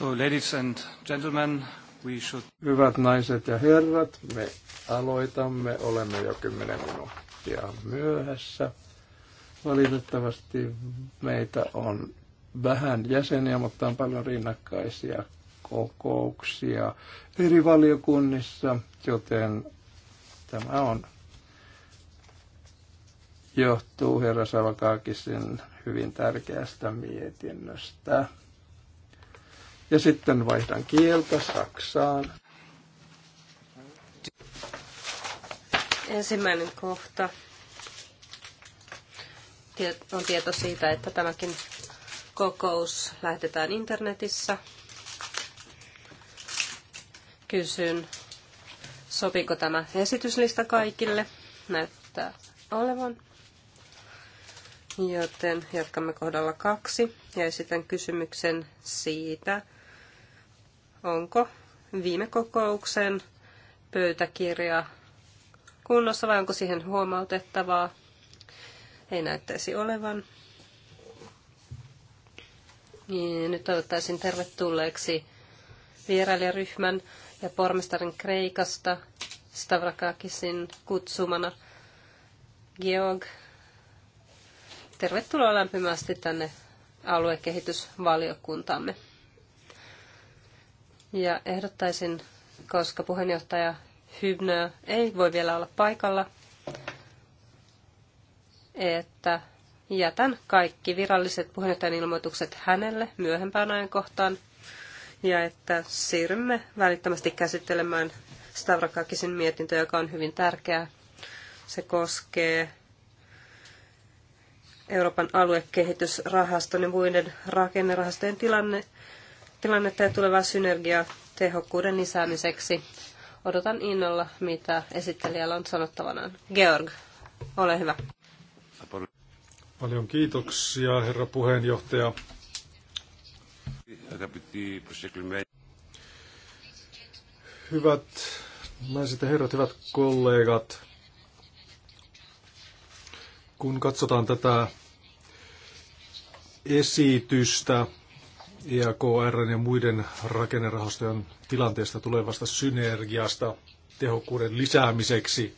ladies and gentlemen, we should... Hyvät naiset ja herrat, me aloitamme. Olemme jo kymmenen minuuttia myöhässä. Valitettavasti meitä on vähän jäseniä, mutta on paljon rinnakkaisia kokouksia eri valiokunnissa, joten tämä on johtuu herra Savakaakisin hyvin tärkeästä mietinnöstä. Ja sitten vaihdan kieltä Saksaan. Ensimmäinen kohta on tieto siitä, että tämäkin kokous lähetetään internetissä. Kysyn, sopiko tämä esityslista kaikille. Näyttää olevan. Joten jatkamme kohdalla kaksi ja esitän kysymyksen siitä, onko viime kokouksen pöytäkirja kunnossa vai onko siihen huomautettavaa. Ei näyttäisi olevan. Niin, nyt toivottaisin tervetulleeksi vierailijaryhmän ja pormestarin Kreikasta Stavrakakisin kutsumana Georg. Tervetuloa lämpimästi tänne aluekehitysvaliokuntaamme. Ja ehdottaisin, koska puheenjohtaja Hybnö ei voi vielä olla paikalla, että jätän kaikki viralliset puheenjohtajan ilmoitukset hänelle myöhempään ajankohtaan ja että siirrymme välittömästi käsittelemään Stavrakakisin mietintöä, joka on hyvin tärkeää. Se koskee Euroopan aluekehitysrahaston ja muiden rakennerahastojen tilanne, tilannetta ja tulevaa synergiaa tehokkuuden lisäämiseksi. Odotan innolla, mitä esittelijällä on sanottavana Georg, ole hyvä. Paljon kiitoksia, herra puheenjohtaja. Hyvät naiset ja herrat, hyvät kollegat, kun katsotaan tätä esitystä, EAKR ja muiden rakennerahastojen tilanteesta tulevasta synergiasta tehokkuuden lisäämiseksi.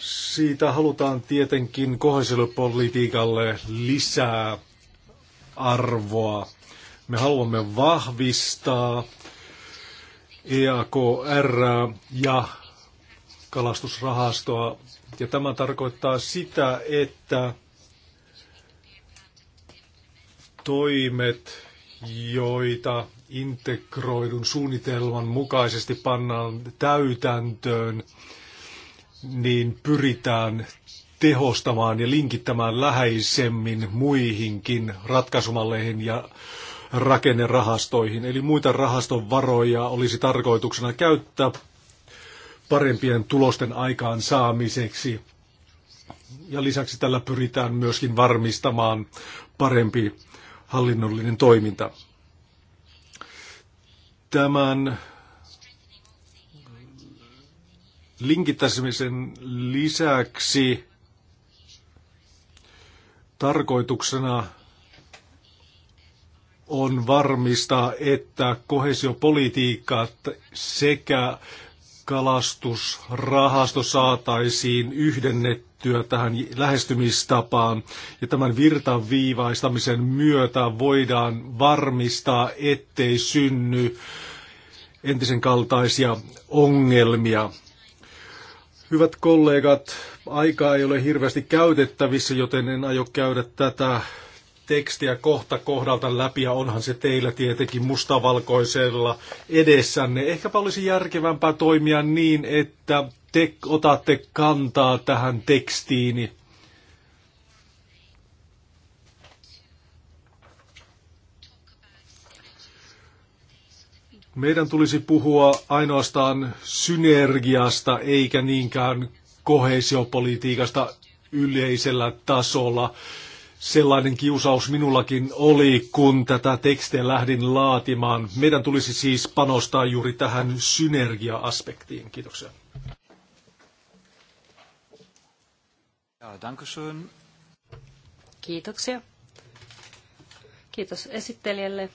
Siitä halutaan tietenkin kohdallisuuspolitiikalle lisää arvoa. Me haluamme vahvistaa EAKR ja kalastusrahastoa. Ja tämä tarkoittaa sitä, että toimet, joita integroidun suunnitelman mukaisesti pannaan täytäntöön, niin pyritään tehostamaan ja linkittämään läheisemmin muihinkin ratkaisumalleihin ja rakennerahastoihin. Eli muita rahaston varoja olisi tarkoituksena käyttää parempien tulosten aikaan saamiseksi. Ja lisäksi tällä pyritään myöskin varmistamaan parempi hallinnollinen toiminta. Tämän linkittämisen lisäksi tarkoituksena on varmistaa, että kohesiopolitiikka sekä kalastusrahasto saataisiin yhdennetty liittyä tähän lähestymistapaan. Ja tämän virtan viivaistamisen myötä voidaan varmistaa, ettei synny entisen kaltaisia ongelmia. Hyvät kollegat, aikaa ei ole hirveästi käytettävissä, joten en aio käydä tätä tekstiä kohta kohdalta läpi, ja onhan se teillä tietenkin mustavalkoisella edessänne. Ehkäpä olisi järkevämpää toimia niin, että te otatte kantaa tähän tekstiini? Meidän tulisi puhua ainoastaan synergiasta eikä niinkään kohesiopolitiikasta yleisellä tasolla. Sellainen kiusaus minullakin oli, kun tätä tekstiä lähdin laatimaan. Meidän tulisi siis panostaa juuri tähän synergia-aspektiin. Kiitoksia. Ah, dankeschön. Kiitoksia. Kiitos esittelijälle.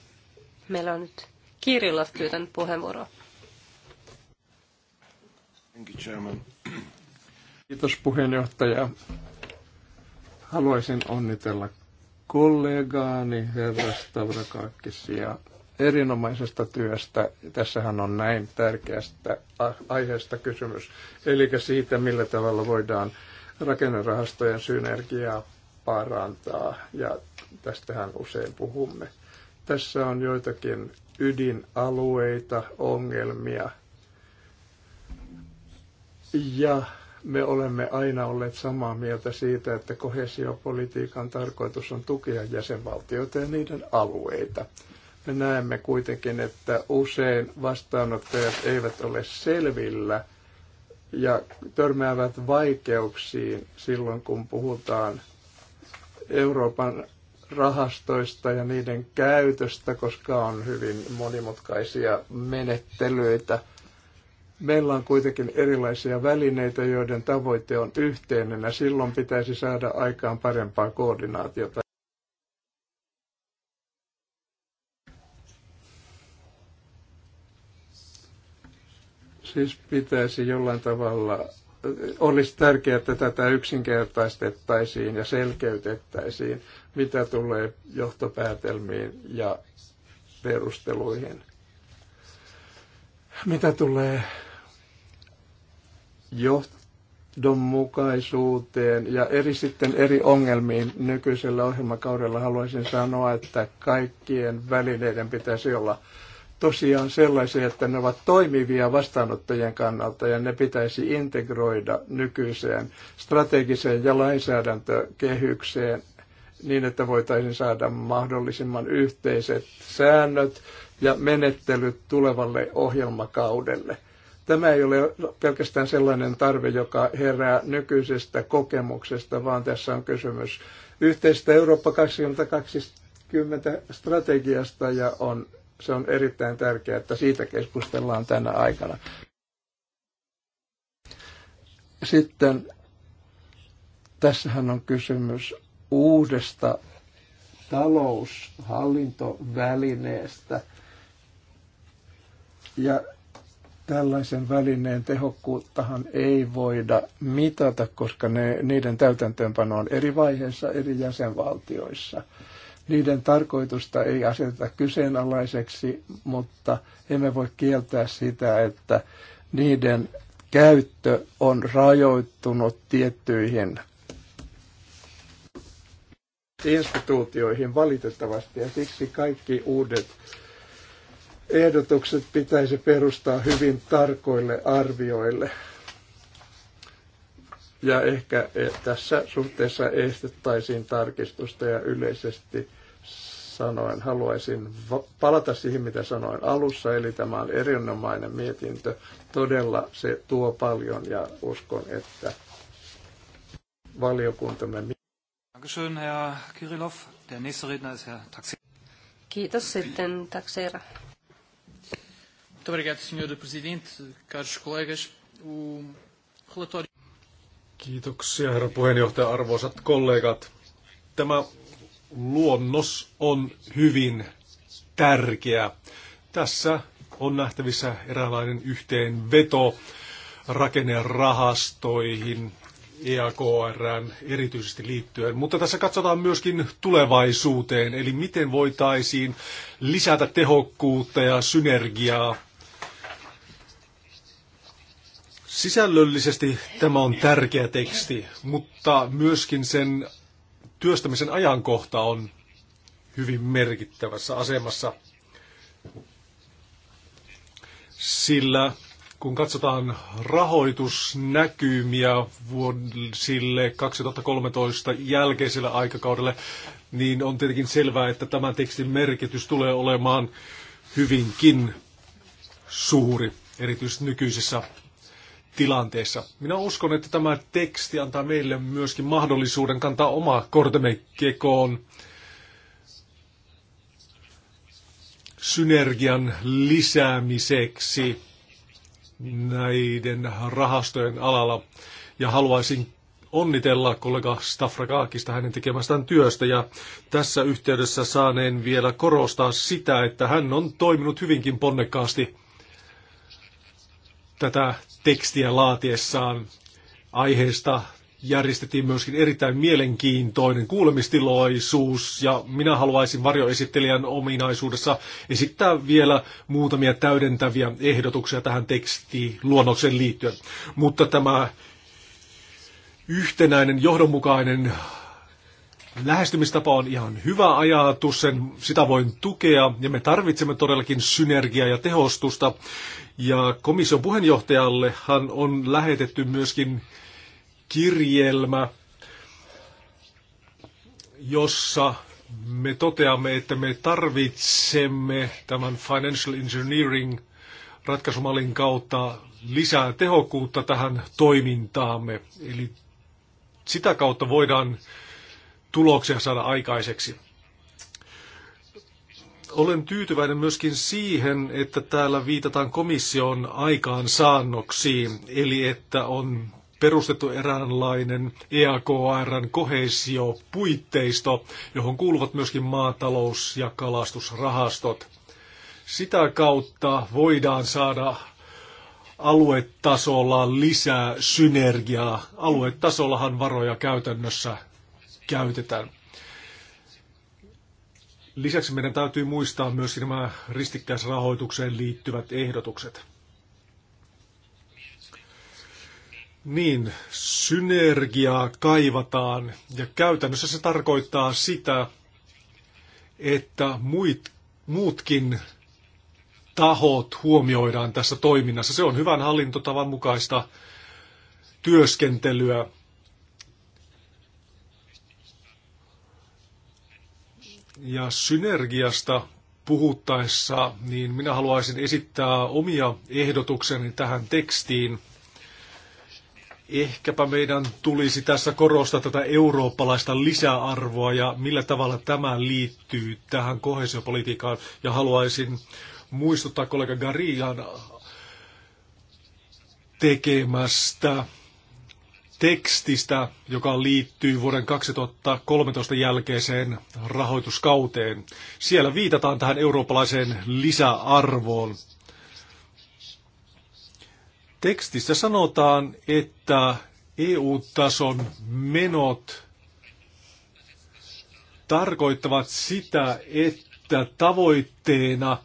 Meillä on nyt Kirillov pyytänyt puheenvuoroa. Thank you, Chairman. Kiitos puheenjohtaja. Haluaisin onnitella kollegaani herra Stavrakakisia erinomaisesta työstä. Tässähän on näin tärkeästä aiheesta kysymys, eli siitä, millä tavalla voidaan rakennerahastojen synergiaa parantaa ja tästähän usein puhumme. Tässä on joitakin ydinalueita, ongelmia ja me olemme aina olleet samaa mieltä siitä, että kohesiopolitiikan tarkoitus on tukea jäsenvaltioita ja niiden alueita. Me näemme kuitenkin, että usein vastaanottajat eivät ole selvillä – ja törmäävät vaikeuksiin silloin, kun puhutaan Euroopan rahastoista ja niiden käytöstä, koska on hyvin monimutkaisia menettelyitä. Meillä on kuitenkin erilaisia välineitä, joiden tavoite on yhteinen ja silloin pitäisi saada aikaan parempaa koordinaatiota. Siis pitäisi jollain tavalla, olisi tärkeää, että tätä yksinkertaistettaisiin ja selkeytettäisiin, mitä tulee johtopäätelmiin ja perusteluihin. Mitä tulee johdonmukaisuuteen ja eri sitten eri ongelmiin nykyisellä ohjelmakaudella haluaisin sanoa, että kaikkien välineiden pitäisi olla tosiaan sellaisia, että ne ovat toimivia vastaanottajien kannalta ja ne pitäisi integroida nykyiseen strategiseen ja lainsäädäntökehykseen niin, että voitaisiin saada mahdollisimman yhteiset säännöt ja menettelyt tulevalle ohjelmakaudelle. Tämä ei ole pelkästään sellainen tarve, joka herää nykyisestä kokemuksesta, vaan tässä on kysymys yhteistä Eurooppa 2020 strategiasta ja on se on erittäin tärkeää, että siitä keskustellaan tänä aikana. Sitten tässähän on kysymys uudesta taloushallintovälineestä. Ja tällaisen välineen tehokkuuttahan ei voida mitata, koska ne, niiden täytäntöönpano on eri vaiheissa eri jäsenvaltioissa – niiden tarkoitusta ei aseteta kyseenalaiseksi, mutta emme voi kieltää sitä, että niiden käyttö on rajoittunut tiettyihin instituutioihin valitettavasti ja siksi kaikki uudet ehdotukset pitäisi perustaa hyvin tarkoille arvioille. Ja ehkä eh, tässä suhteessa estettäisiin tarkistusta ja yleisesti sanoen haluaisin palata siihen, mitä sanoin alussa, eli tämä on erinomainen mietintö. Todella se tuo paljon ja uskon, että valiokuntamme... Dankeschön, Herr Kirillov. Der nächste Redner ist Herr Taxera. Kiitos sitten, Taxera. Muito obrigado, Sr. Presidente, caros colegas. O relatório... Kiitoksia, herra puheenjohtaja, arvoisat kollegat. Tämä luonnos on hyvin tärkeä. Tässä on nähtävissä eräänlainen yhteenveto rakennerahastoihin, EAKRn erityisesti liittyen, mutta tässä katsotaan myöskin tulevaisuuteen, eli miten voitaisiin lisätä tehokkuutta ja synergiaa Sisällöllisesti tämä on tärkeä teksti, mutta myöskin sen työstämisen ajankohta on hyvin merkittävässä asemassa. Sillä kun katsotaan rahoitusnäkymiä vuosille 2013 jälkeisellä aikakaudelle, niin on tietenkin selvää, että tämän tekstin merkitys tulee olemaan hyvinkin suuri, erityisesti nykyisessä tilanteessa. Minä uskon, että tämä teksti antaa meille myöskin mahdollisuuden kantaa omaa kortemme kekoon synergian lisäämiseksi näiden rahastojen alalla. Ja haluaisin onnitella kollega Stafrakaakista hänen tekemästään työstä ja tässä yhteydessä saaneen vielä korostaa sitä, että hän on toiminut hyvinkin ponnekkaasti tätä tekstiä laatiessaan aiheesta järjestettiin myöskin erittäin mielenkiintoinen kuulemistiloisuus ja minä haluaisin varjoesittelijän ominaisuudessa esittää vielä muutamia täydentäviä ehdotuksia tähän tekstiin luonnokseen liittyen. Mutta tämä yhtenäinen, johdonmukainen lähestymistapa on ihan hyvä ajatus, sen, sitä voin tukea ja me tarvitsemme todellakin synergiaa ja tehostusta ja komission puheenjohtajallehan on lähetetty myöskin kirjelmä, jossa me toteamme, että me tarvitsemme tämän financial engineering ratkaisumallin kautta lisää tehokkuutta tähän toimintaamme. Eli sitä kautta voidaan tuloksia saada aikaiseksi. Olen tyytyväinen myöskin siihen, että täällä viitataan komission aikaansaannoksiin, eli että on perustettu eräänlainen EAKRn kohesiopuitteisto, johon kuuluvat myöskin maatalous- ja kalastusrahastot. Sitä kautta voidaan saada aluetasolla lisää synergiaa. Aluetasollahan varoja käytännössä käytetään. Lisäksi meidän täytyy muistaa myös nämä ristikkäisrahoitukseen liittyvät ehdotukset. Niin, synergiaa kaivataan ja käytännössä se tarkoittaa sitä, että muit, muutkin tahot huomioidaan tässä toiminnassa. Se on hyvän hallintotavan mukaista työskentelyä Ja synergiasta puhuttaessa, niin minä haluaisin esittää omia ehdotukseni tähän tekstiin. Ehkäpä meidän tulisi tässä korostaa tätä eurooppalaista lisäarvoa ja millä tavalla tämä liittyy tähän kohesiopolitiikkaan. Ja haluaisin muistuttaa kollega Garian tekemästä tekstistä, joka liittyy vuoden 2013 jälkeiseen rahoituskauteen. Siellä viitataan tähän eurooppalaiseen lisäarvoon. Tekstissä sanotaan, että EU-tason menot tarkoittavat sitä, että tavoitteena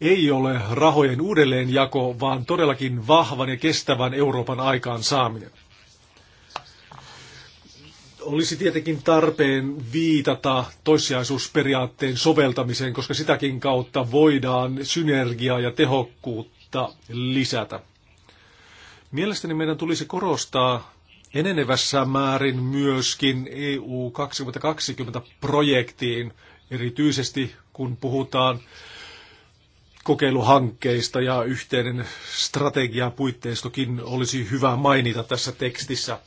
ei ole rahojen uudelleenjako, vaan todellakin vahvan ja kestävän Euroopan aikaan saaminen olisi tietenkin tarpeen viitata toissijaisuusperiaatteen soveltamiseen, koska sitäkin kautta voidaan synergiaa ja tehokkuutta lisätä. Mielestäni meidän tulisi korostaa enenevässä määrin myöskin EU 2020-projektiin, erityisesti kun puhutaan kokeiluhankkeista ja yhteinen strategia olisi hyvä mainita tässä tekstissä.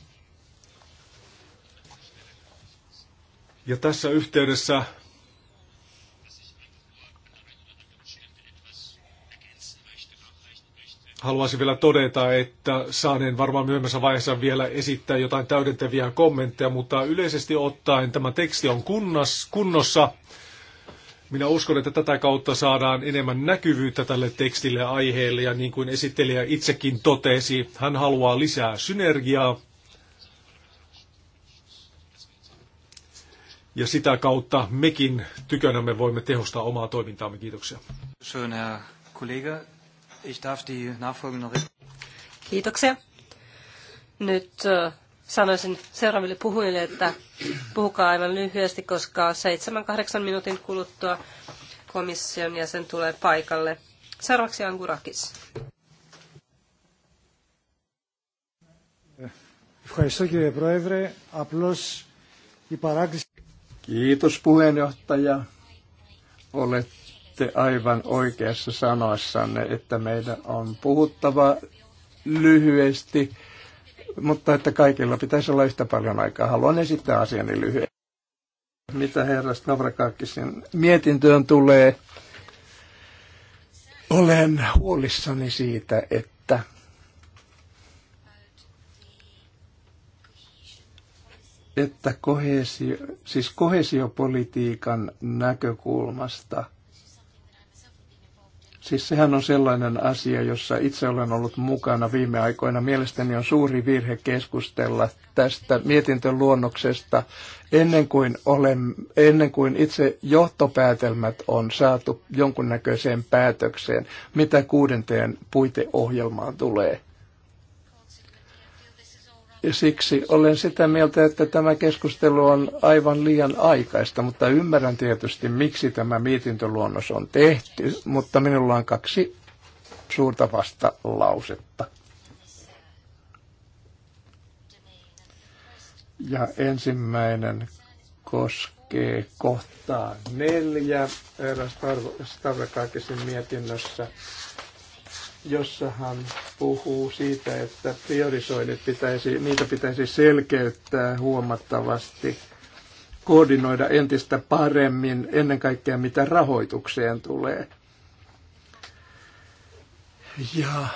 Ja tässä yhteydessä haluaisin vielä todeta, että saaneen varmaan myöhemmässä vaiheessa vielä esittää jotain täydentäviä kommentteja, mutta yleisesti ottaen tämä teksti on kunnas, kunnossa. Minä uskon, että tätä kautta saadaan enemmän näkyvyyttä tälle tekstille ja aiheelle, ja niin kuin esittelijä itsekin totesi, hän haluaa lisää synergiaa Ja sitä kautta mekin tykönämme voimme tehostaa omaa toimintaamme. Kiitoksia. Ich darf die Kiitoksia. Nyt sanoisin seuraaville puhujille, että puhukaa aivan lyhyesti, koska 7-8 minuutin kuluttua komission jäsen tulee paikalle. Seuraavaksi Angurakis. Ευχαριστώ κύριε Πρόεδρε. Απλώς η παράκληση... Kiitos puheenjohtaja. Olette aivan oikeassa sanoissanne, että meidän on puhuttava lyhyesti, mutta että kaikilla pitäisi olla yhtä paljon aikaa. Haluan esittää asiani lyhyesti. Mitä herra Stavrakakisin mietintöön tulee, olen huolissani siitä, että että kohesio, siis kohesiopolitiikan näkökulmasta, siis sehän on sellainen asia, jossa itse olen ollut mukana viime aikoina. Mielestäni on suuri virhe keskustella tästä mietintöluonnoksesta ennen kuin, olen, ennen kuin itse johtopäätelmät on saatu jonkunnäköiseen päätökseen, mitä kuudenteen puiteohjelmaan tulee. Ja siksi olen sitä mieltä, että tämä keskustelu on aivan liian aikaista, mutta ymmärrän tietysti, miksi tämä mietintöluonnos on tehty, mutta minulla on kaksi suurta vasta lausetta. Ja ensimmäinen koskee kohtaa neljä Stavrakaakisin mietinnössä jossa hän puhuu siitä, että priorisoinnit pitäisi, niitä pitäisi selkeyttää huomattavasti, koordinoida entistä paremmin, ennen kaikkea mitä rahoitukseen tulee. Ja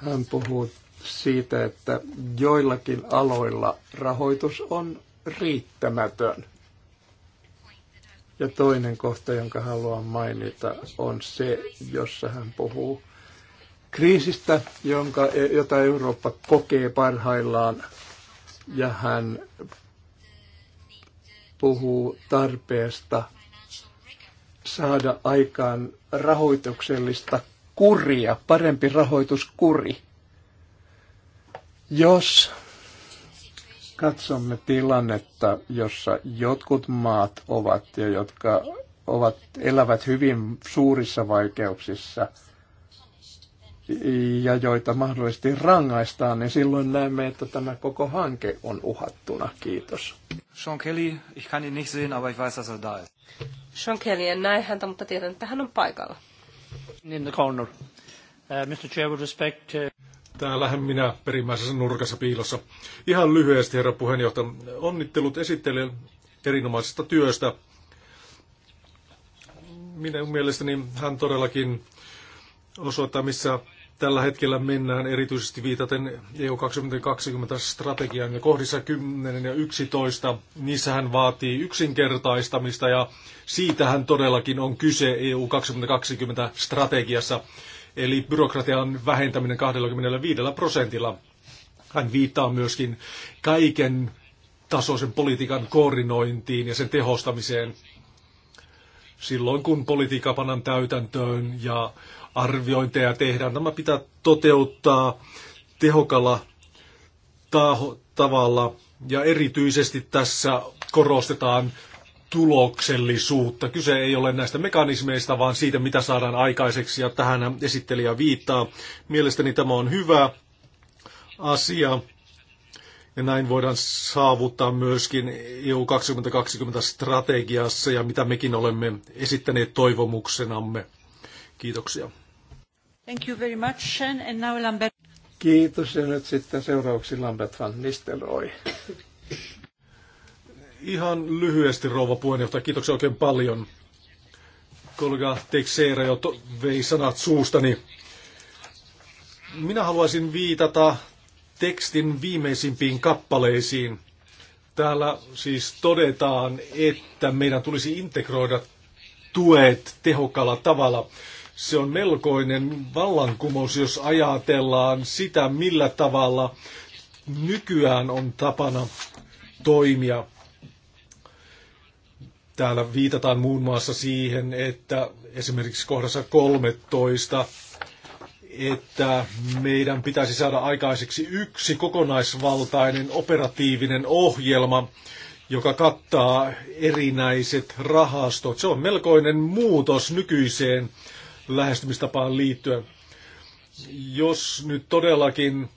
hän puhuu siitä, että joillakin aloilla rahoitus on riittämätön. Ja toinen kohta, jonka haluan mainita, on se, jossa hän puhuu kriisistä, jonka, jota Eurooppa kokee parhaillaan. Ja hän puhuu tarpeesta saada aikaan rahoituksellista kuria, parempi rahoituskuri. Jos katsomme tilannetta, jossa jotkut maat ovat ja jotka ovat, elävät hyvin suurissa vaikeuksissa ja joita mahdollisesti rangaistaan, niin silloin näemme, että tämä koko hanke on uhattuna. Kiitos. Sean Kelly, ich kann ihn nicht sehen, aber ich weiß, dass er da ist. Sean Kelly, en näe häntä, mutta tiedän, että hän on paikalla. In the corner. Uh, Mr. Chair, with respect to... Täällähän minä perimmäisessä nurkassa piilossa. Ihan lyhyesti, herra puheenjohtaja. Onnittelut esittelijän erinomaisesta työstä. Minun mielestäni hän todellakin osoittaa, missä tällä hetkellä mennään erityisesti viitaten EU 2020 strategiaan ja kohdissa 10 ja 11. Niissä hän vaatii yksinkertaistamista ja siitähän todellakin on kyse EU 2020 strategiassa eli byrokratian vähentäminen 25 prosentilla. Hän viittaa myöskin kaiken tasoisen politiikan koordinointiin ja sen tehostamiseen silloin, kun politiikka panan täytäntöön ja arviointeja tehdään. tämä pitää toteuttaa tehokalla taho, tavalla ja erityisesti tässä korostetaan tuloksellisuutta. Kyse ei ole näistä mekanismeista, vaan siitä, mitä saadaan aikaiseksi, ja tähän esittelijä viittaa. Mielestäni tämä on hyvä asia, ja näin voidaan saavuttaa myöskin EU 2020-strategiassa, ja mitä mekin olemme esittäneet toivomuksenamme. Kiitoksia. Thank you very much, Shen, And now Lambert. Kiitos, ja nyt sitten seuraavaksi Lambert van Nistelrooy. Ihan lyhyesti, rouva puheenjohtaja. Kiitoksia oikein paljon. Kollega Teixeira jo vei sanat suustani. Minä haluaisin viitata tekstin viimeisimpiin kappaleisiin. Täällä siis todetaan, että meidän tulisi integroida tuet tehokkaalla tavalla. Se on melkoinen vallankumous, jos ajatellaan sitä, millä tavalla nykyään on tapana toimia. Täällä viitataan muun muassa siihen, että esimerkiksi kohdassa 13, että meidän pitäisi saada aikaiseksi yksi kokonaisvaltainen operatiivinen ohjelma, joka kattaa erinäiset rahastot. Se on melkoinen muutos nykyiseen lähestymistapaan liittyen. Jos nyt todellakin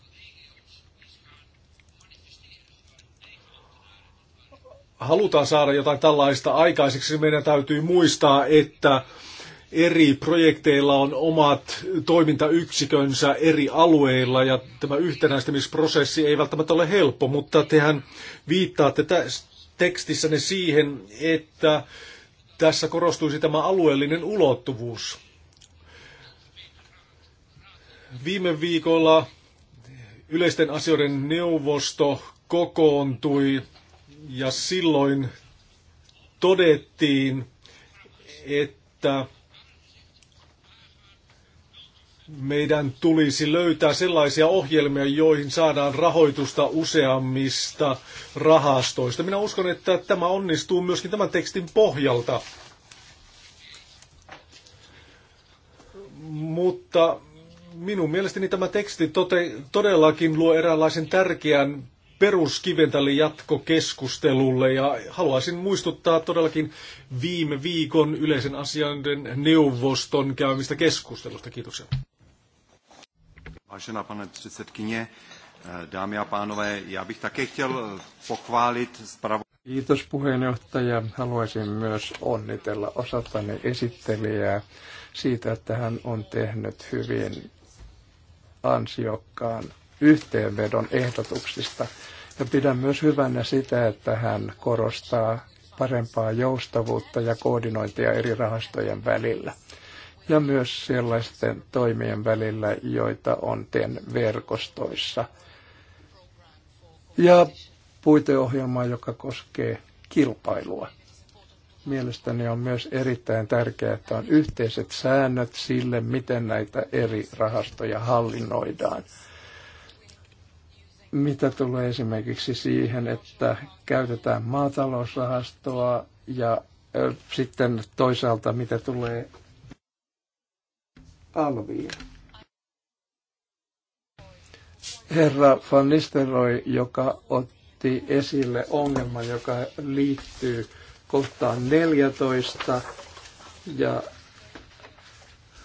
halutaan saada jotain tällaista aikaiseksi, meidän täytyy muistaa, että eri projekteilla on omat toimintayksikönsä eri alueilla ja tämä yhtenäistämisprosessi ei välttämättä ole helppo, mutta tehän viittaatte tekstissäne siihen, että tässä korostuisi tämä alueellinen ulottuvuus. Viime viikolla yleisten asioiden neuvosto kokoontui ja silloin todettiin, että meidän tulisi löytää sellaisia ohjelmia, joihin saadaan rahoitusta useammista rahastoista. Minä uskon, että tämä onnistuu myöskin tämän tekstin pohjalta. Mutta minun mielestäni tämä teksti tote, todellakin luo eräänlaisen tärkeän peruskiven tälle jatkokeskustelulle ja haluaisin muistuttaa todellakin viime viikon yleisen asioiden neuvoston käymistä keskustelusta. Kiitoksia. Vážená pane předsedkyně, dámy a pánové, já bych také chtěl pochválit zpravo... Kiitos puheenjohtaja. Haluaisin myös onnitella osaltani esittelijää siitä, että hän on tehnyt hyvin ansiokkaan yhteenvedon ehdotuksista. Ja pidän myös hyvänä sitä, että hän korostaa parempaa joustavuutta ja koordinointia eri rahastojen välillä ja myös sellaisten toimien välillä, joita on TEN verkostoissa. Ja puiteohjelmaa, joka koskee kilpailua. Mielestäni on myös erittäin tärkeää, että on yhteiset säännöt sille, miten näitä eri rahastoja hallinnoidaan mitä tulee esimerkiksi siihen, että käytetään maatalousrahastoa ja sitten toisaalta mitä tulee alviin. Herra Van Nistelrooy, joka otti esille ongelman, joka liittyy kohtaan 14 ja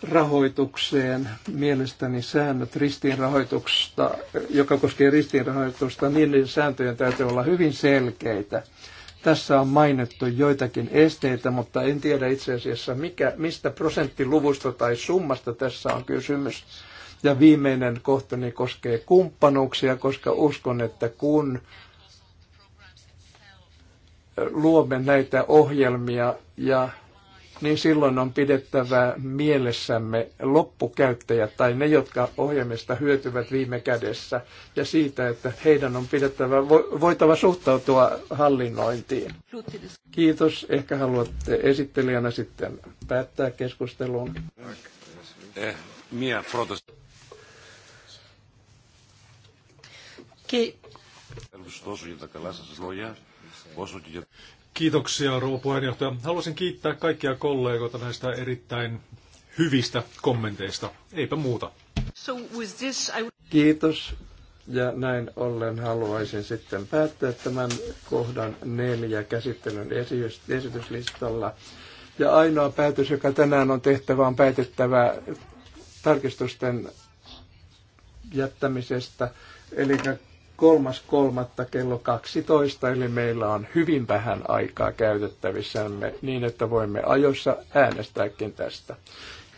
rahoitukseen mielestäni säännöt ristiinrahoituksesta, joka koskee ristiinrahoitusta, niin niiden sääntöjen täytyy olla hyvin selkeitä. Tässä on mainittu joitakin esteitä, mutta en tiedä itse asiassa mikä, mistä prosenttiluvusta tai summasta tässä on kysymys. Ja viimeinen kohtani koskee kumppanuuksia, koska uskon, että kun luomme näitä ohjelmia ja niin silloin on pidettävä mielessämme loppukäyttäjät tai ne, jotka ohjelmista hyötyvät viime kädessä ja siitä, että heidän on pidettävä, voitava suhtautua hallinnointiin. Kiitos. Ehkä haluatte esittelijänä sitten päättää keskustelun. Ki- Kiitoksia, rouva puheenjohtaja. Haluaisin kiittää kaikkia kollegoita näistä erittäin hyvistä kommenteista. Eipä muuta. So this, I... Kiitos. Ja näin ollen haluaisin sitten päättää tämän kohdan neljä käsittelyn esityslistalla. Ja ainoa päätös, joka tänään on tehtävä, on päätettävä tarkistusten jättämisestä. Eli kolmas kolmatta kello 12, eli meillä on hyvin vähän aikaa käytettävissämme niin, että voimme ajoissa äänestääkin tästä.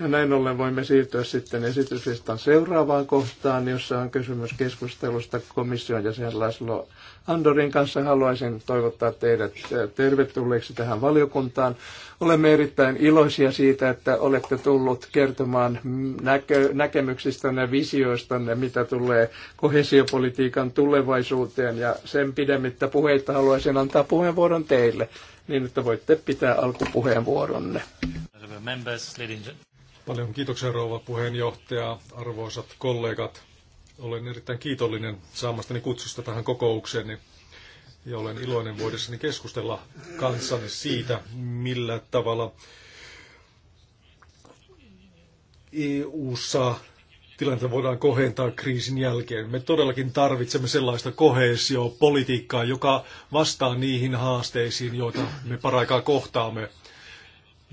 Ja näin ollen voimme siirtyä sitten esityslistan seuraavaan kohtaan, jossa on kysymys keskustelusta komission jäsen Laslo Andorin kanssa. Haluaisin toivottaa teidät tervetulleeksi tähän valiokuntaan. Olemme erittäin iloisia siitä, että olette tullut kertomaan näkö, näkemyksistänne, visioistanne, mitä tulee kohesiopolitiikan tulevaisuuteen. Ja sen pidemmittä puheita haluaisin antaa puheenvuoron teille, niin että voitte pitää alkupuheenvuoronne. Paljon kiitoksia rouva puheenjohtaja, arvoisat kollegat. Olen erittäin kiitollinen saamastani kutsusta tähän kokoukseeni niin- ja olen iloinen voidessani keskustella kanssani siitä, millä tavalla EU-ssa tilannetta voidaan kohentaa kriisin jälkeen. Me todellakin tarvitsemme sellaista kohesiopolitiikkaa, joka vastaa niihin haasteisiin, joita me paraikaa kohtaamme –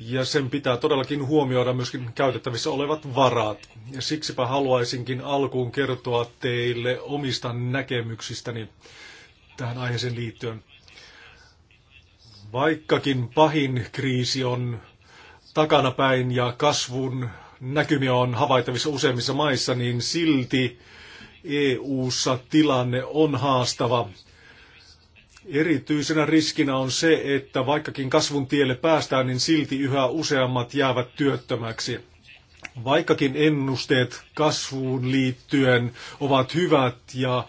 ja sen pitää todellakin huomioida myöskin käytettävissä olevat varat. Ja siksipä haluaisinkin alkuun kertoa teille omista näkemyksistäni tähän aiheeseen liittyen. Vaikkakin pahin kriisi on takanapäin ja kasvun näkymiä on havaittavissa useimmissa maissa, niin silti EU-ssa tilanne on haastava. Erityisenä riskinä on se, että vaikkakin kasvun tielle päästään, niin silti yhä useammat jäävät työttömäksi. Vaikkakin ennusteet kasvuun liittyen ovat hyvät ja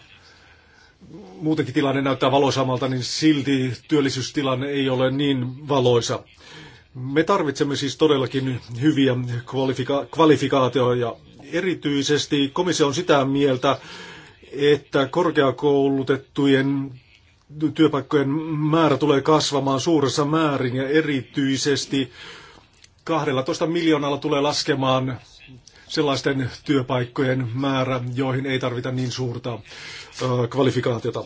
muutenkin tilanne näyttää valoisammalta, niin silti työllisyystilanne ei ole niin valoisa. Me tarvitsemme siis todellakin hyviä kvalifika- kvalifikaatioja. Erityisesti komissio on sitä mieltä, että korkeakoulutettujen työpaikkojen määrä tulee kasvamaan suuressa määrin ja erityisesti 12 miljoonalla tulee laskemaan sellaisten työpaikkojen määrä, joihin ei tarvita niin suurta kvalifikaatiota.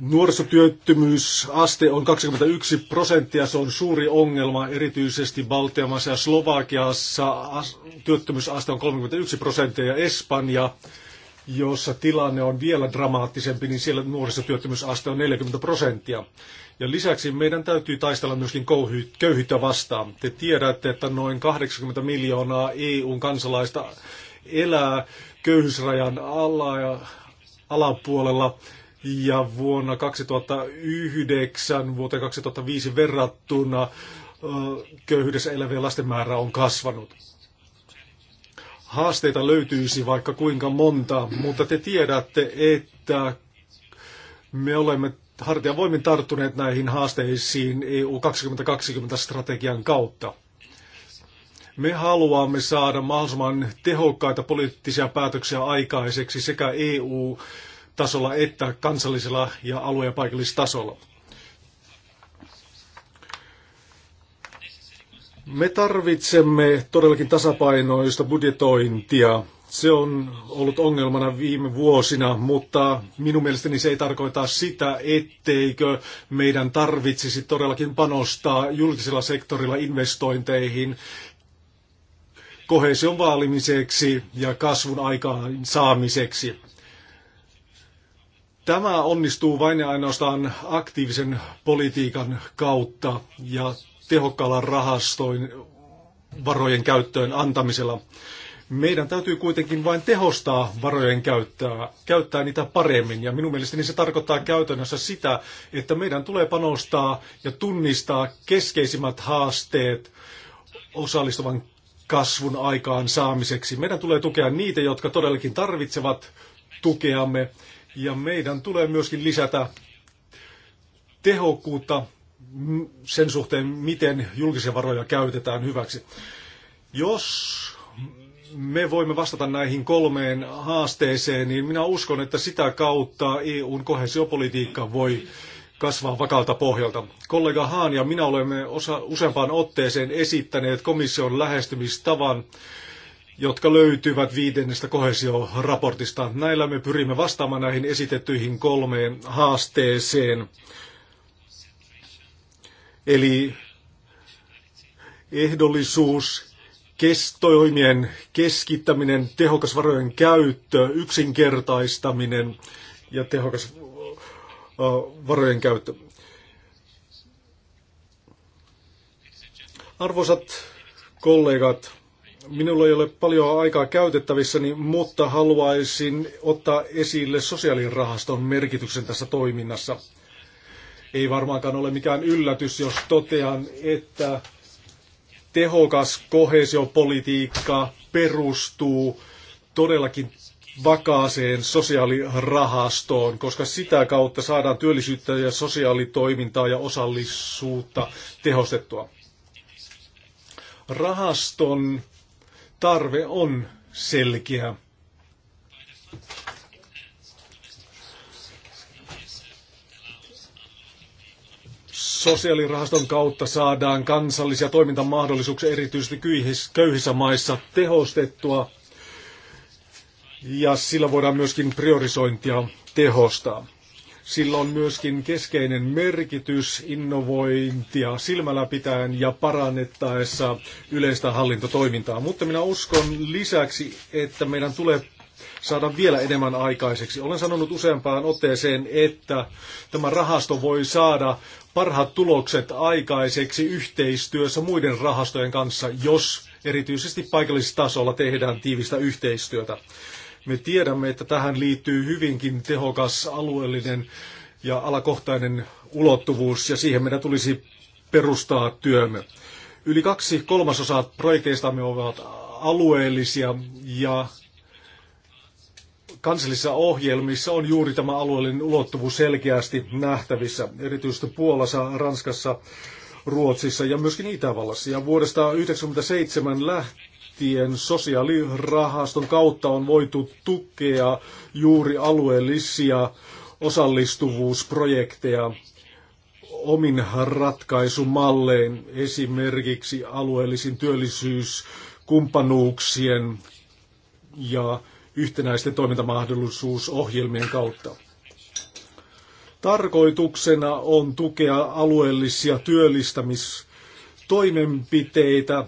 Nuorisotyöttömyysaste on 21 prosenttia, se on suuri ongelma, erityisesti Baltiamassa ja Slovakiassa työttömyysaste on 31 prosenttia ja Espanja jossa tilanne on vielä dramaattisempi, niin siellä nuorisotyöttömyysaste on 40 prosenttia. Ja lisäksi meidän täytyy taistella myöskin köyhyyttä vastaan. Te tiedätte, että noin 80 miljoonaa eu kansalaista elää köyhyysrajan alla ja alapuolella. Ja vuonna 2009 vuoteen 2005 verrattuna köyhyydessä elävien lasten määrä on kasvanut haasteita löytyisi vaikka kuinka monta, mutta te tiedätte, että me olemme hartian voimin tarttuneet näihin haasteisiin EU 2020-strategian kautta. Me haluamme saada mahdollisimman tehokkaita poliittisia päätöksiä aikaiseksi sekä EU-tasolla että kansallisella ja alue- ja paikallistasolla. Me tarvitsemme todellakin tasapainoista budjetointia. Se on ollut ongelmana viime vuosina, mutta minun mielestäni se ei tarkoita sitä, etteikö meidän tarvitsisi todellakin panostaa julkisella sektorilla investointeihin kohesion vaalimiseksi ja kasvun aikaan saamiseksi. Tämä onnistuu vain ja ainoastaan aktiivisen politiikan kautta ja tehokkaalla rahastoin varojen käyttöön antamisella. Meidän täytyy kuitenkin vain tehostaa varojen käyttöä, käyttää niitä paremmin. Ja minun mielestäni se tarkoittaa käytännössä sitä, että meidän tulee panostaa ja tunnistaa keskeisimmät haasteet osallistuvan kasvun aikaan saamiseksi. Meidän tulee tukea niitä, jotka todellakin tarvitsevat tukeamme. Ja meidän tulee myöskin lisätä tehokkuutta sen suhteen, miten julkisia varoja käytetään hyväksi. Jos me voimme vastata näihin kolmeen haasteeseen, niin minä uskon, että sitä kautta EUn kohesiopolitiikka voi kasvaa vakalta pohjalta. Kollega Haan ja minä olemme osa, useampaan otteeseen esittäneet komission lähestymistavan, jotka löytyvät viidennestä kohesioraportista. Näillä me pyrimme vastaamaan näihin esitettyihin kolmeen haasteeseen Eli ehdollisuus, kestoimien keskittäminen, tehokas varojen käyttö, yksinkertaistaminen ja tehokas varojen käyttö. Arvoisat kollegat, minulla ei ole paljon aikaa käytettävissäni, mutta haluaisin ottaa esille sosiaalirahaston merkityksen tässä toiminnassa – ei varmaankaan ole mikään yllätys, jos totean, että tehokas kohesiopolitiikka perustuu todellakin vakaaseen sosiaalirahastoon, koska sitä kautta saadaan työllisyyttä ja sosiaalitoimintaa ja osallisuutta tehostettua. Rahaston tarve on selkeä. Sosiaalirahaston kautta saadaan kansallisia toimintamahdollisuuksia erityisesti köyhissä maissa tehostettua ja sillä voidaan myöskin priorisointia tehostaa. Sillä on myöskin keskeinen merkitys innovointia silmällä pitäen ja parannettaessa yleistä hallintotoimintaa. Mutta minä uskon lisäksi, että meidän tulee saada vielä enemmän aikaiseksi. Olen sanonut useampaan otteeseen, että tämä rahasto voi saada parhaat tulokset aikaiseksi yhteistyössä muiden rahastojen kanssa, jos erityisesti tasolla tehdään tiivistä yhteistyötä. Me tiedämme, että tähän liittyy hyvinkin tehokas alueellinen ja alakohtainen ulottuvuus, ja siihen meidän tulisi perustaa työmme. Yli kaksi kolmasosaa projekteistamme ovat alueellisia, ja kansallisissa ohjelmissa on juuri tämä alueellinen ulottuvuus selkeästi nähtävissä, erityisesti Puolassa, Ranskassa, Ruotsissa ja myöskin Itävallassa. Ja vuodesta 1997 lähtien sosiaalirahaston kautta on voitu tukea juuri alueellisia osallistuvuusprojekteja omin ratkaisumallein, esimerkiksi alueellisin työllisyyskumppanuuksien ja yhtenäisten toimintamahdollisuusohjelmien kautta. Tarkoituksena on tukea alueellisia työllistämistoimenpiteitä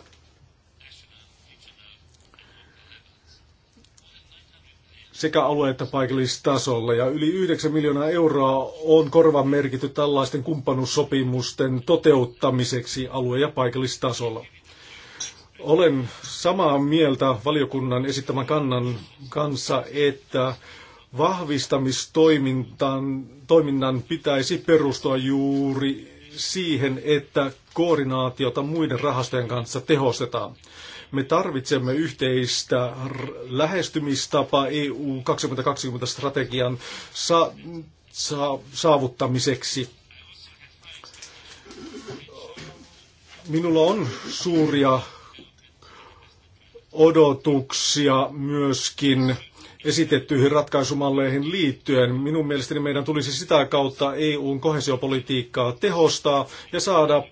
sekä alue- että paikallistasolla. Ja yli 9 miljoonaa euroa on korvan merkitty tällaisten kumppanuussopimusten toteuttamiseksi alue- ja paikallistasolla. Olen samaa mieltä valiokunnan esittämän kannan kanssa, että vahvistamistoiminnan toiminnan pitäisi perustua juuri siihen, että koordinaatiota muiden rahastojen kanssa tehostetaan. Me tarvitsemme yhteistä lähestymistapaa EU 2020-strategian sa- sa- saavuttamiseksi. Minulla on suuria odotuksia myöskin esitettyihin ratkaisumalleihin liittyen. Minun mielestäni meidän tulisi sitä kautta EUn kohesiopolitiikkaa tehostaa ja saada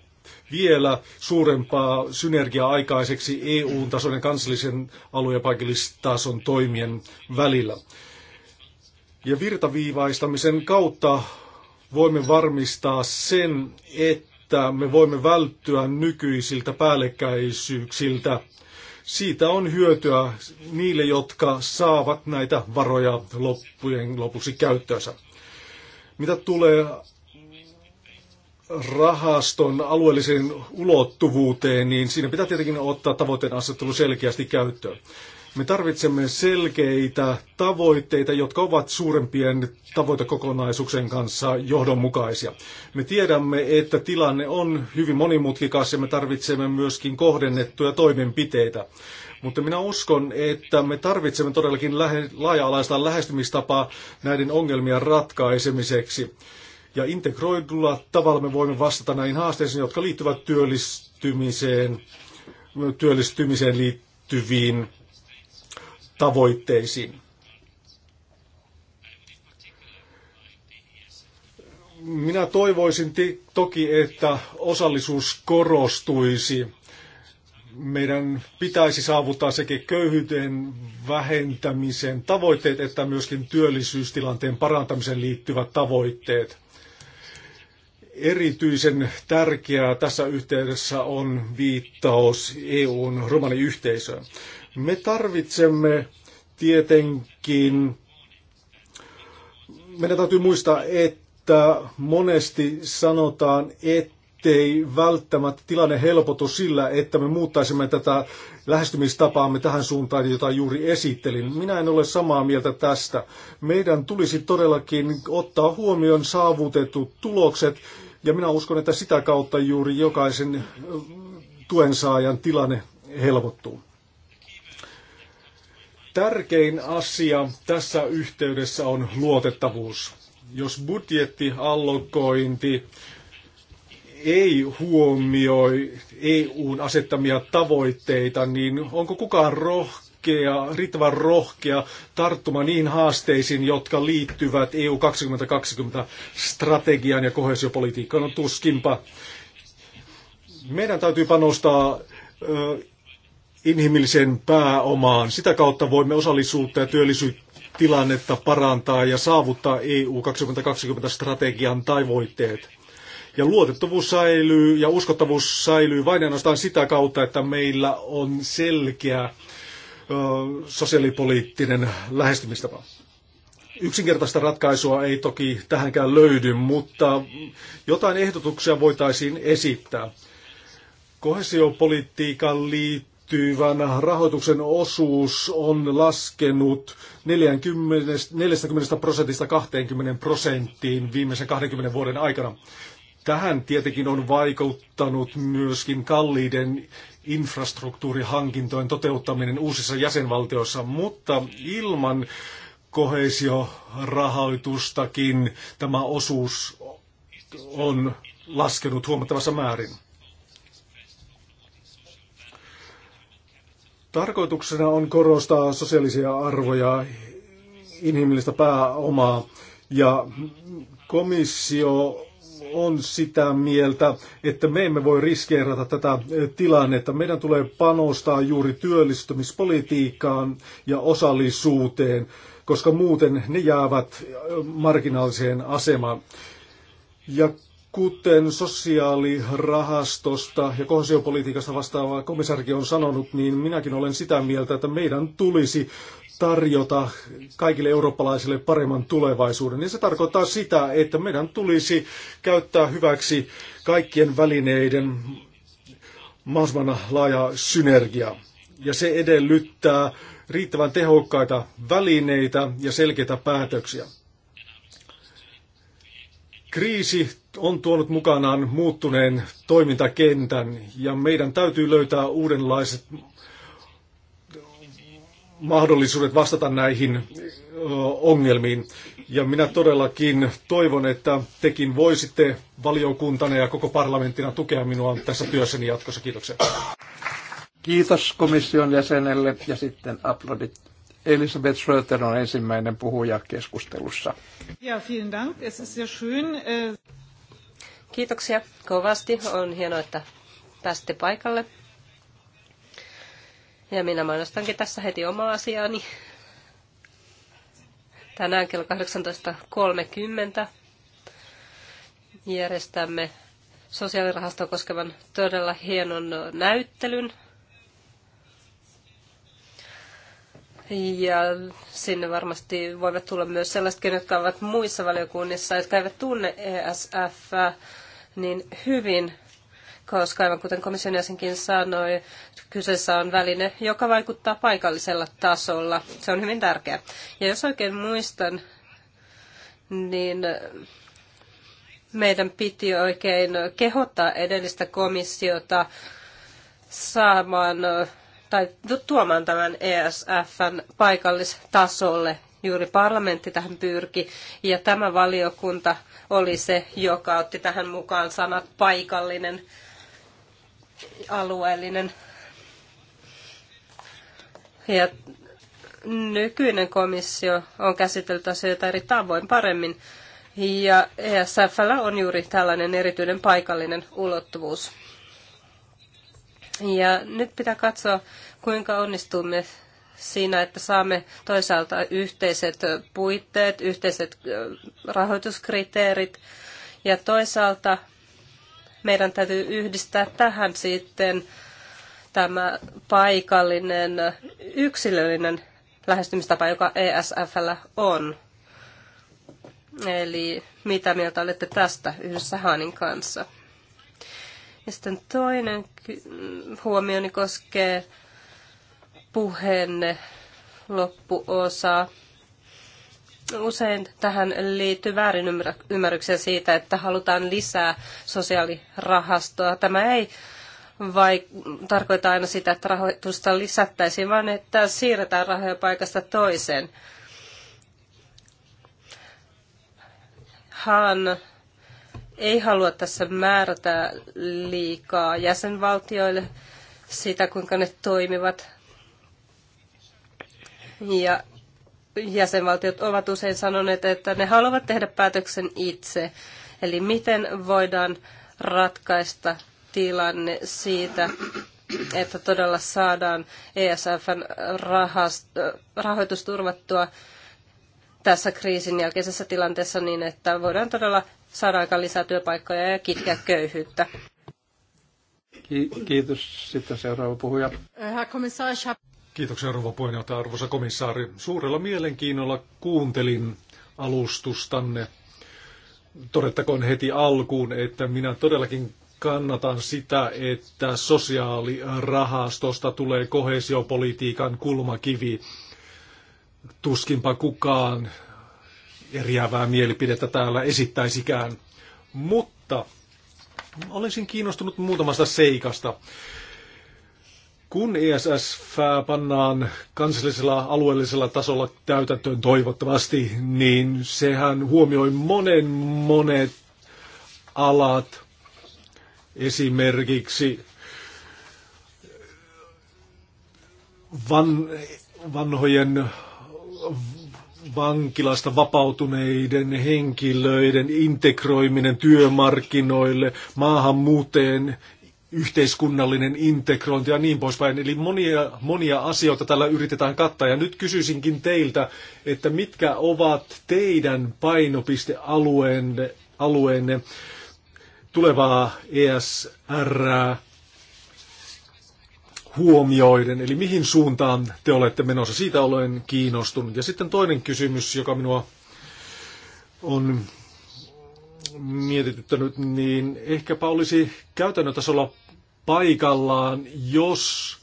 vielä suurempaa synergiaa aikaiseksi EU-tason ja kansallisen alue- ja paikallistason toimien välillä. Ja virtaviivaistamisen kautta voimme varmistaa sen, että me voimme välttyä nykyisiltä päällekkäisyyksiltä siitä on hyötyä niille, jotka saavat näitä varoja loppujen lopuksi käyttöönsä. Mitä tulee rahaston alueelliseen ulottuvuuteen, niin siinä pitää tietenkin ottaa tavoitteen asettelu selkeästi käyttöön. Me tarvitsemme selkeitä tavoitteita, jotka ovat suurempien tavoitekokonaisuuksien kanssa johdonmukaisia. Me tiedämme, että tilanne on hyvin monimutkikas ja me tarvitsemme myöskin kohdennettuja toimenpiteitä. Mutta minä uskon, että me tarvitsemme todellakin lähe, laaja-alaista lähestymistapaa näiden ongelmien ratkaisemiseksi. Ja integroidulla tavalla me voimme vastata näihin haasteisiin, jotka liittyvät työllistymiseen, työllistymiseen liittyviin tavoitteisiin. Minä toivoisin toki, että osallisuus korostuisi. Meidän pitäisi saavuttaa sekä köyhyyden vähentämisen tavoitteet että myöskin työllisyystilanteen parantamisen liittyvät tavoitteet erityisen tärkeää tässä yhteydessä on viittaus EUn romaniyhteisöön. Me tarvitsemme tietenkin, meidän täytyy muistaa, että monesti sanotaan, ettei välttämättä tilanne helpotu sillä, että me muuttaisimme tätä lähestymistapaamme tähän suuntaan, jota juuri esittelin. Minä en ole samaa mieltä tästä. Meidän tulisi todellakin ottaa huomioon saavutetut tulokset, ja minä uskon, että sitä kautta juuri jokaisen äh, tuensaajan tilanne helpottuu. Tärkein asia tässä yhteydessä on luotettavuus. Jos budjettiallokointi ei huomioi EUn asettamia tavoitteita, niin onko kukaan rohkea, riittävän rohkea tarttuma niihin haasteisiin, jotka liittyvät EU 2020-strategiaan ja kohesiopolitiikkaan? No tuskinpa. Meidän täytyy panostaa inhimilliseen pääomaan. Sitä kautta voimme osallisuutta ja työllisyystilannetta parantaa ja saavuttaa EU 2020-strategian tavoitteet. Ja luotettavuus säilyy ja uskottavuus säilyy vain ainoastaan sitä kautta, että meillä on selkeä ö, sosiaalipoliittinen lähestymistapa. Yksinkertaista ratkaisua ei toki tähänkään löydy, mutta jotain ehdotuksia voitaisiin esittää. Kohesiopolitiikan liittyen liittyvän rahoituksen osuus on laskenut 40, 40 prosentista 20 prosenttiin viimeisen 20 vuoden aikana. Tähän tietenkin on vaikuttanut myöskin kalliiden infrastruktuurihankintojen toteuttaminen uusissa jäsenvaltioissa, mutta ilman kohesiorahoitustakin tämä osuus on laskenut huomattavassa määrin. Tarkoituksena on korostaa sosiaalisia arvoja, inhimillistä pääomaa ja komissio on sitä mieltä, että me emme voi riskeerata tätä tilannetta. Meidän tulee panostaa juuri työllistymispolitiikkaan ja osallisuuteen, koska muuten ne jäävät marginaaliseen asemaan. Ja Kuten sosiaalirahastosta ja kohesiopolitiikasta vastaava komisarki on sanonut, niin minäkin olen sitä mieltä, että meidän tulisi tarjota kaikille eurooppalaisille paremman tulevaisuuden. Ja se tarkoittaa sitä, että meidän tulisi käyttää hyväksi kaikkien välineiden mahdollisimman laaja synergia. Ja se edellyttää riittävän tehokkaita välineitä ja selkeitä päätöksiä. Kriisi on tuonut mukanaan muuttuneen toimintakentän ja meidän täytyy löytää uudenlaiset mahdollisuudet vastata näihin ongelmiin. Ja minä todellakin toivon, että tekin voisitte valiokuntana ja koko parlamenttina tukea minua tässä työssäni jatkossa. Kiitoksia. Kiitos komission jäsenelle ja sitten aplodit. Elisabeth Schröter on ensimmäinen puhuja keskustelussa. Ja, vielen Dank. Es ist sehr schön. Äh, Kiitoksia kovasti. On hienoa, että pääsitte paikalle. Ja minä mainostankin tässä heti omaa asiaani. Tänään kello 18.30 järjestämme sosiaalirahastoa koskevan todella hienon näyttelyn. Ja sinne varmasti voivat tulla myös sellaisetkin, jotka ovat muissa valiokunnissa, jotka eivät tunne ESF, niin hyvin, koska aivan kuten komission jäsenkin sanoi, kyseessä on väline, joka vaikuttaa paikallisella tasolla. Se on hyvin tärkeä. Ja jos oikein muistan, niin meidän piti oikein kehottaa edellistä komissiota saamaan tai tuomaan tämän ESFn paikallistasolle Juuri parlamentti tähän pyrki ja tämä valiokunta oli se, joka otti tähän mukaan sanat paikallinen, alueellinen. Ja nykyinen komissio on käsitellyt asioita eri tavoin paremmin. Ja ESFllä on juuri tällainen erityinen paikallinen ulottuvuus. Ja nyt pitää katsoa, kuinka onnistumme siinä, että saamme toisaalta yhteiset puitteet, yhteiset rahoituskriteerit ja toisaalta meidän täytyy yhdistää tähän sitten tämä paikallinen yksilöllinen lähestymistapa, joka ESFllä on. Eli mitä mieltä olette tästä yhdessä Hanin kanssa? Ja sitten toinen huomioni koskee puheenne loppuosa Usein tähän liittyy väärinymmärryksiä siitä, että halutaan lisää sosiaalirahastoa. Tämä ei vai tarkoita aina sitä, että rahoitusta lisättäisiin, vaan että siirretään rahoja paikasta toiseen. Hän ei halua tässä määrätä liikaa jäsenvaltioille sitä, kuinka ne toimivat, ja jäsenvaltiot ovat usein sanoneet, että ne haluavat tehdä päätöksen itse. Eli miten voidaan ratkaista tilanne siitä, että todella saadaan ESFn rahast, rahoitus turvattua tässä kriisin jälkeisessä tilanteessa niin, että voidaan todella saada aika lisää työpaikkoja ja kitkeä köyhyyttä. Kiitos. Sitten seuraava puhuja. Kiitoksia rouva puheenjohtaja, arvoisa komissaari. Suurella mielenkiinnolla kuuntelin alustustanne. Todettakoon heti alkuun, että minä todellakin kannatan sitä, että sosiaalirahastosta tulee kohesiopolitiikan kulmakivi. Tuskinpa kukaan eriävää mielipidettä täällä esittäisikään. Mutta olisin kiinnostunut muutamasta seikasta. Kun ESSF pannaan kansallisella alueellisella tasolla täytäntöön toivottavasti, niin sehän huomioi monen monet alat, esimerkiksi van, vanhojen vankilasta vapautuneiden henkilöiden integroiminen työmarkkinoille, maahanmuuteen yhteiskunnallinen integrointi ja niin poispäin. Eli monia, monia asioita tällä yritetään kattaa. Ja nyt kysyisinkin teiltä, että mitkä ovat teidän painopistealueenne alueenne tulevaa ESR huomioiden, eli mihin suuntaan te olette menossa. Siitä olen kiinnostunut. Ja sitten toinen kysymys, joka minua on mietityttänyt, niin ehkäpä olisi käytännön tasolla paikallaan, jos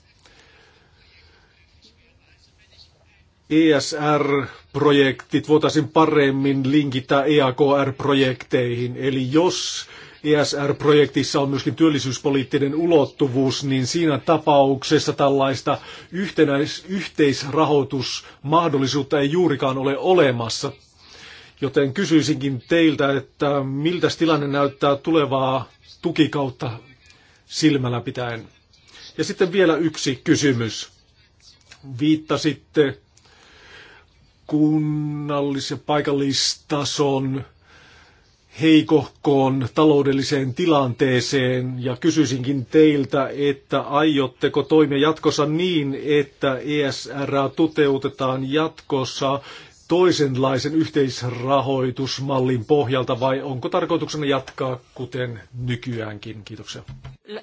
ESR-projektit voitaisiin paremmin linkittää EAKR-projekteihin. Eli jos ESR-projektissa on myöskin työllisyyspoliittinen ulottuvuus, niin siinä tapauksessa tällaista yhtenäis- yhteisrahoitusmahdollisuutta ei juurikaan ole olemassa. Joten kysyisinkin teiltä, että miltä tilanne näyttää tulevaa tukikautta silmällä pitäen. Ja sitten vielä yksi kysymys. Viittasitte kunnallis- ja paikallistason heikohkoon taloudelliseen tilanteeseen ja kysyisinkin teiltä, että aiotteko toimia jatkossa niin, että ESR toteutetaan jatkossa toisenlaisen yhteisrahoitusmallin pohjalta vai onko tarkoituksena jatkaa kuten nykyäänkin? Kiitoksia.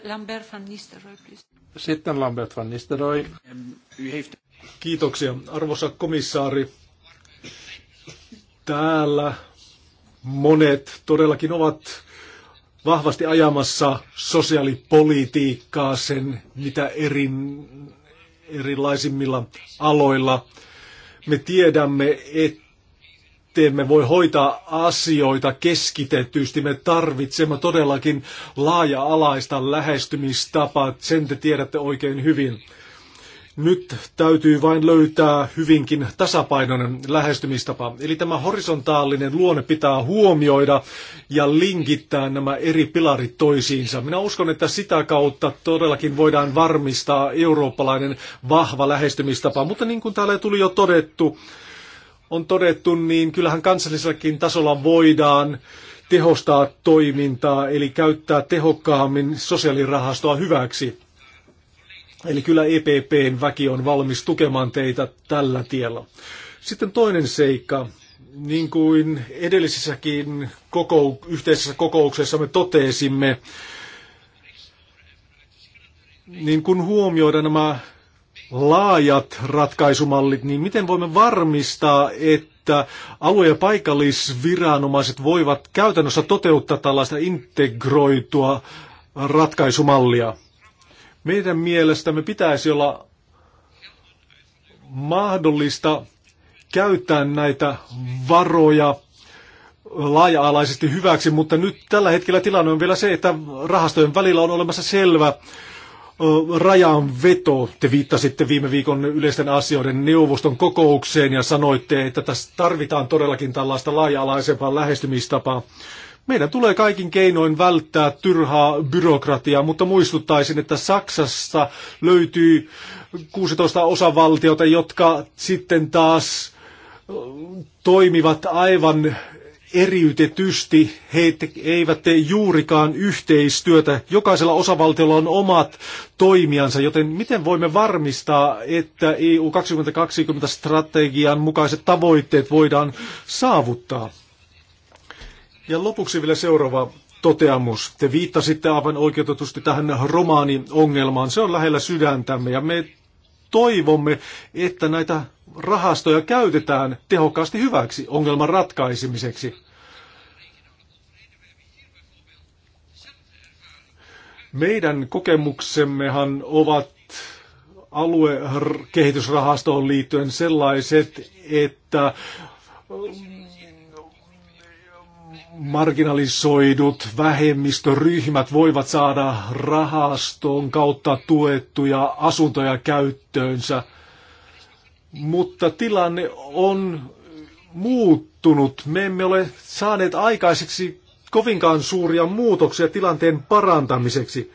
Lambert van Nistelrooy, please. Sitten Lambert van Nistelrooy. Kiitoksia. Arvoisa komissaari, täällä monet todellakin ovat vahvasti ajamassa sosiaalipolitiikkaa sen, mitä erin, erilaisimmilla aloilla – me tiedämme, että me voi hoitaa asioita keskitetysti. Me tarvitsemme todellakin laaja-alaista lähestymistapaa. Sen te tiedätte oikein hyvin. Nyt täytyy vain löytää hyvinkin tasapainoinen lähestymistapa. Eli tämä horisontaalinen luonne pitää huomioida ja linkittää nämä eri pilarit toisiinsa. Minä uskon, että sitä kautta todellakin voidaan varmistaa eurooppalainen vahva lähestymistapa. Mutta niin kuin täällä tuli jo todettu, on todettu, niin kyllähän kansallisellakin tasolla voidaan tehostaa toimintaa, eli käyttää tehokkaammin sosiaalirahastoa hyväksi. Eli kyllä EPPn väki on valmis tukemaan teitä tällä tiellä. Sitten toinen seikka. Niin kuin edellisissäkin kokou- yhteisessä kokouksessa me totesimme, niin kun huomioida nämä laajat ratkaisumallit, niin miten voimme varmistaa, että alue- ja paikallisviranomaiset voivat käytännössä toteuttaa tällaista integroitua ratkaisumallia? Meidän mielestämme pitäisi olla mahdollista käyttää näitä varoja laaja-alaisesti hyväksi, mutta nyt tällä hetkellä tilanne on vielä se, että rahastojen välillä on olemassa selvä rajanveto. Te viittasitte viime viikon yleisten asioiden neuvoston kokoukseen ja sanoitte, että tässä tarvitaan todellakin tällaista laaja-alaisempaa lähestymistapaa. Meidän tulee kaikin keinoin välttää tyrhaa byrokratiaa, mutta muistuttaisin, että Saksassa löytyy 16 osavaltiota, jotka sitten taas toimivat aivan eriytetysti, he eivät tee juurikaan yhteistyötä. Jokaisella osavaltiolla on omat toimijansa, joten miten voimme varmistaa, että EU 2020 strategian mukaiset tavoitteet voidaan saavuttaa? Ja lopuksi vielä seuraava toteamus. Te viittasitte aivan oikeutetusti tähän romaaniongelmaan. Se on lähellä sydäntämme ja me toivomme, että näitä rahastoja käytetään tehokkaasti hyväksi ongelman ratkaisemiseksi. Meidän kokemuksemmehan ovat aluekehitysrahastoon liittyen sellaiset, että marginalisoidut vähemmistöryhmät voivat saada rahaston kautta tuettuja asuntoja käyttöönsä, mutta tilanne on muuttunut. Me emme ole saaneet aikaiseksi kovinkaan suuria muutoksia tilanteen parantamiseksi.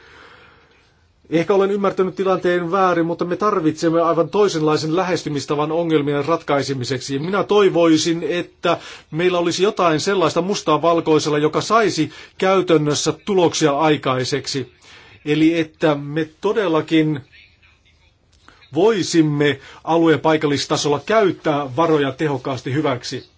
Ehkä olen ymmärtänyt tilanteen väärin, mutta me tarvitsemme aivan toisenlaisen lähestymistavan ongelmien ratkaisemiseksi. Minä toivoisin, että meillä olisi jotain sellaista mustaa valkoisella, joka saisi käytännössä tuloksia aikaiseksi. Eli että me todellakin voisimme alueen paikallistasolla käyttää varoja tehokkaasti hyväksi.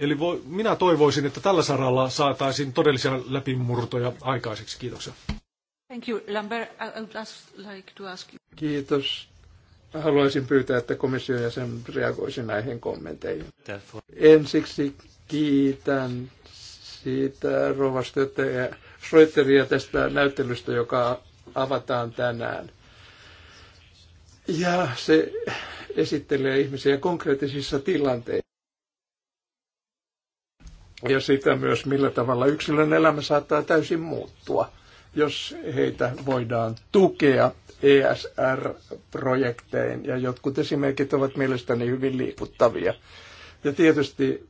Eli voi, minä toivoisin, että tällä saralla saataisiin todellisia läpimurtoja aikaiseksi. Kiitoksia. Thank you. Lambert, like to ask you. Kiitos. Haluaisin pyytää, että komission jäsen reagoisi näihin kommenteihin. Ensiksi kiitän siitä ja Schröteriä tästä näyttelystä, joka avataan tänään. Ja se esittelee ihmisiä konkreettisissa tilanteissa ja sitä myös, millä tavalla yksilön elämä saattaa täysin muuttua, jos heitä voidaan tukea ESR-projektein, ja jotkut esimerkit ovat mielestäni hyvin liikuttavia. Ja tietysti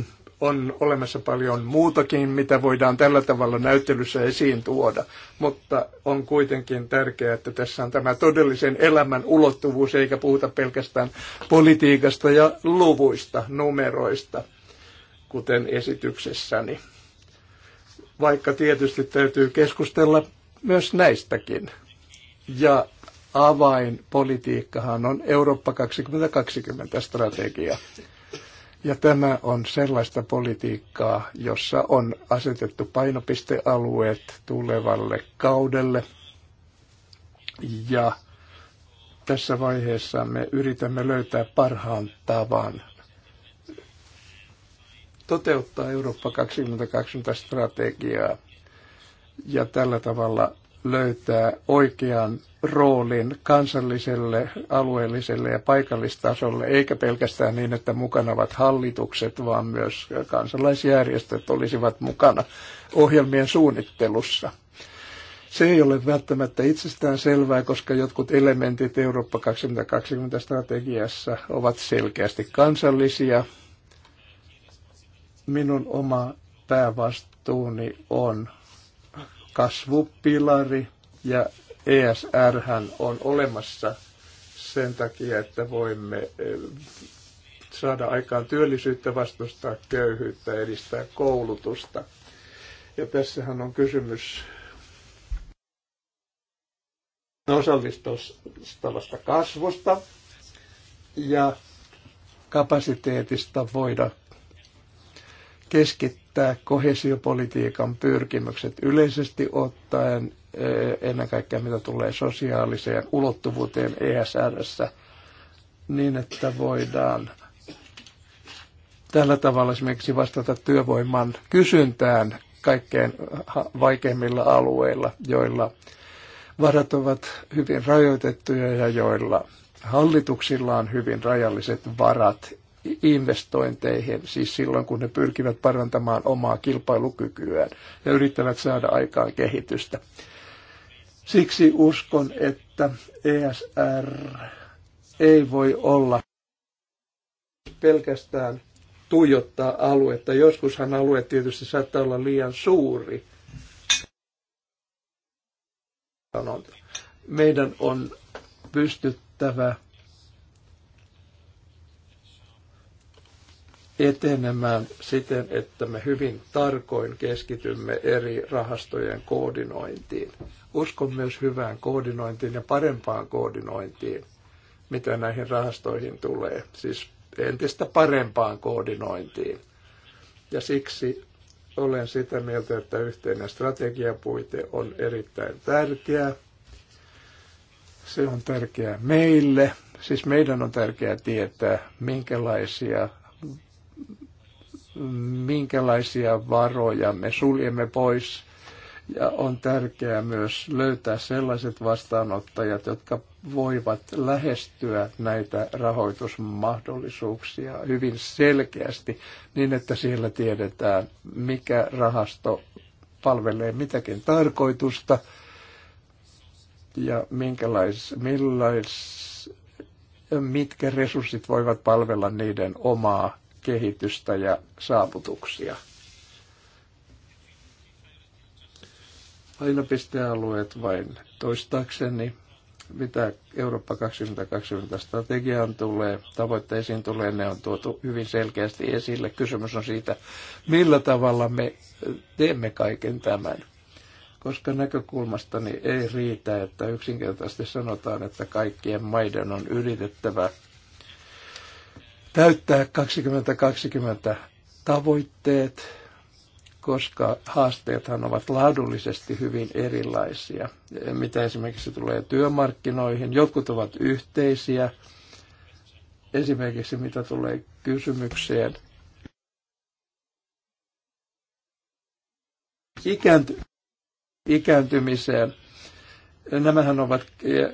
on olemassa paljon muutakin, mitä voidaan tällä tavalla näyttelyssä esiin tuoda, mutta on kuitenkin tärkeää, että tässä on tämä todellisen elämän ulottuvuus, eikä puhuta pelkästään politiikasta ja luvuista, numeroista – kuten esityksessäni. Vaikka tietysti täytyy keskustella myös näistäkin. Ja avainpolitiikkahan on Eurooppa 2020 strategia. Ja tämä on sellaista politiikkaa, jossa on asetettu painopistealueet tulevalle kaudelle. Ja tässä vaiheessa me yritämme löytää parhaan tavan toteuttaa Eurooppa 2020 strategiaa ja tällä tavalla löytää oikean roolin kansalliselle, alueelliselle ja paikallistasolle, eikä pelkästään niin, että mukana ovat hallitukset, vaan myös kansalaisjärjestöt olisivat mukana ohjelmien suunnittelussa. Se ei ole välttämättä itsestään selvää, koska jotkut elementit Eurooppa 2020 strategiassa ovat selkeästi kansallisia, minun oma päävastuuni on kasvupilari ja ESR on olemassa sen takia, että voimme eh, saada aikaan työllisyyttä, vastustaa köyhyyttä, edistää koulutusta. Ja tässähän on kysymys osallistavasta kasvusta ja kapasiteetista voida keskittää kohesiopolitiikan pyrkimykset yleisesti ottaen e, ennen kaikkea mitä tulee sosiaaliseen ulottuvuuteen ESRssä niin, että voidaan tällä tavalla esimerkiksi vastata työvoiman kysyntään kaikkein vaikeimmilla alueilla, joilla varat ovat hyvin rajoitettuja ja joilla hallituksilla on hyvin rajalliset varat investointeihin, siis silloin kun ne pyrkivät parantamaan omaa kilpailukykyään ja yrittävät saada aikaan kehitystä. Siksi uskon, että ESR ei voi olla pelkästään tuijottaa aluetta. Joskushan alue tietysti saattaa olla liian suuri. Meidän on pystyttävä etenemään siten, että me hyvin tarkoin keskitymme eri rahastojen koordinointiin. Uskon myös hyvään koordinointiin ja parempaan koordinointiin, mitä näihin rahastoihin tulee, siis entistä parempaan koordinointiin. Ja siksi olen sitä mieltä, että yhteinen strategiapuite on erittäin tärkeä. Se on tärkeää meille. Siis meidän on tärkeää tietää, minkälaisia minkälaisia varoja me suljemme pois. Ja on tärkeää myös löytää sellaiset vastaanottajat, jotka voivat lähestyä näitä rahoitusmahdollisuuksia hyvin selkeästi niin, että siellä tiedetään, mikä rahasto palvelee mitäkin tarkoitusta ja minkälais, millais, mitkä resurssit voivat palvella niiden omaa kehitystä ja saavutuksia. Painopistealueet vain toistaakseni, mitä Eurooppa 2020 strategiaan tulee, tavoitteisiin tulee, ne on tuotu hyvin selkeästi esille. Kysymys on siitä, millä tavalla me teemme kaiken tämän koska näkökulmastani ei riitä, että yksinkertaisesti sanotaan, että kaikkien maiden on yritettävä täyttää 2020 tavoitteet, koska haasteethan ovat laadullisesti hyvin erilaisia. Mitä esimerkiksi tulee työmarkkinoihin, jotkut ovat yhteisiä, esimerkiksi mitä tulee kysymykseen ikäänty- ikääntymiseen, nämähän ovat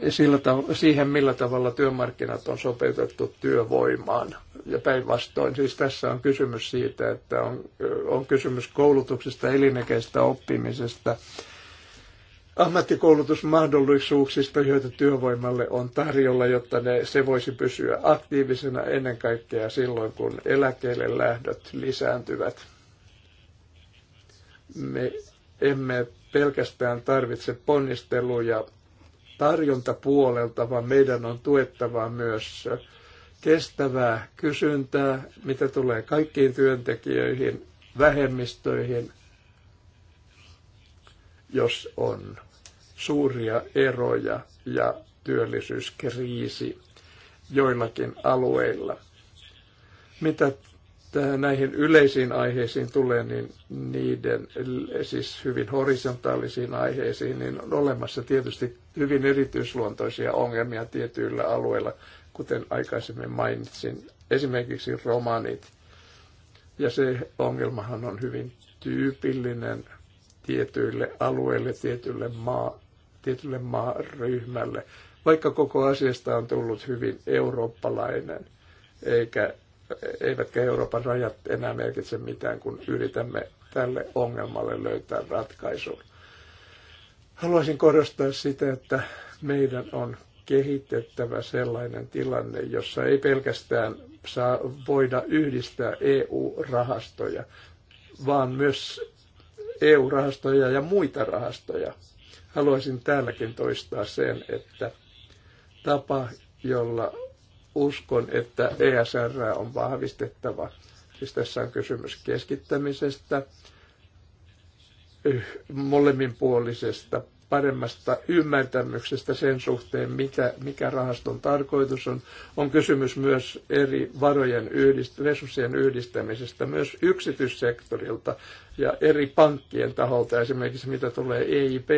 sillä tav- siihen, millä tavalla työmarkkinat on sopeutettu työvoimaan. Ja päinvastoin, siis tässä on kysymys siitä, että on, on kysymys koulutuksesta, elinikäistä oppimisesta, ammattikoulutusmahdollisuuksista, joita työvoimalle on tarjolla, jotta ne, se voisi pysyä aktiivisena ennen kaikkea silloin, kun eläkkeelle lähdöt lisääntyvät. Me emme pelkästään tarvitse ponnisteluja tarjontapuolelta, vaan meidän on tuettava myös kestävää kysyntää, mitä tulee kaikkiin työntekijöihin, vähemmistöihin, jos on suuria eroja ja työllisyyskriisi joillakin alueilla. Mitä tähän näihin yleisiin aiheisiin tulee, niin niiden siis hyvin horisontaalisiin aiheisiin, niin on olemassa tietysti hyvin erityisluontoisia ongelmia tietyillä alueilla, kuten aikaisemmin mainitsin. Esimerkiksi romanit. Ja se ongelmahan on hyvin tyypillinen tietyille alueille, tietylle, maa, tietylle maaryhmälle, vaikka koko asiasta on tullut hyvin eurooppalainen, eikä eivätkä Euroopan rajat enää merkitse mitään, kun yritämme tälle ongelmalle löytää ratkaisun. Haluaisin korostaa sitä, että meidän on kehitettävä sellainen tilanne, jossa ei pelkästään saa voida yhdistää EU-rahastoja, vaan myös EU-rahastoja ja muita rahastoja. Haluaisin täälläkin toistaa sen, että tapa, jolla uskon, että ESR on vahvistettava. Siis tässä on kysymys keskittämisestä, molemminpuolisesta, paremmasta ymmärtämyksestä sen suhteen, mitä, mikä rahaston tarkoitus on. On kysymys myös eri varojen yhdist- resurssien yhdistämisestä myös yksityissektorilta ja eri pankkien taholta, esimerkiksi mitä tulee eip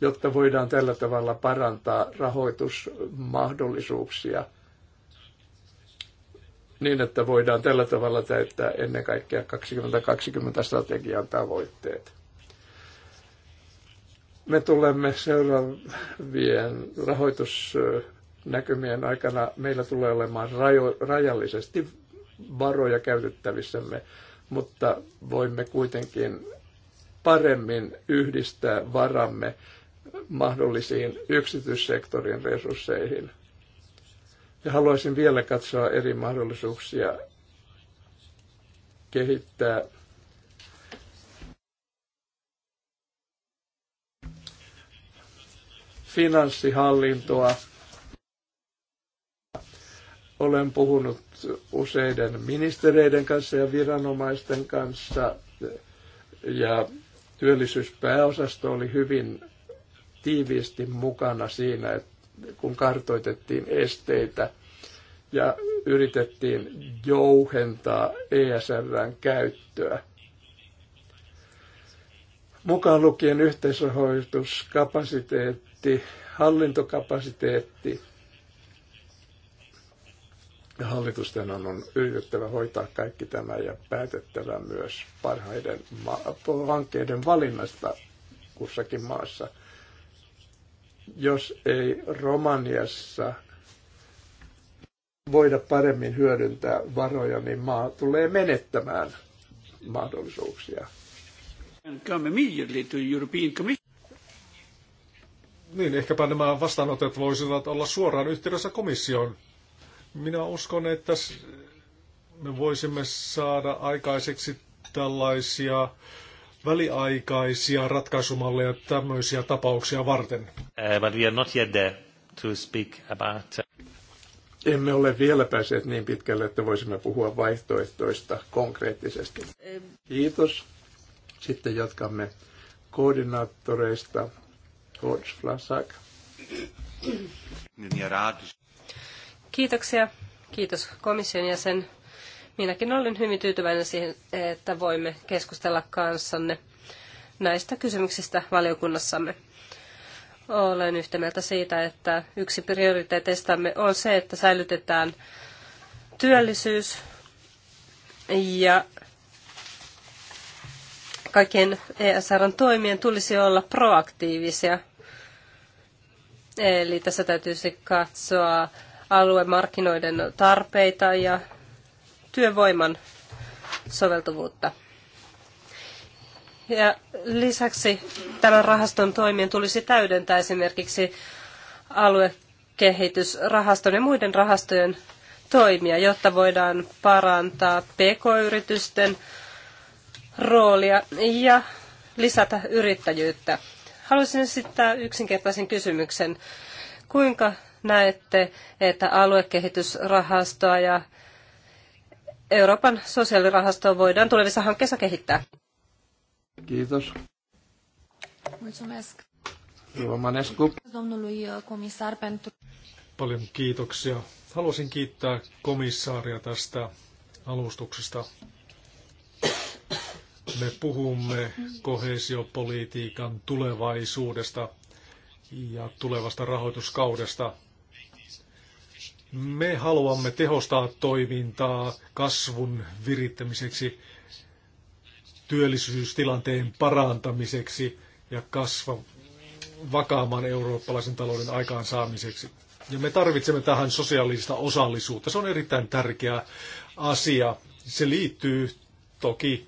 jotta voidaan tällä tavalla parantaa rahoitusmahdollisuuksia – niin, että voidaan tällä tavalla täyttää ennen kaikkea 2020 strategian tavoitteet. Me tulemme seuraavien rahoitusnäkymien aikana, meillä tulee olemaan rajo, rajallisesti varoja käytettävissämme, mutta voimme kuitenkin paremmin yhdistää varamme mahdollisiin yksityissektorin resursseihin – ja haluaisin vielä katsoa eri mahdollisuuksia kehittää finanssihallintoa. Olen puhunut useiden ministereiden kanssa ja viranomaisten kanssa ja työllisyyspääosasto oli hyvin tiiviisti mukana siinä, että kun kartoitettiin esteitä ja yritettiin jouhentaa ESRn käyttöä. Mukaan lukien yhteisrahoituskapasiteetti, hallintokapasiteetti, ja hallitusten on yritettävä hoitaa kaikki tämä ja päätettävä myös parhaiden ma- hankkeiden valinnasta kussakin maassa – jos ei Romaniassa voida paremmin hyödyntää varoja, niin maa tulee menettämään mahdollisuuksia. Niin, ehkäpä nämä vastaanotet voisivat olla suoraan yhteydessä komissioon. Minä uskon, että me voisimme saada aikaiseksi tällaisia väliaikaisia ratkaisumalleja tämmöisiä tapauksia varten. Uh, but we are not yet there to speak about... Uh, Emme ole vielä päässeet niin pitkälle, että voisimme puhua vaihtoehtoista konkreettisesti. Kiitos. Sitten jatkamme koordinaattoreista. Hodge Flasak. Kiitoksia. Kiitos komission jäsen Minäkin olen hyvin tyytyväinen siihen, että voimme keskustella kanssanne näistä kysymyksistä valiokunnassamme. Olen yhtä mieltä siitä, että yksi prioriteeteistamme on se, että säilytetään työllisyys ja kaikkien ESRn toimien tulisi olla proaktiivisia. Eli tässä täytyisi katsoa aluemarkkinoiden tarpeita ja työvoiman soveltuvuutta. Ja lisäksi tämän rahaston toimien tulisi täydentää esimerkiksi aluekehitysrahaston ja muiden rahastojen toimia, jotta voidaan parantaa pk-yritysten roolia ja lisätä yrittäjyyttä. Haluaisin esittää yksinkertaisen kysymyksen. Kuinka näette, että aluekehitysrahastoa ja Euroopan sosiaalirahastoa voidaan tulevissa hankkeissa kehittää. Kiitos. Mulțumesc. Hyvä Domnului uh, comisar pentru... Paljon kiitoksia. Haluaisin kiittää komissaaria tästä alustuksesta. Me puhumme kohesiopolitiikan tulevaisuudesta ja tulevasta rahoituskaudesta – me haluamme tehostaa toimintaa kasvun virittämiseksi, työllisyystilanteen parantamiseksi ja kasva vakaaman eurooppalaisen talouden aikaansaamiseksi. Ja me tarvitsemme tähän sosiaalista osallisuutta. Se on erittäin tärkeä asia. Se liittyy toki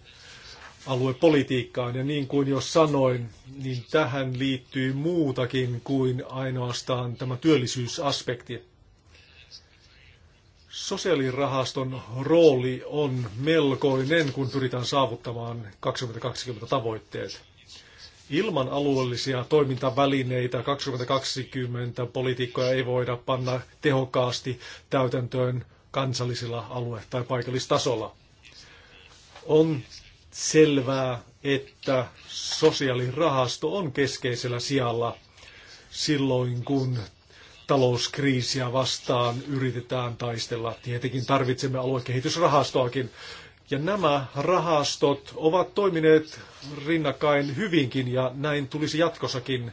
aluepolitiikkaan. Ja niin kuin jo sanoin, niin tähän liittyy muutakin kuin ainoastaan tämä työllisyysaspekti. Sosiaalirahaston rooli on melkoinen, kun pyritään saavuttamaan 2020 tavoitteet. Ilman alueellisia toimintavälineitä 2020 politiikkoja ei voida panna tehokkaasti täytäntöön kansallisilla alue- tai paikallistasolla. On selvää, että sosiaalirahasto on keskeisellä sijalla silloin, kun talouskriisiä vastaan yritetään taistella. Tietenkin tarvitsemme aluekehitysrahastoakin. Ja nämä rahastot ovat toimineet rinnakkain hyvinkin ja näin tulisi jatkossakin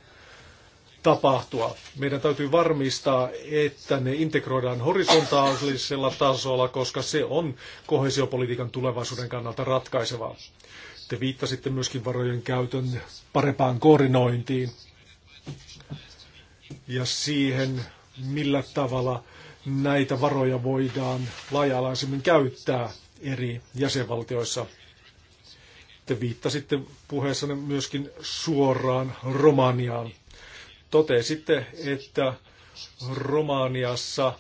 tapahtua. Meidän täytyy varmistaa, että ne integroidaan horisontaalisella tasolla, koska se on kohesiopolitiikan tulevaisuuden kannalta ratkaisevaa. Te viittasitte myöskin varojen käytön parempaan koordinointiin ja siihen, millä tavalla näitä varoja voidaan laaja-alaisemmin käyttää eri jäsenvaltioissa. Te viittasitte puheessanne myöskin suoraan Romaniaan. Totesitte, että Romaniassa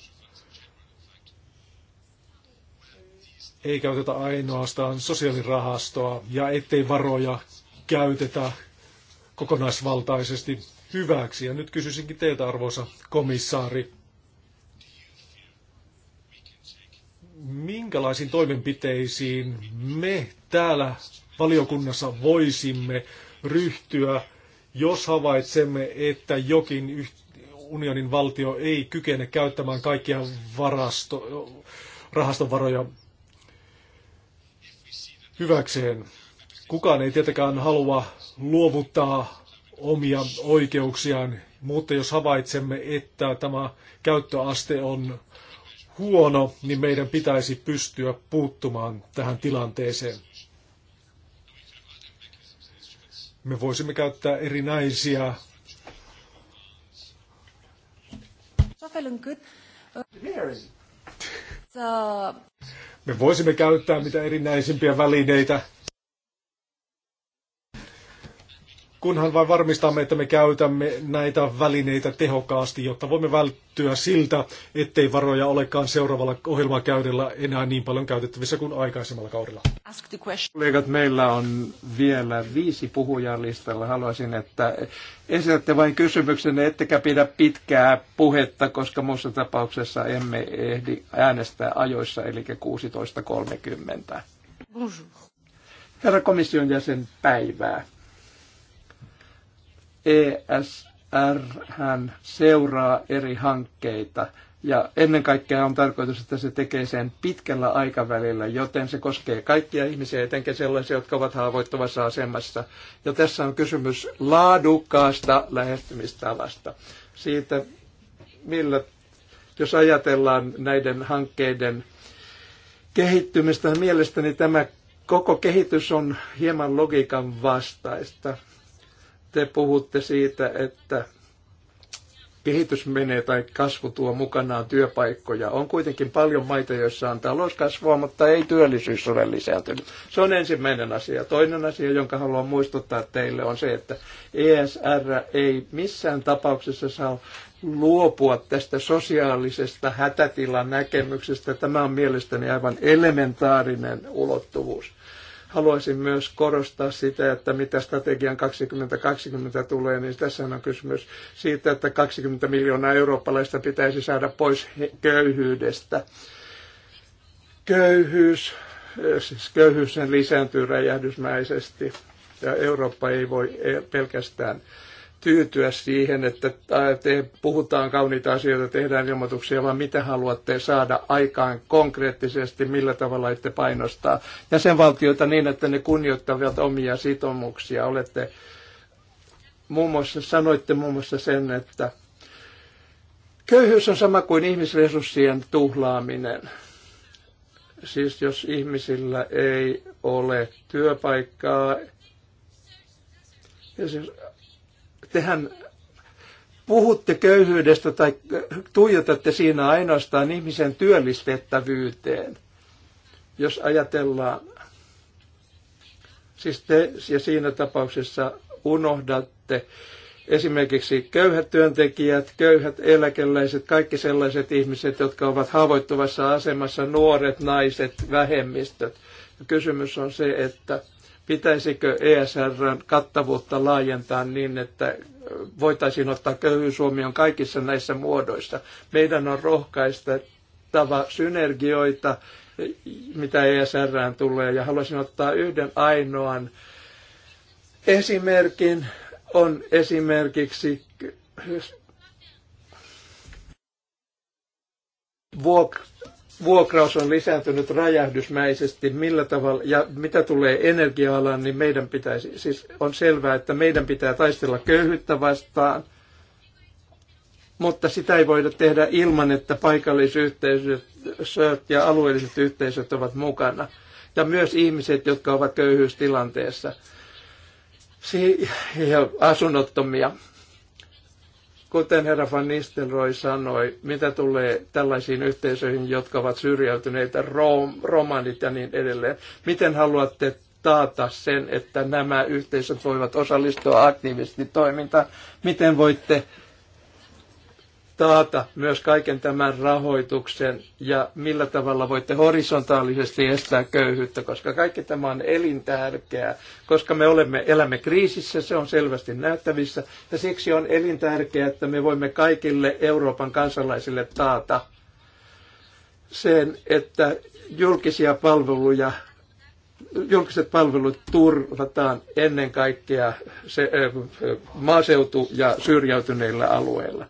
ei käytetä ainoastaan sosiaalirahastoa ja ettei varoja käytetä kokonaisvaltaisesti hyväksi. Ja nyt kysyisinkin teiltä, arvoisa komissaari, minkälaisiin toimenpiteisiin me täällä valiokunnassa voisimme ryhtyä, jos havaitsemme, että jokin unionin valtio ei kykene käyttämään kaikkia varasto, rahastovaroja hyväkseen. Kukaan ei tietenkään halua luovuttaa omia oikeuksiaan, mutta jos havaitsemme, että tämä käyttöaste on huono, niin meidän pitäisi pystyä puuttumaan tähän tilanteeseen. Me voisimme käyttää erinäisiä me voisimme käyttää mitä erinäisimpiä välineitä kunhan vain varmistamme, että me käytämme näitä välineitä tehokkaasti, jotta voimme välttyä siltä, ettei varoja olekaan seuraavalla ohjelmakäydellä enää niin paljon käytettävissä kuin aikaisemmalla kaudella. Kollegat, meillä on vielä viisi puhujaa listalla. Haluaisin, että esitätte vain kysymyksen, ettekä pidä pitkää puhetta, koska muussa tapauksessa emme ehdi äänestää ajoissa, eli 16.30. Bonjour. Herra komission jäsen, päivää. ESR hän seuraa eri hankkeita ja ennen kaikkea on tarkoitus, että se tekee sen pitkällä aikavälillä, joten se koskee kaikkia ihmisiä, etenkin sellaisia, jotka ovat haavoittuvassa asemassa. Ja tässä on kysymys laadukkaasta lähestymistavasta. Siitä, millä, jos ajatellaan näiden hankkeiden kehittymistä, mielestäni tämä koko kehitys on hieman logiikan vastaista te puhutte siitä, että kehitys menee tai kasvu tuo mukanaan työpaikkoja. On kuitenkin paljon maita, joissa on talouskasvua, mutta ei työllisyys ole lisääntynyt. Se on ensimmäinen asia. Toinen asia, jonka haluan muistuttaa teille, on se, että ESR ei missään tapauksessa saa luopua tästä sosiaalisesta hätätilan näkemyksestä. Tämä on mielestäni aivan elementaarinen ulottuvuus. Haluaisin myös korostaa sitä, että mitä strategian 2020 tulee, niin tässä on kysymys siitä, että 20 miljoonaa eurooppalaista pitäisi saada pois köyhyydestä. Köyhyys, eh, siis köyhyys lisääntyy räjähdysmäisesti ja Eurooppa ei voi eh, pelkästään tyytyä siihen, että te puhutaan kauniita asioita, tehdään ilmoituksia, vaan mitä haluatte saada aikaan konkreettisesti, millä tavalla ette painostaa jäsenvaltioita niin, että ne kunnioittavat omia sitomuksia. Olette muun muassa, sanoitte muun muassa sen, että köyhyys on sama kuin ihmisresurssien tuhlaaminen. Siis jos ihmisillä ei ole työpaikkaa, ja siis tehän puhutte köyhyydestä tai tuijotatte siinä ainoastaan ihmisen työllistettävyyteen. Jos ajatellaan, siis te ja siinä tapauksessa unohdatte esimerkiksi köyhät työntekijät, köyhät eläkeläiset, kaikki sellaiset ihmiset, jotka ovat haavoittuvassa asemassa, nuoret, naiset, vähemmistöt. Kysymys on se, että pitäisikö ESRn kattavuutta laajentaa niin, että voitaisiin ottaa köyhyys huomioon kaikissa näissä muodoissa. Meidän on rohkaistettava synergioita, mitä ESRään tulee, ja haluaisin ottaa yhden ainoan esimerkin. On esimerkiksi vuok- vuokraus on lisääntynyt räjähdysmäisesti, millä tavalla, ja mitä tulee energia-alaan, niin meidän pitäisi, siis on selvää, että meidän pitää taistella köyhyyttä vastaan, mutta sitä ei voida tehdä ilman, että paikallisyhteisöt ja alueelliset yhteisöt ovat mukana. Ja myös ihmiset, jotka ovat köyhyystilanteessa. ja asunnottomia. Kuten herra Van Nistelrooy sanoi, mitä tulee tällaisiin yhteisöihin, jotka ovat syrjäytyneitä, rom, romanit ja niin edelleen, miten haluatte taata sen, että nämä yhteisöt voivat osallistua aktiivisesti toimintaan? Miten voitte taata myös kaiken tämän rahoituksen ja millä tavalla voitte horisontaalisesti estää köyhyyttä, koska kaikki tämä on elintärkeää, koska me olemme, elämme kriisissä, se on selvästi näyttävissä ja siksi on elintärkeää, että me voimme kaikille Euroopan kansalaisille taata sen, että julkisia palveluja julkiset palvelut turvataan ennen kaikkea se, maaseutu- ja syrjäytyneillä alueilla.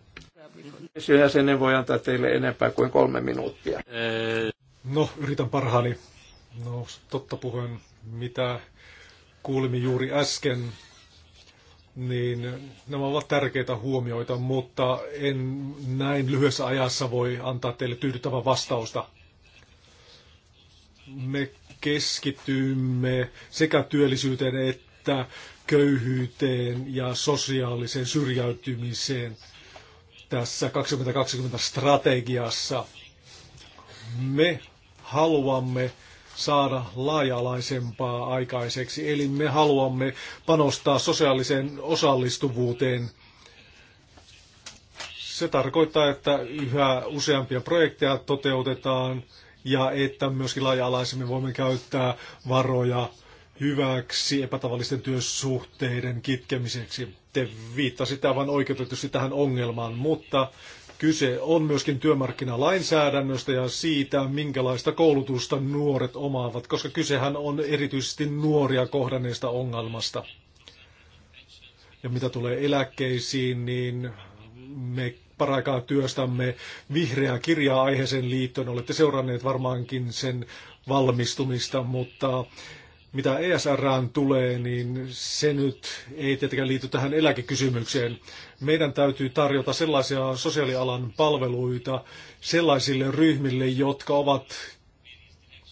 Komission jäsenen voi antaa teille enempää kuin kolme minuuttia. No, yritän parhaani. No, totta puhuen, mitä kuulimme juuri äsken, niin nämä ovat tärkeitä huomioita, mutta en näin lyhyessä ajassa voi antaa teille tyydyttävää vastausta. Me keskitymme sekä työllisyyteen että köyhyyteen ja sosiaaliseen syrjäytymiseen – tässä 2020 strategiassa. Me haluamme saada laajalaisempaa aikaiseksi, eli me haluamme panostaa sosiaaliseen osallistuvuuteen. Se tarkoittaa, että yhä useampia projekteja toteutetaan ja että myöskin laaja-alaisemmin voimme käyttää varoja hyväksi epätavallisten työsuhteiden kitkemiseksi te viittasitte aivan oikeutetusti tähän ongelmaan, mutta kyse on myöskin työmarkkinalainsäädännöstä ja siitä, minkälaista koulutusta nuoret omaavat, koska kysehän on erityisesti nuoria kohdanneesta ongelmasta. Ja mitä tulee eläkkeisiin, niin me paraikaa työstämme vihreää kirjaa aiheeseen liittyen. Olette seuranneet varmaankin sen valmistumista, mutta mitä ESRään tulee, niin se nyt ei tietenkään liity tähän eläkekysymykseen. Meidän täytyy tarjota sellaisia sosiaalialan palveluita sellaisille ryhmille, jotka ovat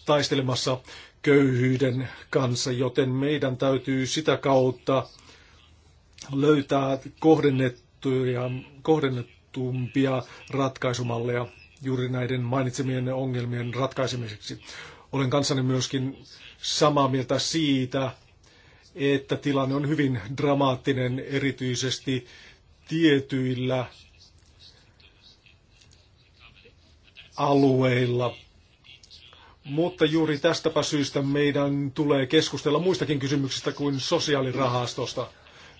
taistelemassa köyhyyden kanssa, joten meidän täytyy sitä kautta löytää kohdennettuja, kohdennettumpia ratkaisumalleja juuri näiden mainitsemien ongelmien ratkaisemiseksi. Olen kanssani myöskin samaa mieltä siitä, että tilanne on hyvin dramaattinen erityisesti tietyillä alueilla. Mutta juuri tästäpä syystä meidän tulee keskustella muistakin kysymyksistä kuin sosiaalirahastosta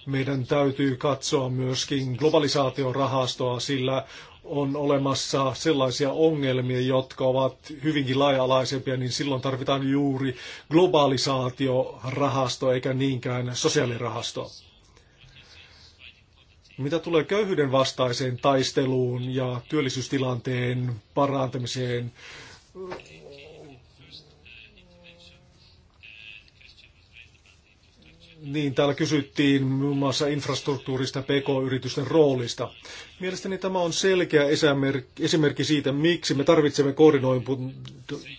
meidän täytyy katsoa myöskin globalisaatiorahastoa, sillä on olemassa sellaisia ongelmia, jotka ovat hyvinkin laaja-alaisempia, niin silloin tarvitaan juuri globalisaatiorahasto eikä niinkään sosiaalirahasto. Mitä tulee köyhyyden vastaiseen taisteluun ja työllisyystilanteen parantamiseen, Niin, täällä kysyttiin muun mm. muassa infrastruktuurista PK-yritysten roolista. Mielestäni tämä on selkeä esimerkki siitä, miksi me tarvitsemme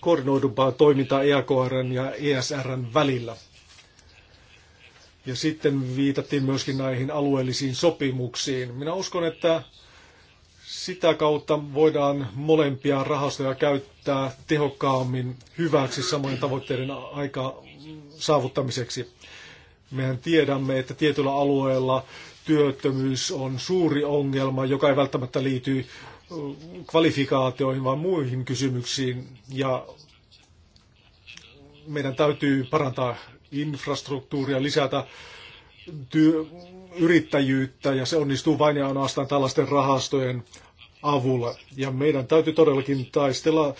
koordinoidumpaa toimintaa EAKRn ja ESRn välillä. Ja sitten viitattiin myöskin näihin alueellisiin sopimuksiin. Minä uskon, että sitä kautta voidaan molempia rahastoja käyttää tehokkaammin hyväksi samojen tavoitteiden aika saavuttamiseksi. Mehän tiedämme, että tietyllä alueella työttömyys on suuri ongelma, joka ei välttämättä liity kvalifikaatioihin, vaan muihin kysymyksiin. Ja meidän täytyy parantaa infrastruktuuria, lisätä työ, yrittäjyyttä, ja se onnistuu vain ja ainoastaan tällaisten rahastojen avulla. Ja meidän täytyy todellakin taistella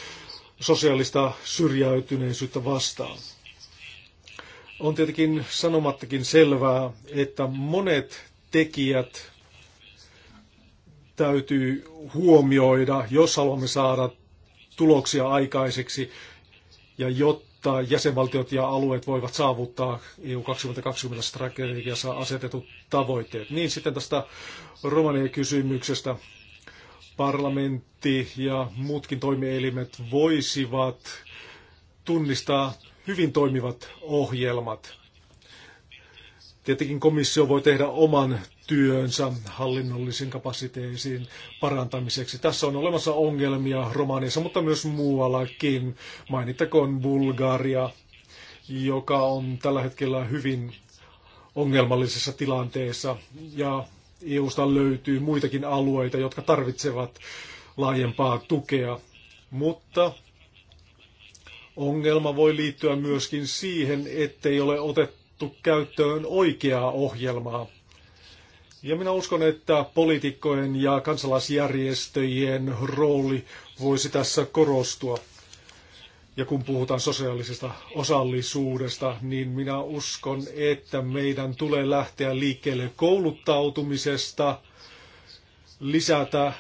sosiaalista syrjäytyneisyyttä vastaan. On tietenkin sanomattakin selvää, että monet tekijät täytyy huomioida, jos haluamme saada tuloksia aikaiseksi ja jotta jäsenvaltiot ja alueet voivat saavuttaa EU 2020 strategiassa asetetut tavoitteet. Niin sitten tästä romanien kysymyksestä parlamentti ja muutkin toimielimet voisivat tunnistaa hyvin toimivat ohjelmat. Tietenkin komissio voi tehdä oman työnsä hallinnollisen kapasiteetin parantamiseksi. Tässä on olemassa ongelmia Romaniassa, mutta myös muuallakin. Mainittakoon Bulgaria, joka on tällä hetkellä hyvin ongelmallisessa tilanteessa. Ja EUsta löytyy muitakin alueita, jotka tarvitsevat laajempaa tukea. Mutta Ongelma voi liittyä myöskin siihen, ettei ole otettu käyttöön oikeaa ohjelmaa. Ja minä uskon, että poliitikkojen ja kansalaisjärjestöjen rooli voisi tässä korostua. Ja kun puhutaan sosiaalisesta osallisuudesta, niin minä uskon, että meidän tulee lähteä liikkeelle kouluttautumisesta, lisätä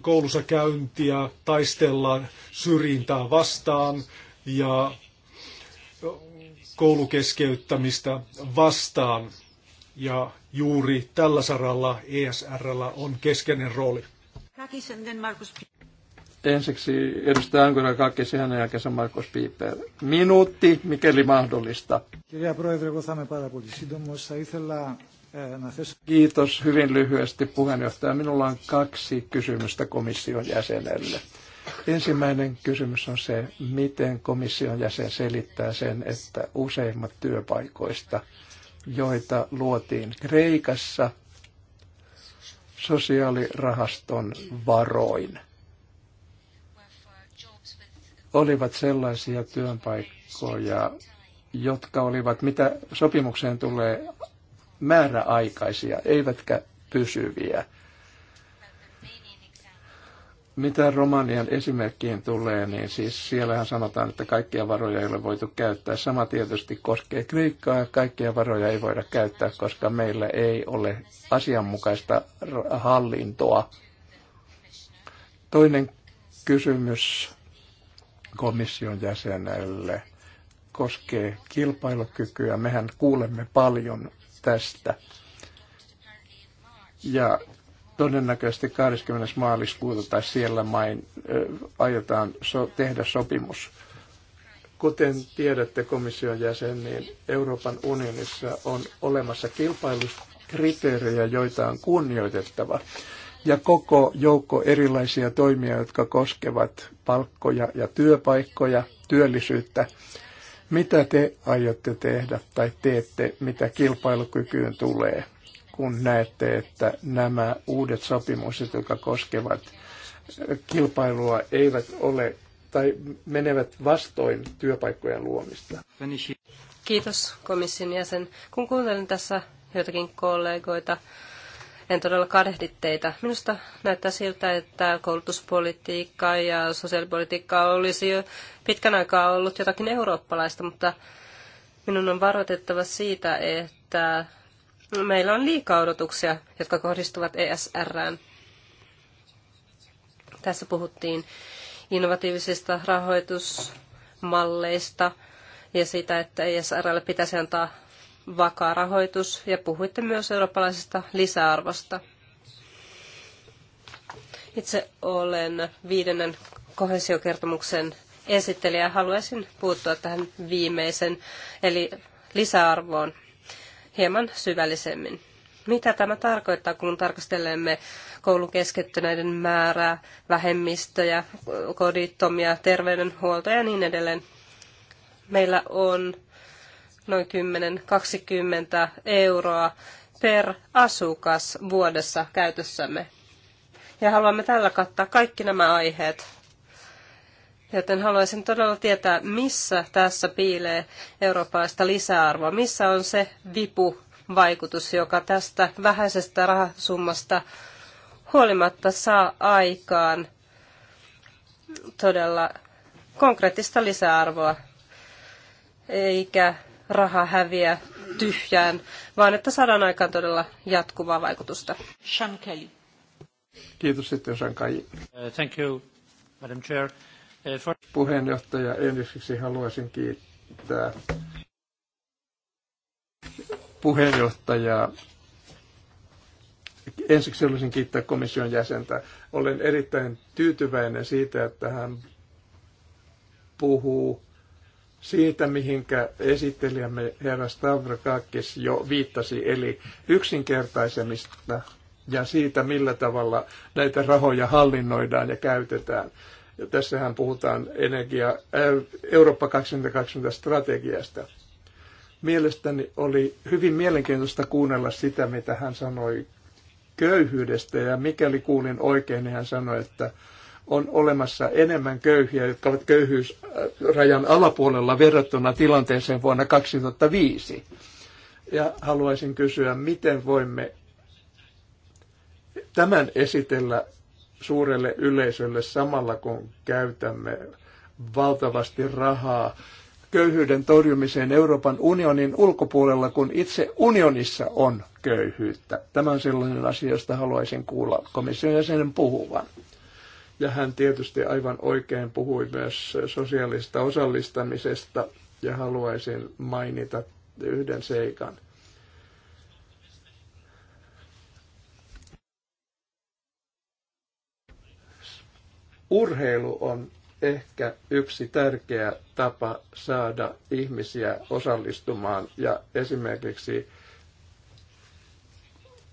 koulussa käyntiä, taistellaan syrjintää vastaan ja koulukeskeyttämistä vastaan. Ja juuri tällä saralla ESRllä on keskeinen rooli. Ensiksi edustaja Ankura Kakki, hänen jälkeensä Markus Piper Minuutti, mikäli mahdollista. Kirja Proedre, kun saamme Itsellä Kiitos hyvin lyhyesti puheenjohtaja. Minulla on kaksi kysymystä komission jäsenelle. Ensimmäinen kysymys on se, miten komission jäsen selittää sen, että useimmat työpaikoista, joita luotiin Kreikassa sosiaalirahaston varoin, olivat sellaisia työpaikkoja, jotka olivat, mitä sopimukseen tulee määräaikaisia, eivätkä pysyviä. Mitä Romanian esimerkkiin tulee, niin siis siellähän sanotaan, että kaikkia varoja ei ole voitu käyttää. Sama tietysti koskee Kreikkaa, kaikkia varoja ei voida käyttää, koska meillä ei ole asianmukaista hallintoa. Toinen kysymys komission jäsenelle koskee kilpailukykyä. Mehän kuulemme paljon tästä. Ja todennäköisesti 20. maaliskuuta tai siellä main äh, aiotaan so- tehdä sopimus. Kuten tiedätte komission jäsen, niin Euroopan unionissa on olemassa kilpailukriteerejä, joita on kunnioitettava. Ja koko joukko erilaisia toimia, jotka koskevat palkkoja ja työpaikkoja, työllisyyttä. Mitä te aiotte tehdä tai teette, mitä kilpailukykyyn tulee, kun näette, että nämä uudet sopimukset, jotka koskevat kilpailua, eivät ole tai menevät vastoin työpaikkojen luomista? Kiitos komission jäsen. Kun kuuntelin tässä joitakin kollegoita, en todella kadehdi teitä. Minusta näyttää siltä, että koulutuspolitiikka ja sosiaalipolitiikka olisi jo pitkän aikaa ollut jotakin eurooppalaista, mutta minun on varoitettava siitä, että meillä on liikaa odotuksia, jotka kohdistuvat ESRään. Tässä puhuttiin innovatiivisista rahoitusmalleista ja siitä, että ESRlle pitäisi antaa vakaa rahoitus ja puhuitte myös eurooppalaisesta lisäarvosta. Itse olen viidennen kohesiokertomuksen esittelijä. Haluaisin puuttua tähän viimeisen, eli lisäarvoon hieman syvällisemmin. Mitä tämä tarkoittaa, kun tarkastelemme koulun keskittyneiden määrää, vähemmistöjä, kodittomia, terveydenhuoltoa ja niin edelleen? Meillä on noin 10-20 euroa per asukas vuodessa käytössämme. Ja haluamme tällä kattaa kaikki nämä aiheet. Joten haluaisin todella tietää, missä tässä piilee eurooppalaista lisäarvoa. Missä on se vipuvaikutus, joka tästä vähäisestä rahasummasta huolimatta saa aikaan todella konkreettista lisäarvoa, eikä raha häviä tyhjään, vaan että saadaan aikaan todella jatkuvaa vaikutusta. Sean Kelly. Kiitos sitten Sean Kelly. Uh, thank you, Madam Chair. Uh, for... Puheenjohtaja, ensiksi haluaisin kiittää puheenjohtajaa. Ensiksi haluaisin kiittää komission jäsentä. Olen erittäin tyytyväinen siitä, että hän puhuu siitä, mihinkä esittelijämme herra Stavrakakis jo viittasi, eli yksinkertaisemista ja siitä, millä tavalla näitä rahoja hallinnoidaan ja käytetään. Ja tässähän puhutaan energia, äh, Eurooppa 2020 strategiasta. Mielestäni oli hyvin mielenkiintoista kuunnella sitä, mitä hän sanoi köyhyydestä, ja mikäli kuulin oikein, niin hän sanoi, että on olemassa enemmän köyhiä, jotka ovat köyhyysrajan alapuolella verrattuna tilanteeseen vuonna 2005. Ja haluaisin kysyä, miten voimme tämän esitellä suurelle yleisölle samalla kun käytämme valtavasti rahaa köyhyyden torjumiseen Euroopan unionin ulkopuolella, kun itse unionissa on köyhyyttä. Tämä on sellainen asia, josta haluaisin kuulla komission jäsenen puhuvan. Ja hän tietysti aivan oikein puhui myös sosiaalista osallistamisesta ja haluaisin mainita yhden seikan. Urheilu on ehkä yksi tärkeä tapa saada ihmisiä osallistumaan ja esimerkiksi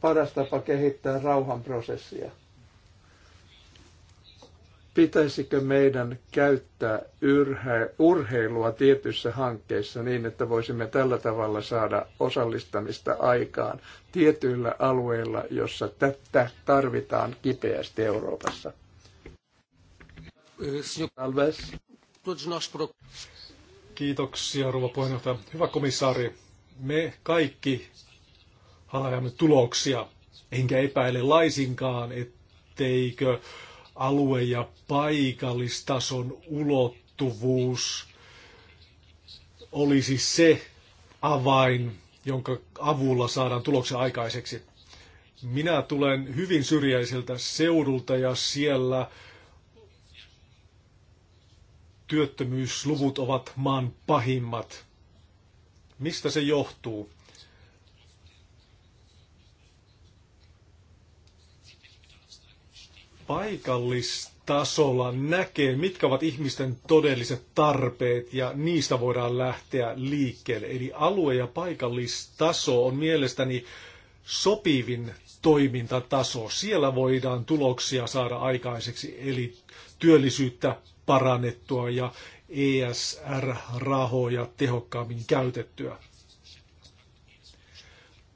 paras tapa kehittää rauhanprosessia pitäisikö meidän käyttää urheilua tietyissä hankkeissa niin, että voisimme tällä tavalla saada osallistamista aikaan tietyillä alueilla, jossa tätä tarvitaan kipeästi Euroopassa? Kiitoksia, rouva puheenjohtaja. Hyvä komissaari, me kaikki haemme tuloksia, enkä epäile laisinkaan, etteikö alue- ja paikallistason ulottuvuus olisi se avain, jonka avulla saadaan tuloksen aikaiseksi. Minä tulen hyvin syrjäiseltä seudulta ja siellä työttömyysluvut ovat maan pahimmat. Mistä se johtuu? paikallistasolla näkee, mitkä ovat ihmisten todelliset tarpeet ja niistä voidaan lähteä liikkeelle. Eli alue- ja paikallistaso on mielestäni sopivin toimintataso. Siellä voidaan tuloksia saada aikaiseksi, eli työllisyyttä parannettua ja ESR-rahoja tehokkaammin käytettyä.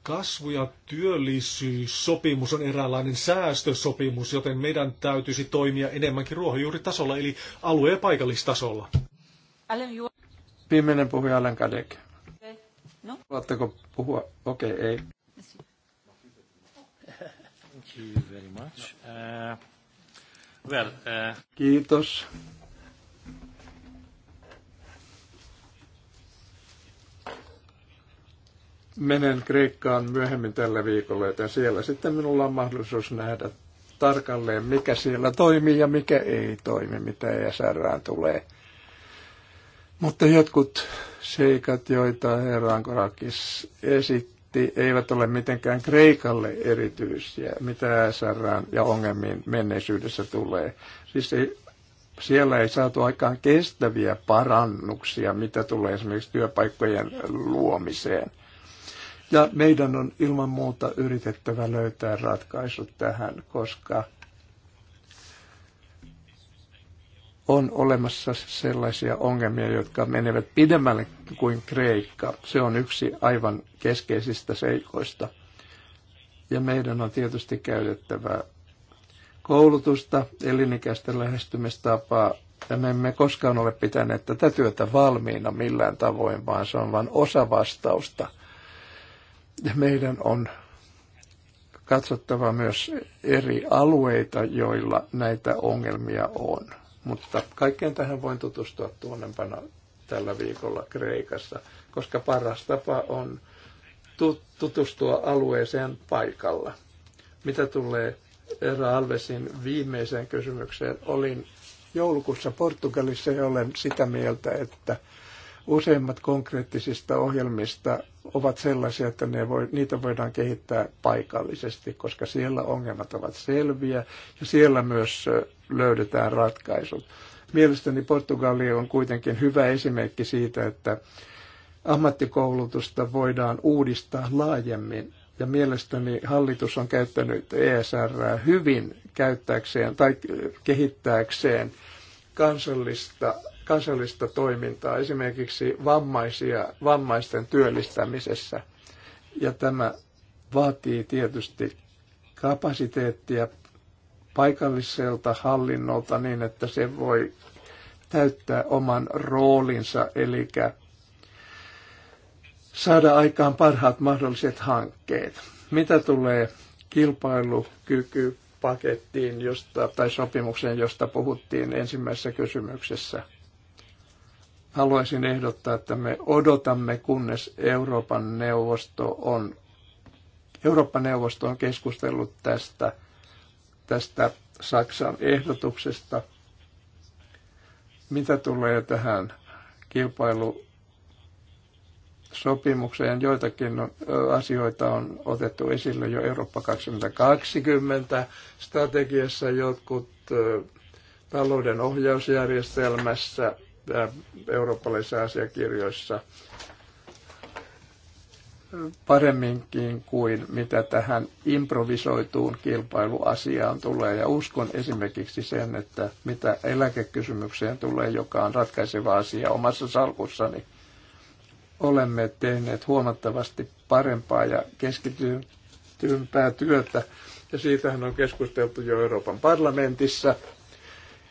Kasvu- ja työllisyyssopimus on eräänlainen säästösopimus, joten meidän täytyisi toimia enemmänkin ruohonjuuritasolla, eli alue- ja paikallistasolla. Viimeinen puhuja Alan Kadek. No? Haluatteko puhua? Okei, okay, ei. Thank you very much. Uh, well, uh... Kiitos. Menen Kreikkaan myöhemmin tällä viikolla, että siellä sitten minulla on mahdollisuus nähdä tarkalleen, mikä siellä toimii ja mikä ei toimi, mitä ESRään tulee. Mutta jotkut seikat, joita herra Ankorakis esitti, eivät ole mitenkään Kreikalle erityisiä, mitä ESRään ja ongelmiin menneisyydessä tulee. Siis ei, siellä ei saatu aikaan kestäviä parannuksia, mitä tulee esimerkiksi työpaikkojen luomiseen – ja meidän on ilman muuta yritettävä löytää ratkaisut tähän, koska on olemassa sellaisia ongelmia, jotka menevät pidemmälle kuin Kreikka. Se on yksi aivan keskeisistä seikoista. Ja meidän on tietysti käytettävä koulutusta, elinikäistä lähestymistapaa, ja me emme koskaan ole pitäneet tätä työtä valmiina millään tavoin, vaan se on vain osa vastausta – meidän on katsottava myös eri alueita, joilla näitä ongelmia on. Mutta kaikkeen tähän voin tutustua tuonnempana tällä viikolla Kreikassa, koska paras tapa on tutustua alueeseen paikalla. Mitä tulee Eera Alvesin viimeiseen kysymykseen, olin joulukuussa Portugalissa ja olen sitä mieltä, että Useimmat konkreettisista ohjelmista ovat sellaisia, että ne voi, niitä voidaan kehittää paikallisesti, koska siellä ongelmat ovat selviä ja siellä myös löydetään ratkaisut. Mielestäni Portugali on kuitenkin hyvä esimerkki siitä, että ammattikoulutusta voidaan uudistaa laajemmin. Ja mielestäni hallitus on käyttänyt ESR hyvin käyttääkseen tai kehittääkseen kansallista kansallista toimintaa esimerkiksi vammaisia, vammaisten työllistämisessä. Ja tämä vaatii tietysti kapasiteettia paikalliselta hallinnolta niin, että se voi täyttää oman roolinsa, eli saada aikaan parhaat mahdolliset hankkeet. Mitä tulee kilpailukyky pakettiin josta, tai sopimukseen, josta puhuttiin ensimmäisessä kysymyksessä haluaisin ehdottaa, että me odotamme, kunnes Euroopan neuvosto on, Euroopan neuvosto on keskustellut tästä, tästä Saksan ehdotuksesta. Mitä tulee tähän kilpailusopimukseen, joitakin asioita on otettu esille jo Eurooppa 2020 strategiassa, jotkut talouden ohjausjärjestelmässä Äh, eurooppalaisissa asiakirjoissa paremminkin kuin mitä tähän improvisoituun kilpailuasiaan tulee. Ja uskon esimerkiksi sen, että mitä eläkekysymykseen tulee, joka on ratkaiseva asia omassa salkussani, olemme tehneet huomattavasti parempaa ja keskitympää työtä. Ja siitähän on keskusteltu jo Euroopan parlamentissa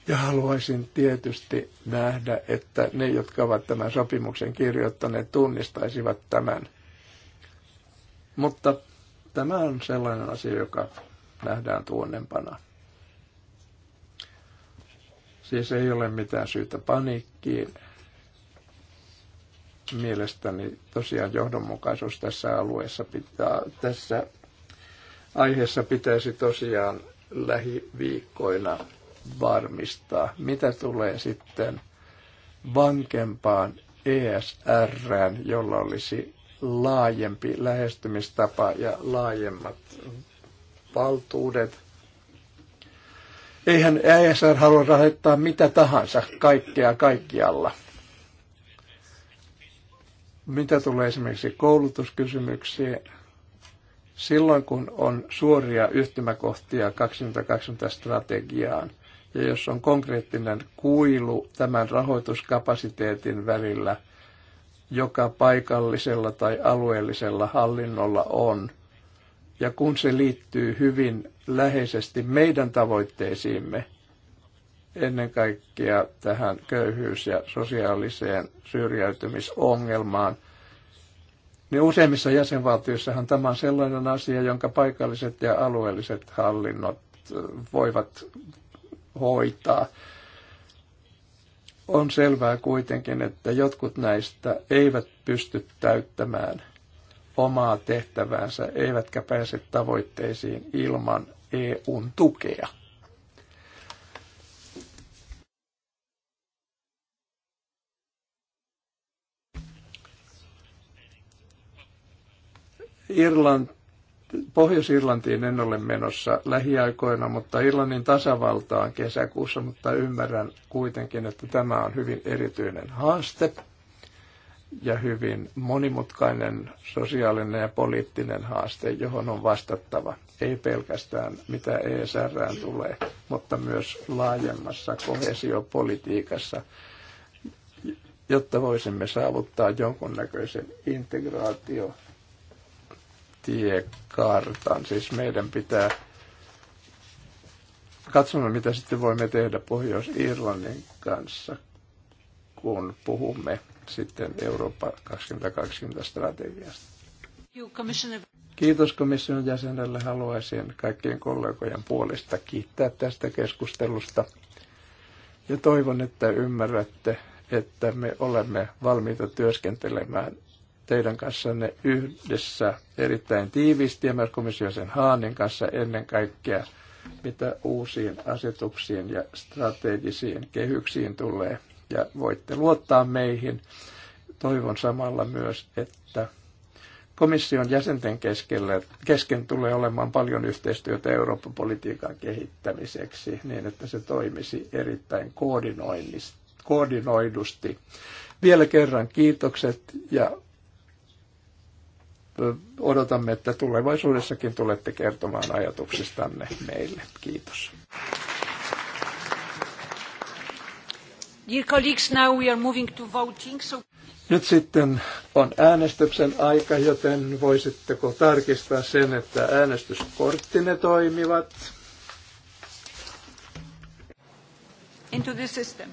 ja haluaisin tietysti nähdä, että ne, jotka ovat tämän sopimuksen kirjoittaneet, tunnistaisivat tämän. Mutta tämä on sellainen asia, joka nähdään tuonnempana. Siis ei ole mitään syytä paniikkiin. Mielestäni tosiaan johdonmukaisuus tässä alueessa pitää, tässä aiheessa pitäisi tosiaan lähiviikkoina varmistaa. Mitä tulee sitten vankempaan ESR, jolla olisi laajempi lähestymistapa ja laajemmat valtuudet. Eihän ESR halua rahoittaa mitä tahansa, kaikkea kaikkialla. Mitä tulee esimerkiksi koulutuskysymyksiin, silloin kun on suoria yhtymäkohtia 2020 strategiaan, ja jos on konkreettinen kuilu tämän rahoituskapasiteetin välillä, joka paikallisella tai alueellisella hallinnolla on, ja kun se liittyy hyvin läheisesti meidän tavoitteisiimme, ennen kaikkea tähän köyhyys- ja sosiaaliseen syrjäytymisongelmaan, niin useimmissa jäsenvaltioissahan tämä on sellainen asia, jonka paikalliset ja alueelliset hallinnot voivat hoitaa. On selvää kuitenkin, että jotkut näistä eivät pysty täyttämään omaa tehtäväänsä, eivätkä pääse tavoitteisiin ilman EUn tukea. Irlanti Pohjois-Irlantiin en ole menossa lähiaikoina, mutta Irlannin tasavaltaan kesäkuussa, mutta ymmärrän kuitenkin, että tämä on hyvin erityinen haaste ja hyvin monimutkainen sosiaalinen ja poliittinen haaste, johon on vastattava. Ei pelkästään mitä ESR tulee, mutta myös laajemmassa kohesiopolitiikassa, jotta voisimme saavuttaa jonkunnäköisen integraatio- tiekartan. Siis meidän pitää katsoa, mitä sitten voimme tehdä Pohjois-Irlannin kanssa, kun puhumme sitten Eurooppa 2020-strategiasta. Kiitos komission jäsenelle. Haluaisin kaikkien kollegojen puolesta kiittää tästä keskustelusta. Ja toivon, että ymmärrätte, että me olemme valmiita työskentelemään teidän kanssanne yhdessä erittäin tiiviisti ja myös komissiosen Haanin kanssa ennen kaikkea, mitä uusiin asetuksiin ja strategisiin kehyksiin tulee. Ja voitte luottaa meihin. Toivon samalla myös, että komission jäsenten keskellä, kesken tulee olemaan paljon yhteistyötä Euroopan politiikan kehittämiseksi niin, että se toimisi erittäin koordinoidusti. Vielä kerran kiitokset ja odotamme, että tulevaisuudessakin tulette kertomaan ajatuksistanne meille. Kiitos. Dear colleagues, now we are moving to voting, so... Nyt sitten on äänestyksen aika, joten voisitteko tarkistaa sen, että äänestyskorttine toimivat. Into the system.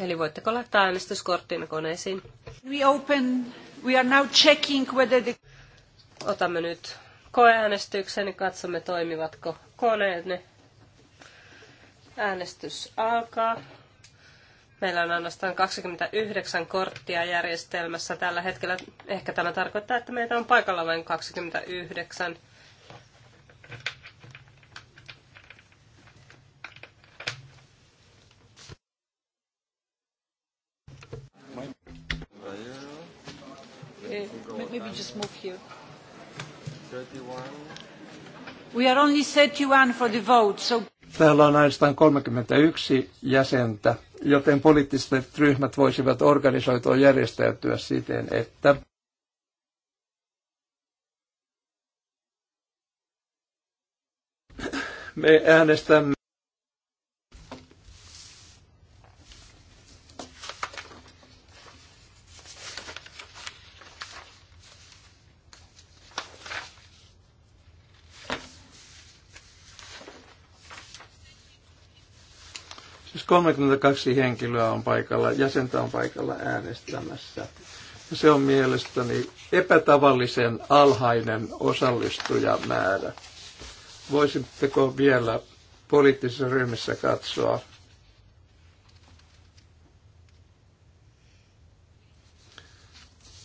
Eli voitteko laittaa äänestyskorttiin koneisiin? We open, we are now checking whether the... Otamme nyt koeäänestyksen ja katsomme toimivatko koneenne. Äänestys alkaa. Meillä on ainoastaan 29 korttia järjestelmässä tällä hetkellä. Ehkä tämä tarkoittaa, että meitä on paikalla vain 29. Maybe just move here. 31. We are only 31 for the vote, so... Täällä on ainoastaan 31 jäsentä, joten poliittiset ryhmät voisivat organisoitua järjestäytyä siten, että me äänestämme 32 henkilöä on paikalla, jäsentä on paikalla äänestämässä. Se on mielestäni epätavallisen alhainen osallistujamäärä. Voisitteko vielä poliittisessa ryhmissä katsoa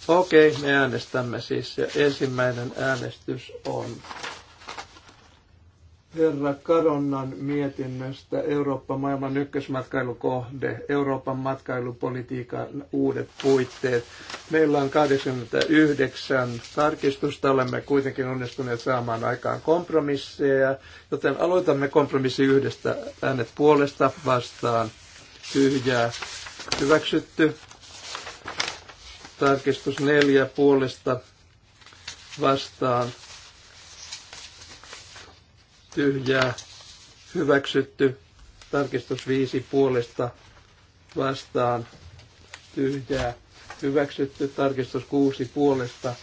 Okei, okay, me äänestämme siis. Ja ensimmäinen äänestys on herra Karonnan mietinnöstä Eurooppa maailman ykkösmatkailukohde, Euroopan matkailupolitiikan uudet puitteet. Meillä on 89 tarkistusta, olemme kuitenkin onnistuneet saamaan aikaan kompromisseja, joten aloitamme kompromissi yhdestä äänet puolesta vastaan tyhjää hyväksytty. Tarkistus neljä puolesta vastaan tyhjää, hyväksytty, tarkistus 5 puolesta vastaan, tyhjää, hyväksytty, tarkistus 6 puolesta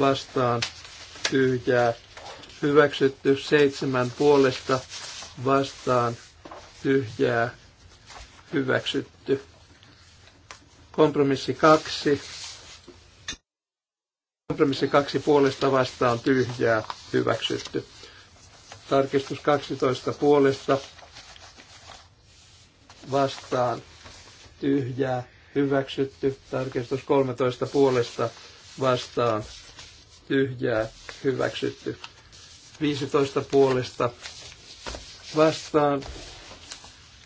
vastaan, tyhjää, hyväksytty, 7 puolesta vastaan, tyhjää, hyväksytty. Kompromissi 2. Kompromissi 2 puolesta vastaan, tyhjää, hyväksytty. Tarkistus 12 puolesta vastaan tyhjää hyväksytty. Tarkistus 13 puolesta vastaan tyhjää hyväksytty. 15 puolesta vastaan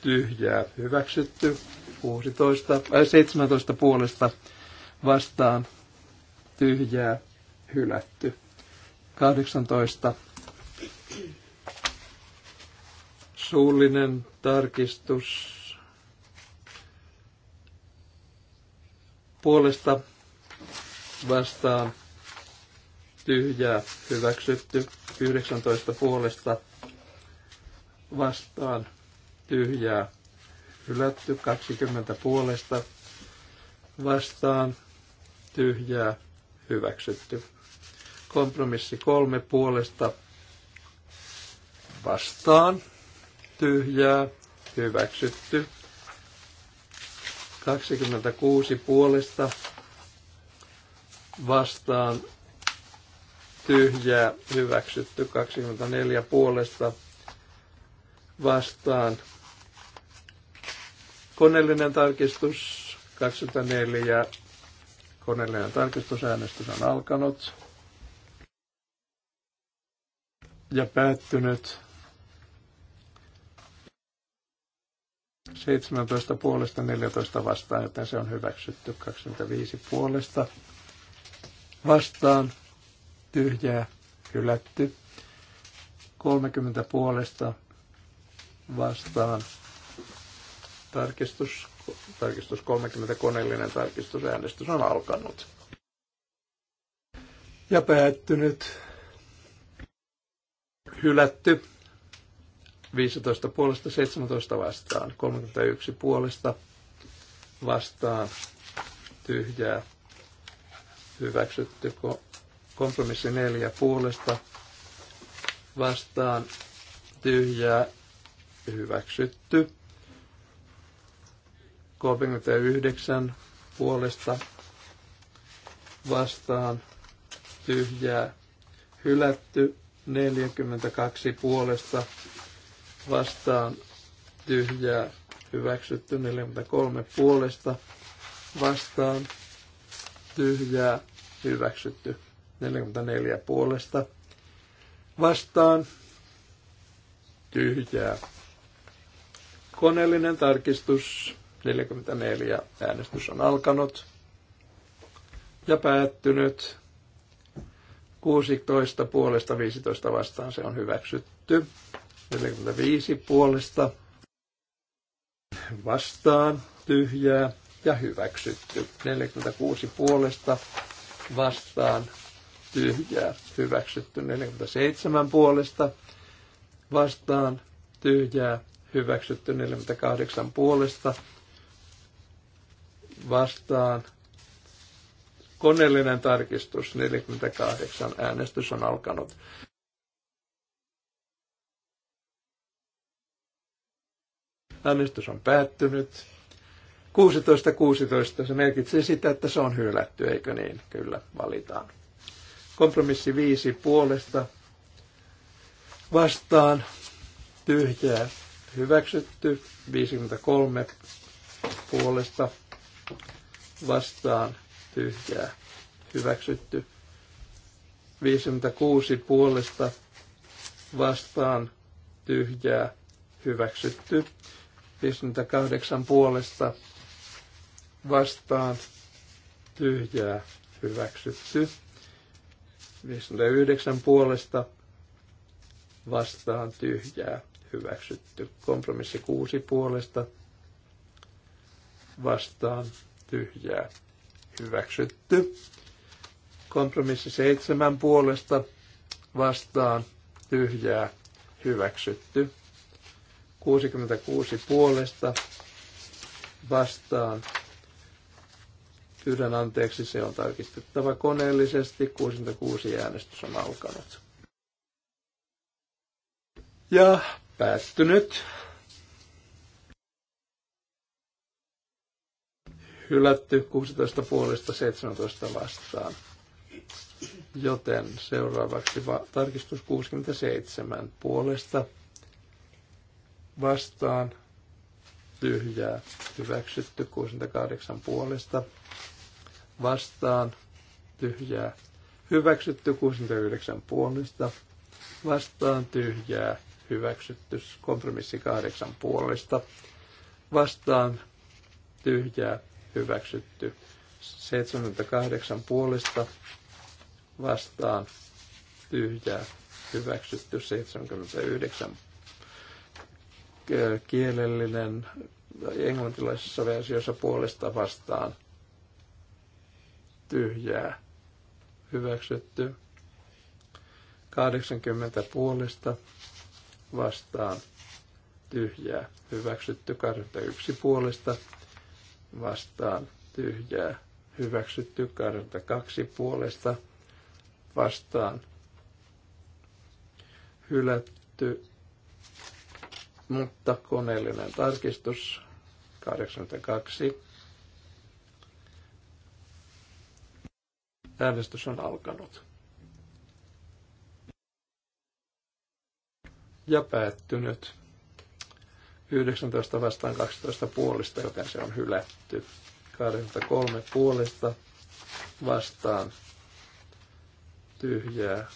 tyhjää hyväksytty. 16, äh, 17 puolesta vastaan tyhjää hylätty. 18 Suullinen tarkistus puolesta vastaan tyhjää hyväksytty. 19 puolesta vastaan tyhjää hylätty. 20 puolesta vastaan tyhjää hyväksytty. Kompromissi kolme puolesta vastaan tyhjää, hyväksytty. 26 puolesta vastaan tyhjää, hyväksytty. 24 puolesta vastaan koneellinen tarkistus 24. Koneellinen tarkistusäänestys on alkanut ja päättynyt. 17 puolesta 14 vastaan, joten se on hyväksytty. 25 puolesta vastaan, tyhjää, hylätty. 30 puolesta vastaan, tarkistus, tarkistus 30, koneellinen tarkistusäänestys on alkanut. Ja päättynyt, hylätty. 15 puolesta 17 vastaan, 31 puolesta vastaan, tyhjää, hyväksytty, kompromissi 4 puolesta vastaan, tyhjää, hyväksytty, 39 puolesta vastaan, tyhjää, hylätty, 42 puolesta vastaan tyhjää hyväksytty 43 puolesta vastaan tyhjää hyväksytty 44 puolesta vastaan tyhjää. Koneellinen tarkistus 44. Äänestys on alkanut ja päättynyt. 16 puolesta 15 vastaan se on hyväksytty. 45 puolesta vastaan tyhjää ja hyväksytty. 46 puolesta vastaan tyhjää hyväksytty. 47 puolesta vastaan tyhjää hyväksytty. 48 puolesta vastaan koneellinen tarkistus 48 äänestys on alkanut. Äänestys on päättynyt. 16.16 16. se merkitsee sitä, että se on hylätty, eikö niin? Kyllä, valitaan. Kompromissi 5 puolesta vastaan tyhjää hyväksytty. 53 puolesta vastaan tyhjää hyväksytty. 56 puolesta vastaan tyhjää hyväksytty. 58 puolesta vastaan tyhjää hyväksytty. 59 puolesta vastaan tyhjää hyväksytty. Kompromissi 6 puolesta vastaan tyhjää hyväksytty. Kompromissi 7 puolesta vastaan tyhjää hyväksytty. 66 puolesta vastaan. Pyydän anteeksi, se on tarkistettava koneellisesti. 66 äänestys on alkanut. Ja päättynyt. Hylätty 16 puolesta 17 vastaan. Joten seuraavaksi va- tarkistus 67 puolesta vastaan tyhjää hyväksytty 68 puolesta vastaan tyhjää hyväksytty 69 puolesta vastaan tyhjää hyväksytty kompromissi 8 puolesta vastaan tyhjää hyväksytty 78 puolesta vastaan tyhjää hyväksytty 79 kielellinen englantilaisessa versiossa puolesta vastaan tyhjää hyväksytty. 80 puolesta vastaan tyhjää hyväksytty. 81 puolesta vastaan tyhjää hyväksytty. 82 puolesta vastaan hylätty mutta koneellinen tarkistus 82. Äänestys on alkanut. Ja päättynyt. 19 vastaan 12 puolista, joten se on hylätty. 23 puolista vastaan tyhjää.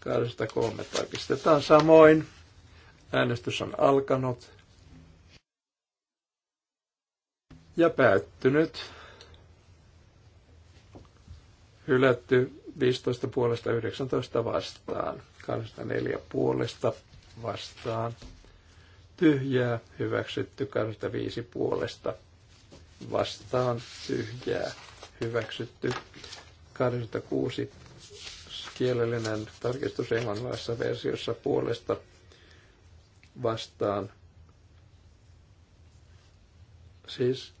23 tarkistetaan samoin. Äänestys on alkanut ja päättynyt. Hylätty 15 puolesta 19 vastaan. 24 puolesta vastaan. Tyhjää hyväksytty 25 puolesta vastaan. Tyhjää hyväksytty 26 kielellinen tarkistus englannilaisessa versiossa puolesta vastaan. Siis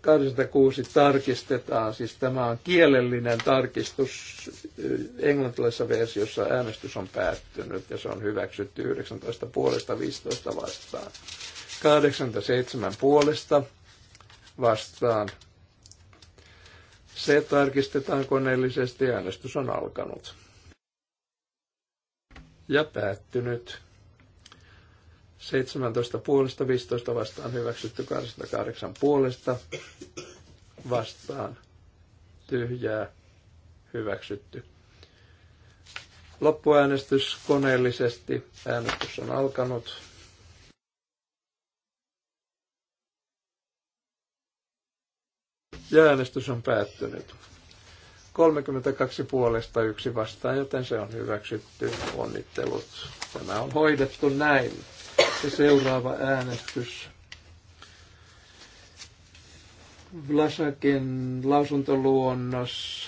86 tarkistetaan, siis tämä on kielellinen tarkistus. Englantilaisessa versiossa äänestys on päättynyt ja se on hyväksytty 19 puolesta 15 vastaan. 87 puolesta vastaan. Se tarkistetaan koneellisesti ja äänestys on alkanut ja päättynyt. 17 puolesta, 15 vastaan hyväksytty, 28 puolesta vastaan tyhjää hyväksytty. Loppuäänestys koneellisesti. Äänestys on alkanut. Ja äänestys on päättynyt. 32 puolesta yksi vastaan, joten se on hyväksytty. Onnittelut. Tämä on hoidettu näin. Ja seuraava äänestys. Vlasakin lausuntoluonnos.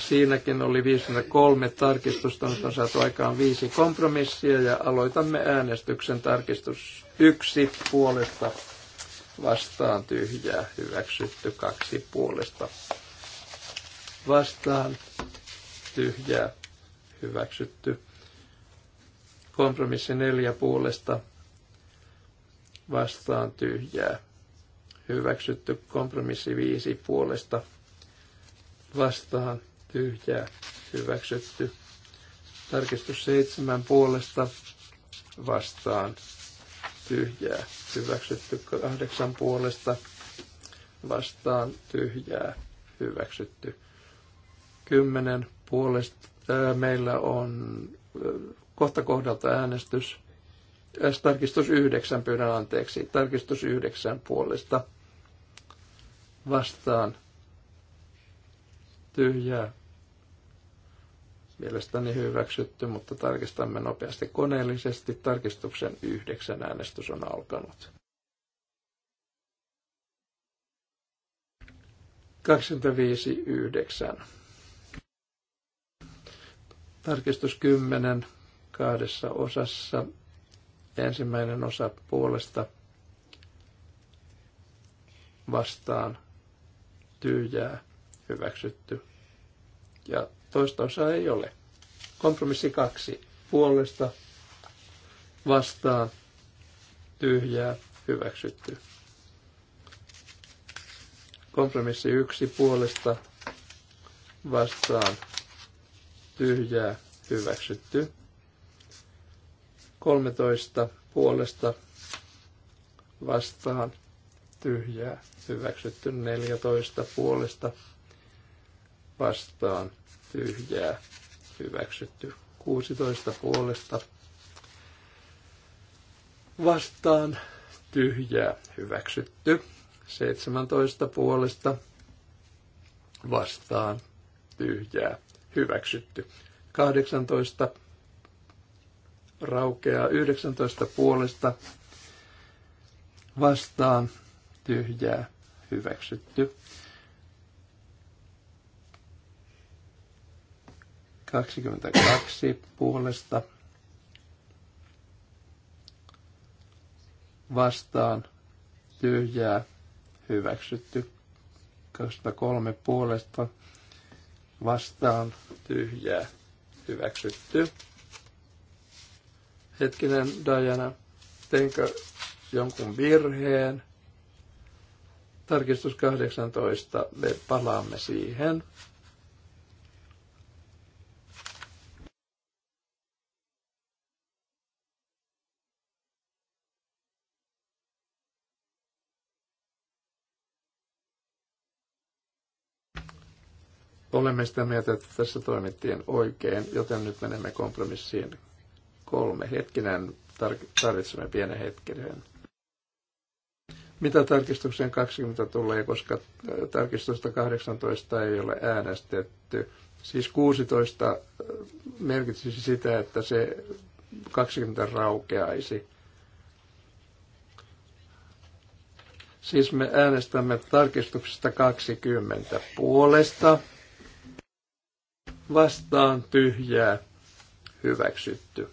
Siinäkin oli 53 tarkistusta, mutta on saatu aikaan viisi kompromissia ja aloitamme äänestyksen tarkistus yksi puolesta vastaan tyhjää, hyväksytty kaksi puolesta vastaan tyhjää hyväksytty. Kompromissi neljä puolesta vastaan tyhjää hyväksytty. Kompromissi viisi puolesta vastaan tyhjää hyväksytty. Tarkistus seitsemän puolesta vastaan tyhjää hyväksytty. Kahdeksan puolesta vastaan tyhjää hyväksytty. 10 puolesta meillä on kohta kohdalta äänestys. Tarkistus 9, pyydän anteeksi. Tarkistus 9 puolesta vastaan tyhjää. Mielestäni hyväksytty, mutta tarkistamme nopeasti koneellisesti. Tarkistuksen yhdeksän äänestys on alkanut. 25.9. Tarkistus 10 kahdessa osassa. Ensimmäinen osa puolesta vastaan tyhjää hyväksytty. Ja toista osaa ei ole. Kompromissi kaksi. Puolesta vastaan tyhjää hyväksytty. Kompromissi yksi puolesta vastaan tyhjää hyväksytty. 13 puolesta vastaan tyhjää hyväksytty. 14 puolesta vastaan tyhjää hyväksytty. 16 puolesta vastaan tyhjää hyväksytty. 17 puolesta vastaan tyhjää hyväksytty. 18 raukeaa 19 puolesta vastaan tyhjää hyväksytty. 22 puolesta vastaan tyhjää hyväksytty. 23 puolesta vastaan tyhjää hyväksytty. Hetkinen, Diana, teinkö jonkun virheen? Tarkistus 18, me palaamme siihen. Olemme sitä mieltä, että tässä toimittiin oikein, joten nyt menemme kompromissiin kolme. Hetkinen, tarvitsemme pienen hetken. Mitä tarkistukseen 20 tulee, koska äh, tarkistusta 18 ei ole äänestetty? Siis 16 äh, merkitsisi sitä, että se 20 raukeaisi. Siis me äänestämme tarkistuksesta 20 puolesta vastaan tyhjää hyväksytty.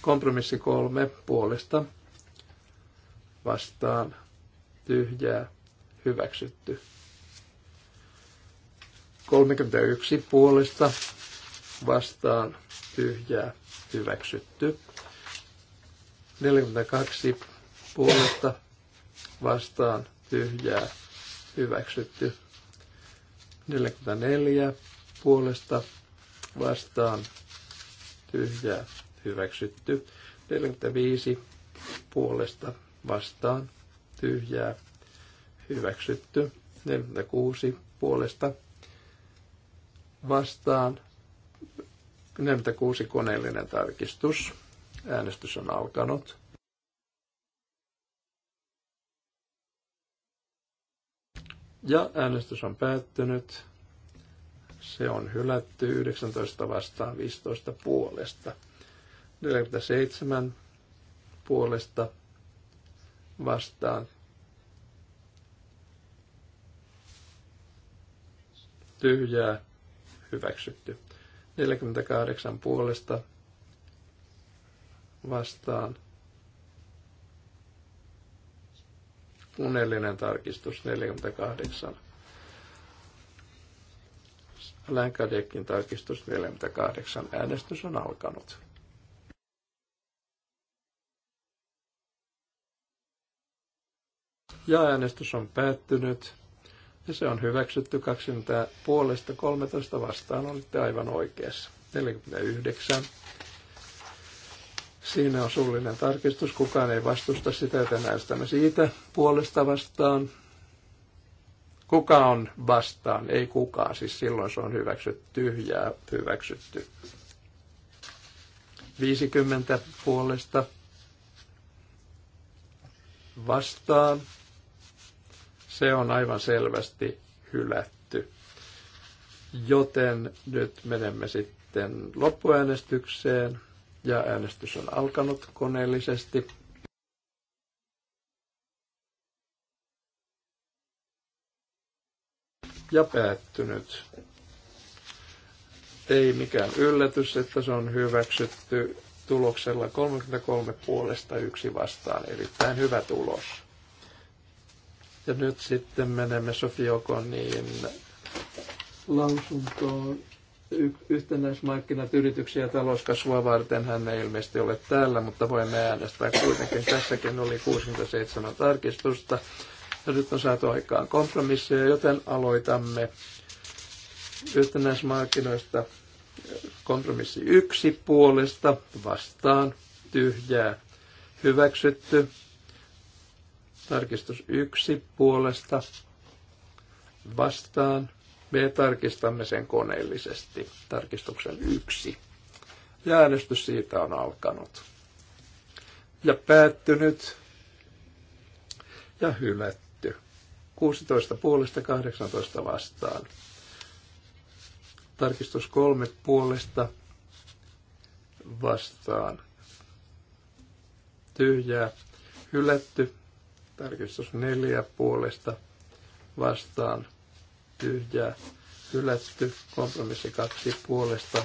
Kompromissi kolme puolesta vastaan tyhjää hyväksytty. 31 puolesta vastaan tyhjää hyväksytty. 42 puolesta vastaan tyhjää hyväksytty. 44 puolesta vastaan tyhjää hyväksytty. 45 puolesta vastaan tyhjää hyväksytty. 46 puolesta vastaan 46 koneellinen tarkistus. Äänestys on alkanut. Ja äänestys on päättynyt. Se on hylätty 19 vastaan 15 puolesta. 47 puolesta vastaan tyhjää hyväksytty. 48 puolesta vastaan unellinen tarkistus 48. Länkadekin tarkistus 48. Äänestys on alkanut. Ja äänestys on päättynyt. Ja se on hyväksytty 20 puolesta 13 vastaan. Olitte aivan oikeassa. 49 Siinä on suullinen tarkistus, kukaan ei vastusta sitä, että näistämme siitä puolesta vastaan. Kuka on vastaan? Ei kukaan, siis silloin se on hyväksytty, tyhjää hyväksytty. 50 puolesta vastaan. Se on aivan selvästi hylätty. Joten nyt menemme sitten loppuäänestykseen. Ja äänestys on alkanut koneellisesti. Ja päättynyt. Ei mikään yllätys, että se on hyväksytty tuloksella 33 puolesta yksi vastaan. Erittäin hyvä tulos. Ja nyt sitten menemme Sofiokoniin lausuntoon yhtenäismarkkinat yrityksiä ja talouskasvua varten hän ei ilmeisesti ole täällä, mutta voimme äänestää kuitenkin. Tässäkin oli 67 tarkistusta ja nyt on saatu aikaan kompromisseja, joten aloitamme yhtenäismarkkinoista kompromissi yksi puolesta vastaan tyhjää hyväksytty. Tarkistus yksi puolesta vastaan me tarkistamme sen koneellisesti. Tarkistuksen yksi. Ja äänestys siitä on alkanut. Ja päättynyt. Ja hylätty. 16 puolesta 18 vastaan. Tarkistus kolme puolesta vastaan. Tyhjää. Hylätty. Tarkistus neljä puolesta vastaan tyhjää hylätty. Kompromissi kaksi puolesta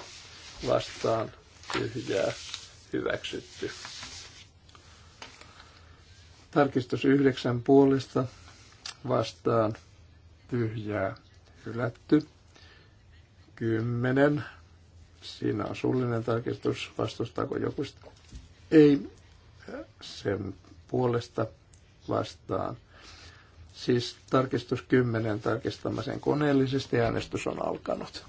vastaan tyhjää hyväksytty. Tarkistus yhdeksän puolesta vastaan tyhjää hylätty. Kymmenen. Siinä on suullinen tarkistus. Vastustaako joku sitä? Ei. Sen puolesta vastaan Siis tarkistus 10 tarkistamisen koneellisesti äänestys on alkanut.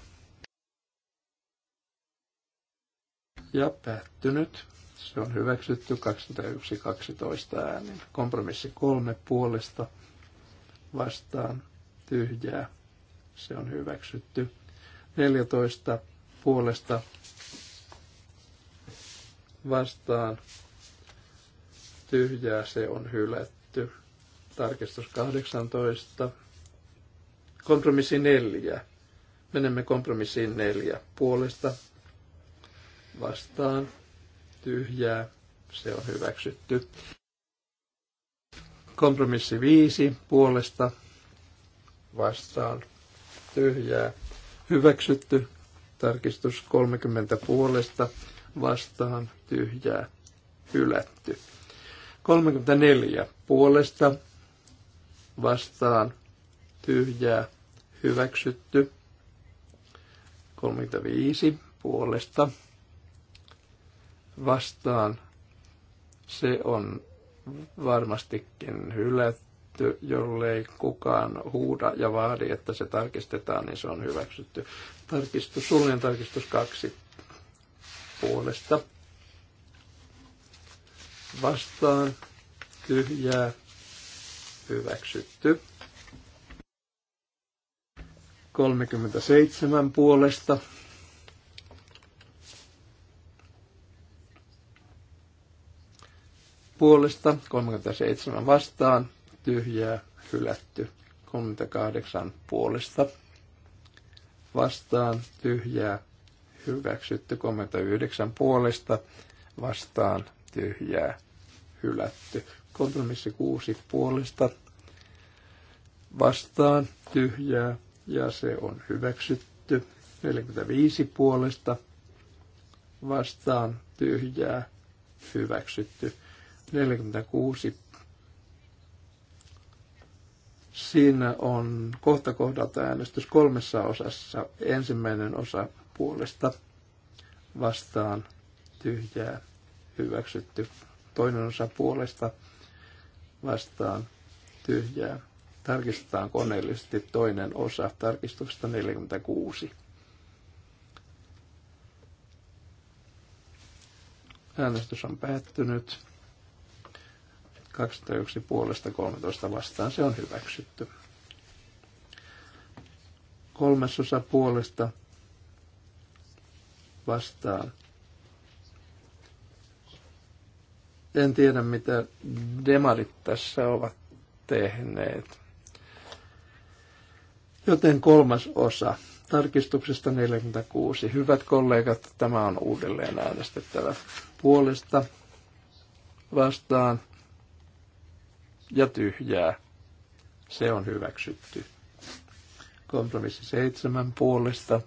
Ja päättynyt. Se on hyväksytty 21.12 äänin. Kompromissi kolme puolesta vastaan tyhjää. Se on hyväksytty. 14 puolesta vastaan tyhjää. Se on hylätty tarkistus 18, kompromissi 4. Menemme kompromissiin 4 puolesta vastaan tyhjää, se on hyväksytty. Kompromissi 5 puolesta vastaan tyhjää, hyväksytty. Tarkistus 30 puolesta vastaan tyhjää, hylätty. 34 puolesta vastaan tyhjää hyväksytty. 35 puolesta vastaan se on varmastikin hylätty, jollei kukaan huuda ja vaadi, että se tarkistetaan, niin se on hyväksytty. Tarkistus, suljen tarkistus kaksi puolesta vastaan tyhjää hyväksytty. 37 puolesta. Puolesta 37 vastaan, tyhjää hylätty. 38 puolesta vastaan, tyhjää hyväksytty. 39 puolesta vastaan, tyhjää hylätty. Kompromissi kuusi puolesta vastaan tyhjää ja se on hyväksytty. 45 puolesta vastaan tyhjää hyväksytty. 46 Siinä on kohta kohdalta äänestys kolmessa osassa. Ensimmäinen osa puolesta vastaan tyhjää hyväksytty. Toinen osa puolesta vastaan tyhjää. Tarkistetaan koneellisesti toinen osa tarkistuksesta 46. Äänestys on päättynyt. 201 puolesta 13 vastaan se on hyväksytty. Kolmasosa puolesta vastaan En tiedä, mitä demarit tässä ovat tehneet. Joten kolmas osa tarkistuksesta 46. Hyvät kollegat, tämä on uudelleen äänestettävä puolesta vastaan ja tyhjää. Se on hyväksytty. Kompromissi seitsemän puolesta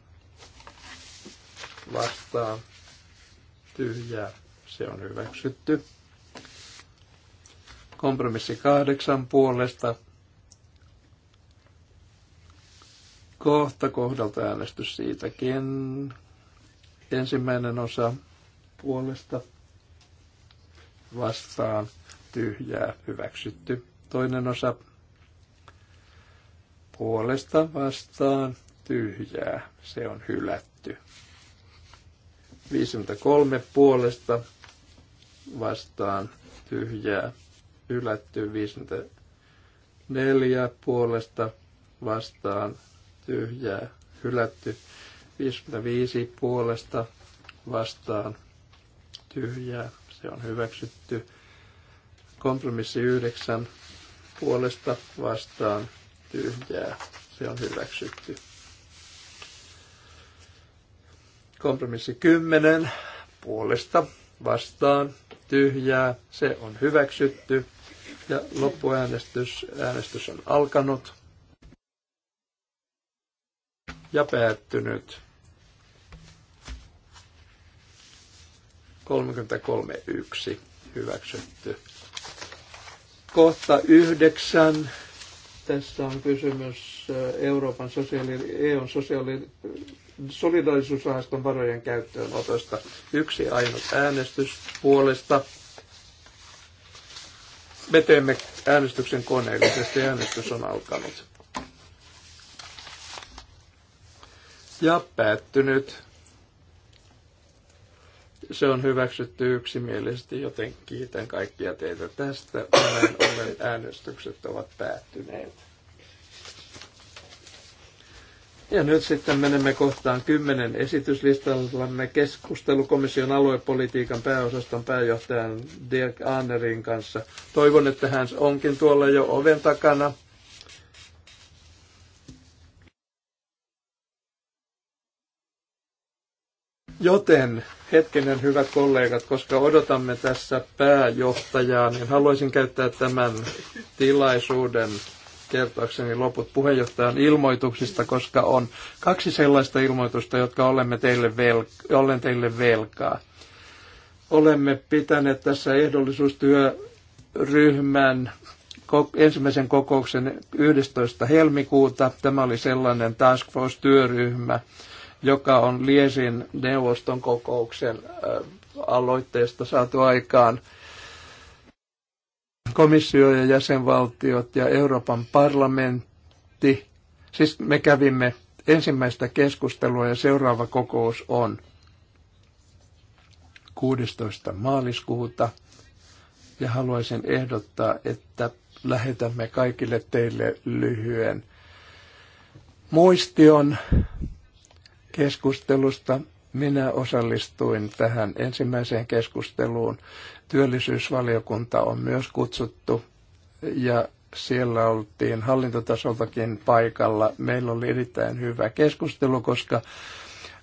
vastaan tyhjää. Se on hyväksytty. Kompromissi kahdeksan puolesta. Kohta kohdalta äänestys siitäkin. Ensimmäinen osa puolesta vastaan tyhjää hyväksytty. Toinen osa puolesta vastaan tyhjää. Se on hylätty. 53 puolesta vastaan tyhjää hylätty 54 puolesta vastaan tyhjää hylätty 55 puolesta vastaan tyhjää. Se on hyväksytty. Kompromissi 9 puolesta vastaan tyhjää. Se on hyväksytty. Kompromissi 10 puolesta vastaan tyhjää. Se on hyväksytty. Ja loppuäänestys, äänestys on alkanut ja päättynyt 33.1 hyväksytty. Kohta yhdeksän. Tässä on kysymys äh, Euroopan sosiaali, EUn sosiaali, solidaarisuusrahaston varojen käyttöönotosta. Yksi ainut äänestys puolesta me teemme äänestyksen koneellisesti ja äänestys on alkanut. Ja päättynyt. Se on hyväksytty yksimielisesti, joten kiitän kaikkia teitä tästä. Olen, olen äänestykset ovat päättyneet. Ja nyt sitten menemme kohtaan kymmenen esityslistallamme keskustelu komission aluepolitiikan pääosaston pääjohtajan Dirk Ahnerin kanssa. Toivon, että hän onkin tuolla jo oven takana. Joten hetkinen hyvät kollegat, koska odotamme tässä pääjohtajaa, niin haluaisin käyttää tämän tilaisuuden kertoakseni loput puheenjohtajan ilmoituksista, koska on kaksi sellaista ilmoitusta, jotka olemme teille velka, olen teille velkaa. Olemme pitäneet tässä ehdollisuustyöryhmän ensimmäisen kokouksen 11. helmikuuta. Tämä oli sellainen task force-työryhmä, joka on Liesin neuvoston kokouksen aloitteesta saatu aikaan – komissio ja jäsenvaltiot ja Euroopan parlamentti. Siis me kävimme ensimmäistä keskustelua ja seuraava kokous on 16. maaliskuuta. Ja haluaisin ehdottaa, että lähetämme kaikille teille lyhyen muistion keskustelusta. Minä osallistuin tähän ensimmäiseen keskusteluun Työllisyysvaliokunta on myös kutsuttu ja siellä oltiin hallintotasoltakin paikalla. Meillä oli erittäin hyvä keskustelu, koska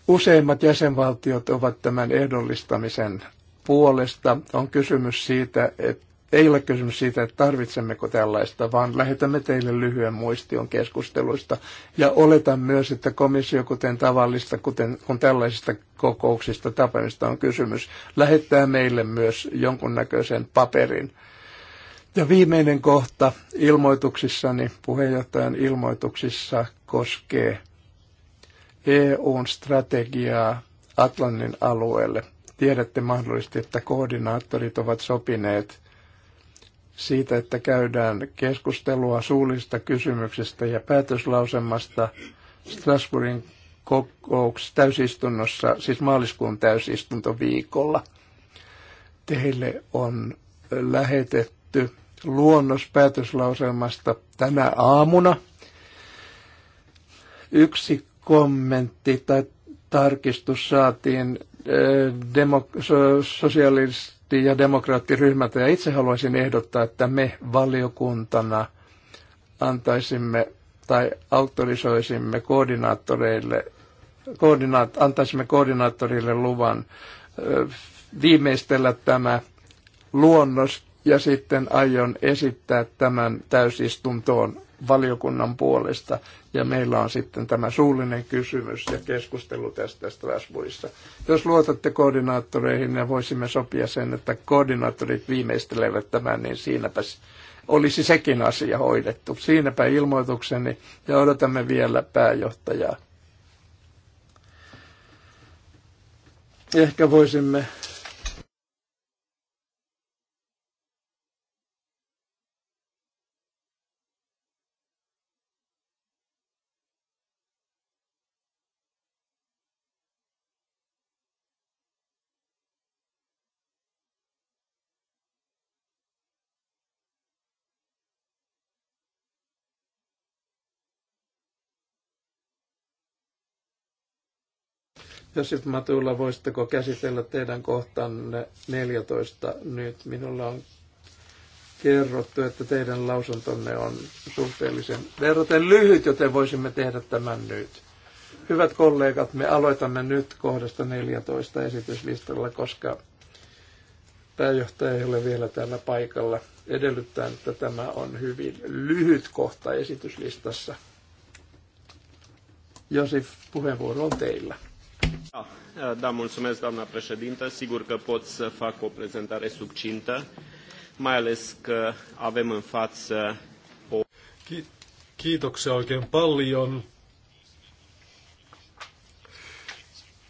useimmat jäsenvaltiot ovat tämän ehdollistamisen puolesta. On kysymys siitä, että ei ole kysymys siitä, että tarvitsemmeko tällaista, vaan lähetämme teille lyhyen muistion keskusteluista. Ja oletan myös, että komissio, kuten tavallista, kuten, kun tällaisista kokouksista tapaamista on kysymys, lähettää meille myös jonkunnäköisen paperin. Ja viimeinen kohta ilmoituksissani, puheenjohtajan ilmoituksissa koskee EUn strategiaa Atlannin alueelle. Tiedätte mahdollisesti, että koordinaattorit ovat sopineet siitä, että käydään keskustelua suullisista kysymyksistä ja päätöslausemasta Strasbourgin kokouks täysistunnossa, siis maaliskuun täysistuntoviikolla. Teille on lähetetty luonnos päätöslauselmasta tänä aamuna. Yksi kommentti tai tarkistus saatiin demok- sosiaalista demokraatti ja demokraattiryhmältä, ja itse haluaisin ehdottaa, että me valiokuntana antaisimme tai autorisoisimme koordinaattoreille, koordinaat, antaisimme koordinaattorille luvan viimeistellä tämä luonnos ja sitten aion esittää tämän täysistuntoon valiokunnan puolesta. Ja meillä on sitten tämä suullinen kysymys ja keskustelu tästä Strasbourgissa. Jos luotatte koordinaattoreihin ja niin voisimme sopia sen, että koordinaattorit viimeistelevät tämän, niin siinäpä olisi sekin asia hoidettu. Siinäpä ilmoitukseni ja odotamme vielä pääjohtajaa. Ehkä voisimme Josip Matula, voisitteko käsitellä teidän kohtanne 14 nyt? Minulla on kerrottu, että teidän lausuntonne on suhteellisen verraten lyhyt, joten voisimme tehdä tämän nyt. Hyvät kollegat, me aloitamme nyt kohdasta 14 esityslistalla, koska pääjohtaja ei ole vielä täällä paikalla. Edellyttää, että tämä on hyvin lyhyt kohta esityslistassa. Josif, puheenvuoro on teillä. Da, mulțumesc, doamna președintă. Sigur că pot să fac o prezentare succintă, mai ales că avem în față o... Kiitoksia oikein paljon.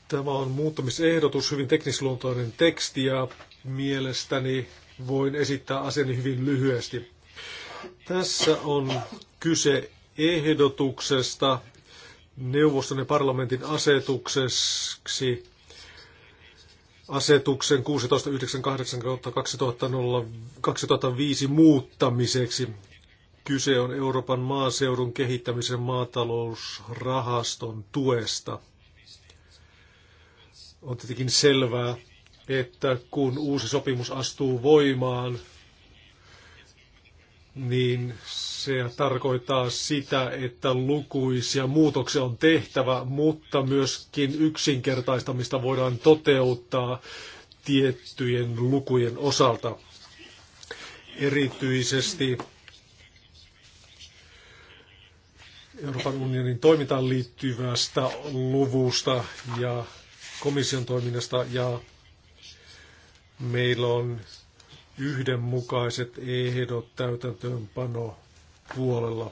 Tämä on muuttamisehdotus, hyvin teknisluontoinen teksti ja mielestäni voin esittää asiani hyvin lyhyesti. Tässä on kyse ehdotuksesta, neuvoston ja parlamentin asetukseksi asetuksen 1698-2005 muuttamiseksi. Kyse on Euroopan maaseudun kehittämisen maatalousrahaston tuesta. On tietenkin selvää, että kun uusi sopimus astuu voimaan, niin se tarkoittaa sitä, että lukuisia muutoksia on tehtävä, mutta myöskin yksinkertaistamista voidaan toteuttaa tiettyjen lukujen osalta. Erityisesti Euroopan unionin toimintaan liittyvästä luvusta ja komission toiminnasta ja meillä on yhdenmukaiset ehdot täytäntöönpano puolella.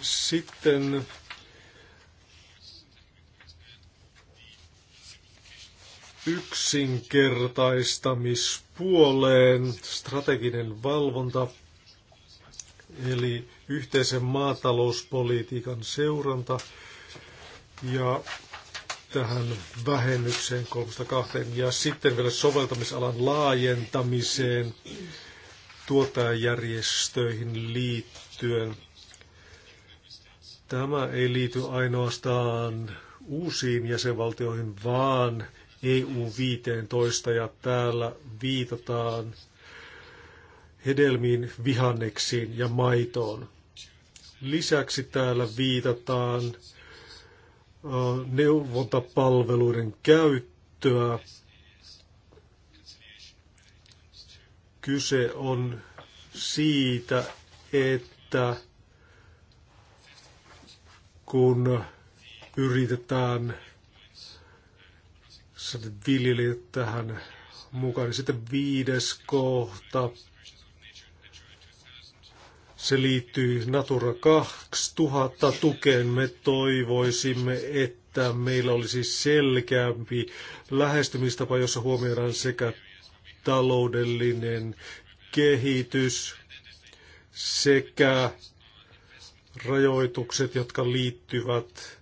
Sitten yksinkertaistamispuoleen strateginen valvonta, eli yhteisen maatalouspolitiikan seuranta ja tähän vähennykseen 302 ja sitten vielä soveltamisalan laajentamiseen tuottajajärjestöihin liittyen. Tämä ei liity ainoastaan uusiin jäsenvaltioihin, vaan EU-15 ja täällä viitataan hedelmiin, vihanneksiin ja maitoon. Lisäksi täällä viitataan Äh, neuvontapalveluiden käyttöä. Kyse on siitä, että kun yritetään viljelijät tähän mukaan, niin sitten viides kohta se liittyy Natura 2000 tukeen. Me toivoisimme, että meillä olisi selkeämpi lähestymistapa, jossa huomioidaan sekä taloudellinen kehitys sekä rajoitukset, jotka liittyvät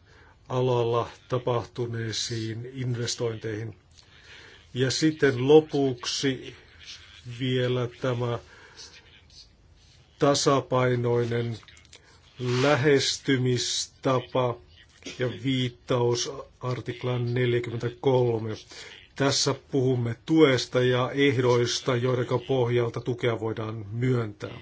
alalla tapahtuneisiin investointeihin. Ja sitten lopuksi vielä tämä tasapainoinen lähestymistapa ja viittaus artiklan 43. Tässä puhumme tuesta ja ehdoista, joiden pohjalta tukea voidaan myöntää.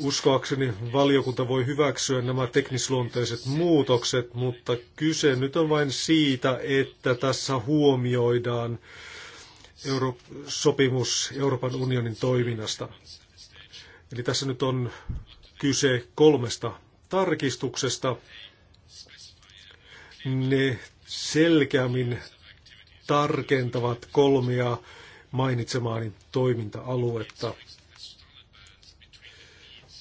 Uskoakseni valiokunta voi hyväksyä nämä teknisluonteiset muutokset, mutta kyse nyt on vain siitä, että tässä huomioidaan Euro- sopimus Euroopan unionin toiminnasta. Eli tässä nyt on kyse kolmesta tarkistuksesta. Ne selkeämmin tarkentavat kolmea mainitsemaani toiminta-aluetta.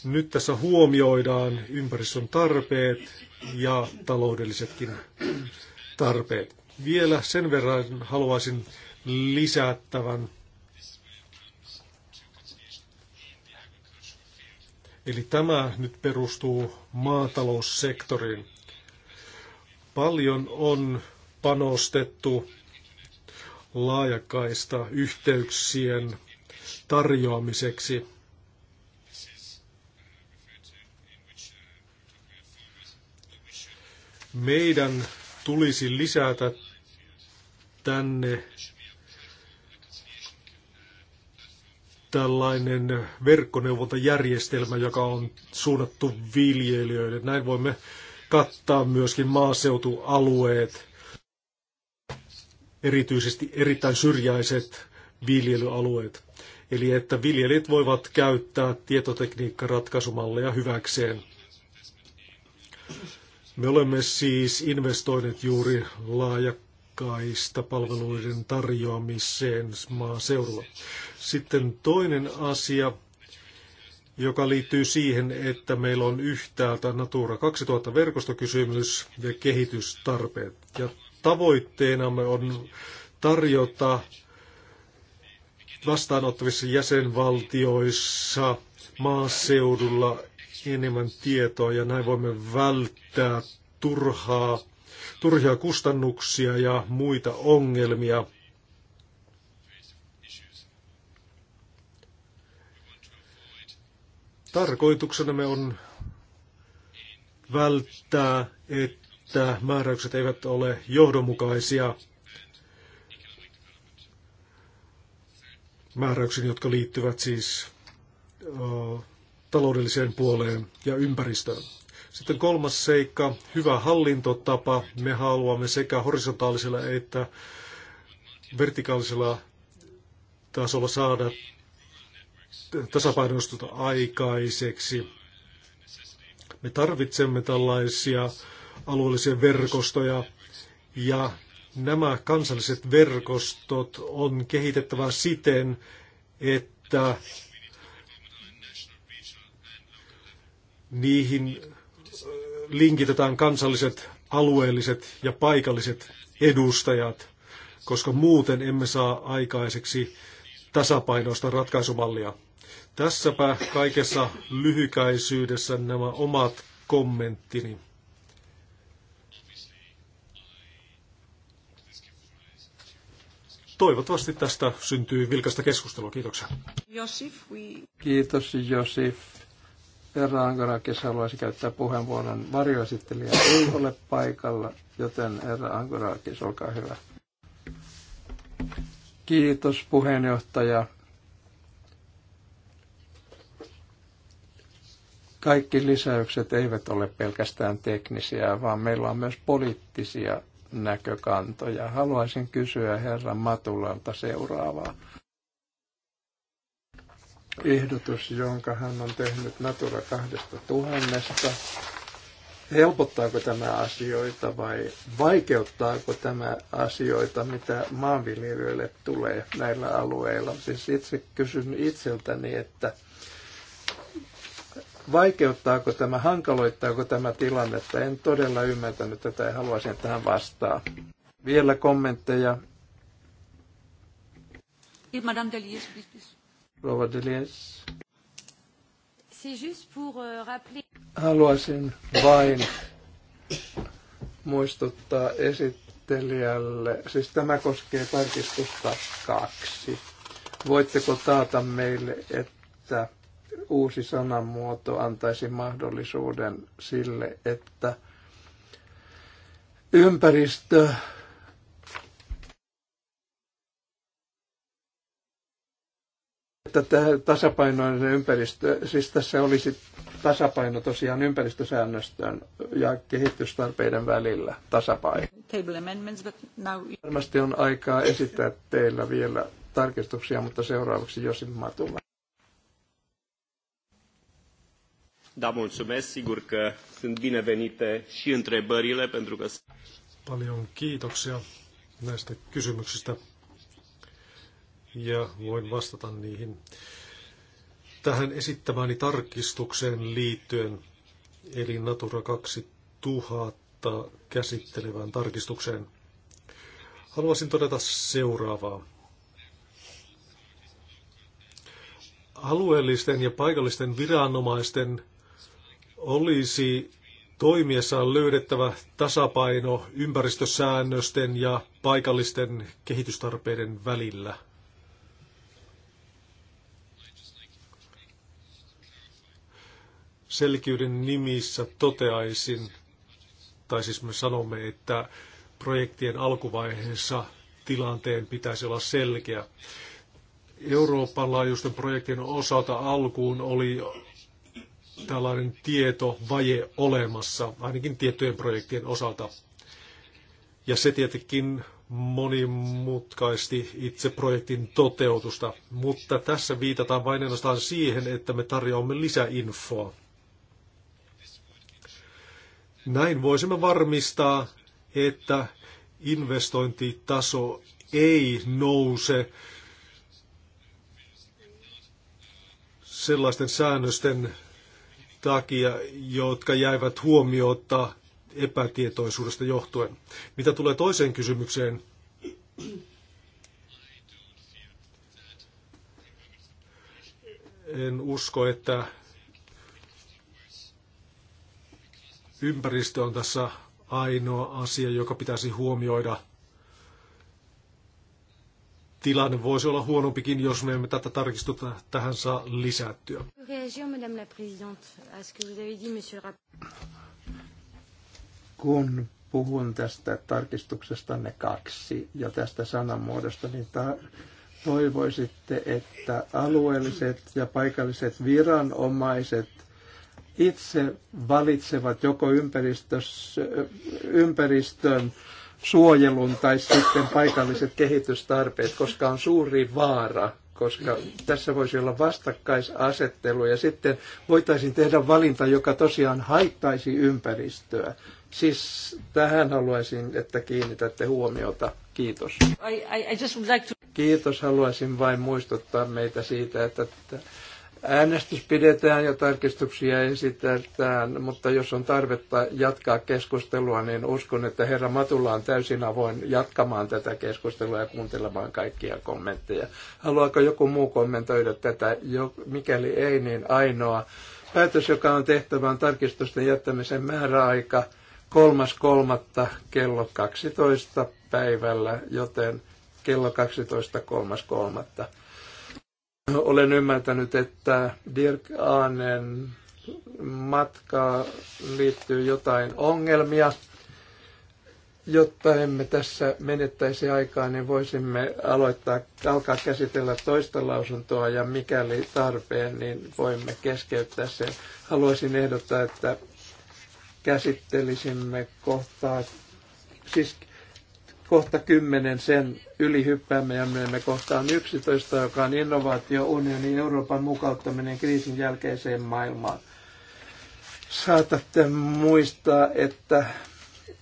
Nyt tässä huomioidaan ympäristön tarpeet ja taloudellisetkin tarpeet. Vielä sen verran haluaisin lisättävän. Eli tämä nyt perustuu maataloussektoriin. Paljon on panostettu laajakaista yhteyksien tarjoamiseksi. Meidän tulisi lisätä tänne tällainen verkkoneuvontajärjestelmä, joka on suunnattu viljelijöille. Näin voimme kattaa myöskin maaseutualueet, erityisesti erittäin syrjäiset viljelyalueet. Eli että viljelijät voivat käyttää tietotekniikkaratkaisumalleja hyväkseen. Me olemme siis investoineet juuri laajakkaista palveluiden tarjoamiseen maaseudulla. Sitten toinen asia, joka liittyy siihen, että meillä on yhtäältä Natura 2000 verkostokysymys ja kehitystarpeet. Ja tavoitteenamme on tarjota vastaanottavissa jäsenvaltioissa maaseudulla enemmän tietoa ja näin voimme välttää turhaa, turhia kustannuksia ja muita ongelmia – Tarkoituksenamme on välttää, että määräykset eivät ole johdonmukaisia määräyksiin, jotka liittyvät siis taloudelliseen puoleen ja ympäristöön. Sitten kolmas seikka, hyvä hallintotapa. Me haluamme sekä horisontaalisella että vertikaalisella tasolla saada tasapainostusta aikaiseksi. Me tarvitsemme tällaisia alueellisia verkostoja ja nämä kansalliset verkostot on kehitettävä siten, että niihin äh, linkitetään kansalliset, alueelliset ja paikalliset edustajat, koska muuten emme saa aikaiseksi tasapainoista ratkaisumallia. Tässäpä kaikessa lyhykäisyydessä nämä omat kommenttini. Toivottavasti tästä syntyy vilkasta keskustelua. Kiitoksia. we... Kiitos Josif. Herra Ankorakis haluaisi käyttää puheenvuoron. Varjoesittelijä ei ole paikalla, joten herra Ankorakis, olkaa hyvä. Kiitos puheenjohtaja. Kaikki lisäykset eivät ole pelkästään teknisiä, vaan meillä on myös poliittisia näkökantoja. Haluaisin kysyä herran Matulalta seuraavaa. Ehdotus, jonka hän on tehnyt Natura 2000. Helpottaako tämä asioita vai vaikeuttaako tämä asioita, mitä maanviljelijöille tulee näillä alueilla? Siis itse kysyn itseltäni, että – Vaikeuttaako tämä, hankaloittaako tämä tilannetta? En todella ymmärtänyt tätä ja haluaisin tähän vastaa. Vielä kommentteja. Madame Rouva euh, Haluaisin vain muistuttaa esittelijälle, siis tämä koskee tarkistusta kaksi. Voitteko taata meille, että uusi sanamuoto antaisi mahdollisuuden sille, että ympäristö että tämä tasapainoinen ympäristö, siis tässä olisi tasapaino tosiaan ympäristösäännöstön ja kehitystarpeiden välillä tasapaino. Now... Varmasti on aikaa esittää teillä vielä tarkistuksia, mutta seuraavaksi Josin Matula. Da, mulțumesc. Sigur că sunt binevenite și întrebările, pentru că... Paljon kiitoksia näistä kysymyksistä ja voin vastata niihin. Tähän esittämäni tarkistukseen liittyen, eli Natura 2000 käsittelevään tarkistukseen, haluaisin todeta seuraavaa. Alueellisten ja paikallisten viranomaisten olisi toimiessaan löydettävä tasapaino ympäristösäännösten ja paikallisten kehitystarpeiden välillä. Selkeyden nimissä toteaisin, tai siis me sanomme, että projektien alkuvaiheessa tilanteen pitäisi olla selkeä. Euroopan laajuisten projektien osalta alkuun oli tällainen tietovaje olemassa, ainakin tiettyjen projektien osalta. Ja se tietenkin monimutkaisti itse projektin toteutusta, mutta tässä viitataan vain ainoastaan siihen, että me tarjoamme lisäinfoa. Näin voisimme varmistaa, että investointitaso ei nouse sellaisten säännösten takia, jotka jäivät huomiota epätietoisuudesta johtuen. Mitä tulee toiseen kysymykseen, en usko, että ympäristö on tässä ainoa asia, joka pitäisi huomioida tilanne voisi olla huonompikin, jos me emme tätä tarkistusta tähän saa lisättyä. Kun puhun tästä ne kaksi ja tästä sanamuodosta, niin ta- toivoisitte, että alueelliset ja paikalliset viranomaiset itse valitsevat joko ympäristön suojelun tai sitten paikalliset kehitystarpeet, koska on suuri vaara, koska tässä voisi olla vastakkaisasettelu ja sitten voitaisiin tehdä valinta, joka tosiaan haittaisi ympäristöä. Siis tähän haluaisin, että kiinnitätte huomiota. Kiitos. I, I, I just would like to... Kiitos. Haluaisin vain muistuttaa meitä siitä, että Äänestys pidetään ja tarkistuksia esitetään, mutta jos on tarvetta jatkaa keskustelua, niin uskon, että herra Matula on täysin avoin jatkamaan tätä keskustelua ja kuuntelemaan kaikkia kommentteja. Haluaako joku muu kommentoida tätä? Jo, mikäli ei, niin ainoa. Päätös, joka on tehtävä, on tarkistusten jättämisen määräaika 3.3. kello 12 päivällä, joten kello 12.3.3. Olen ymmärtänyt, että Dirk Aanen matkaa liittyy jotain ongelmia. Jotta emme tässä menettäisi aikaa, niin voisimme aloittaa, alkaa käsitellä toista lausuntoa ja mikäli tarpeen, niin voimme keskeyttää sen. Haluaisin ehdottaa, että käsittelisimme kohtaa, siis kohta 10 sen yli hyppäämme ja menemme kohtaan 11, joka on innovaatio unionin Euroopan mukauttaminen kriisin jälkeiseen maailmaan. Saatatte muistaa, että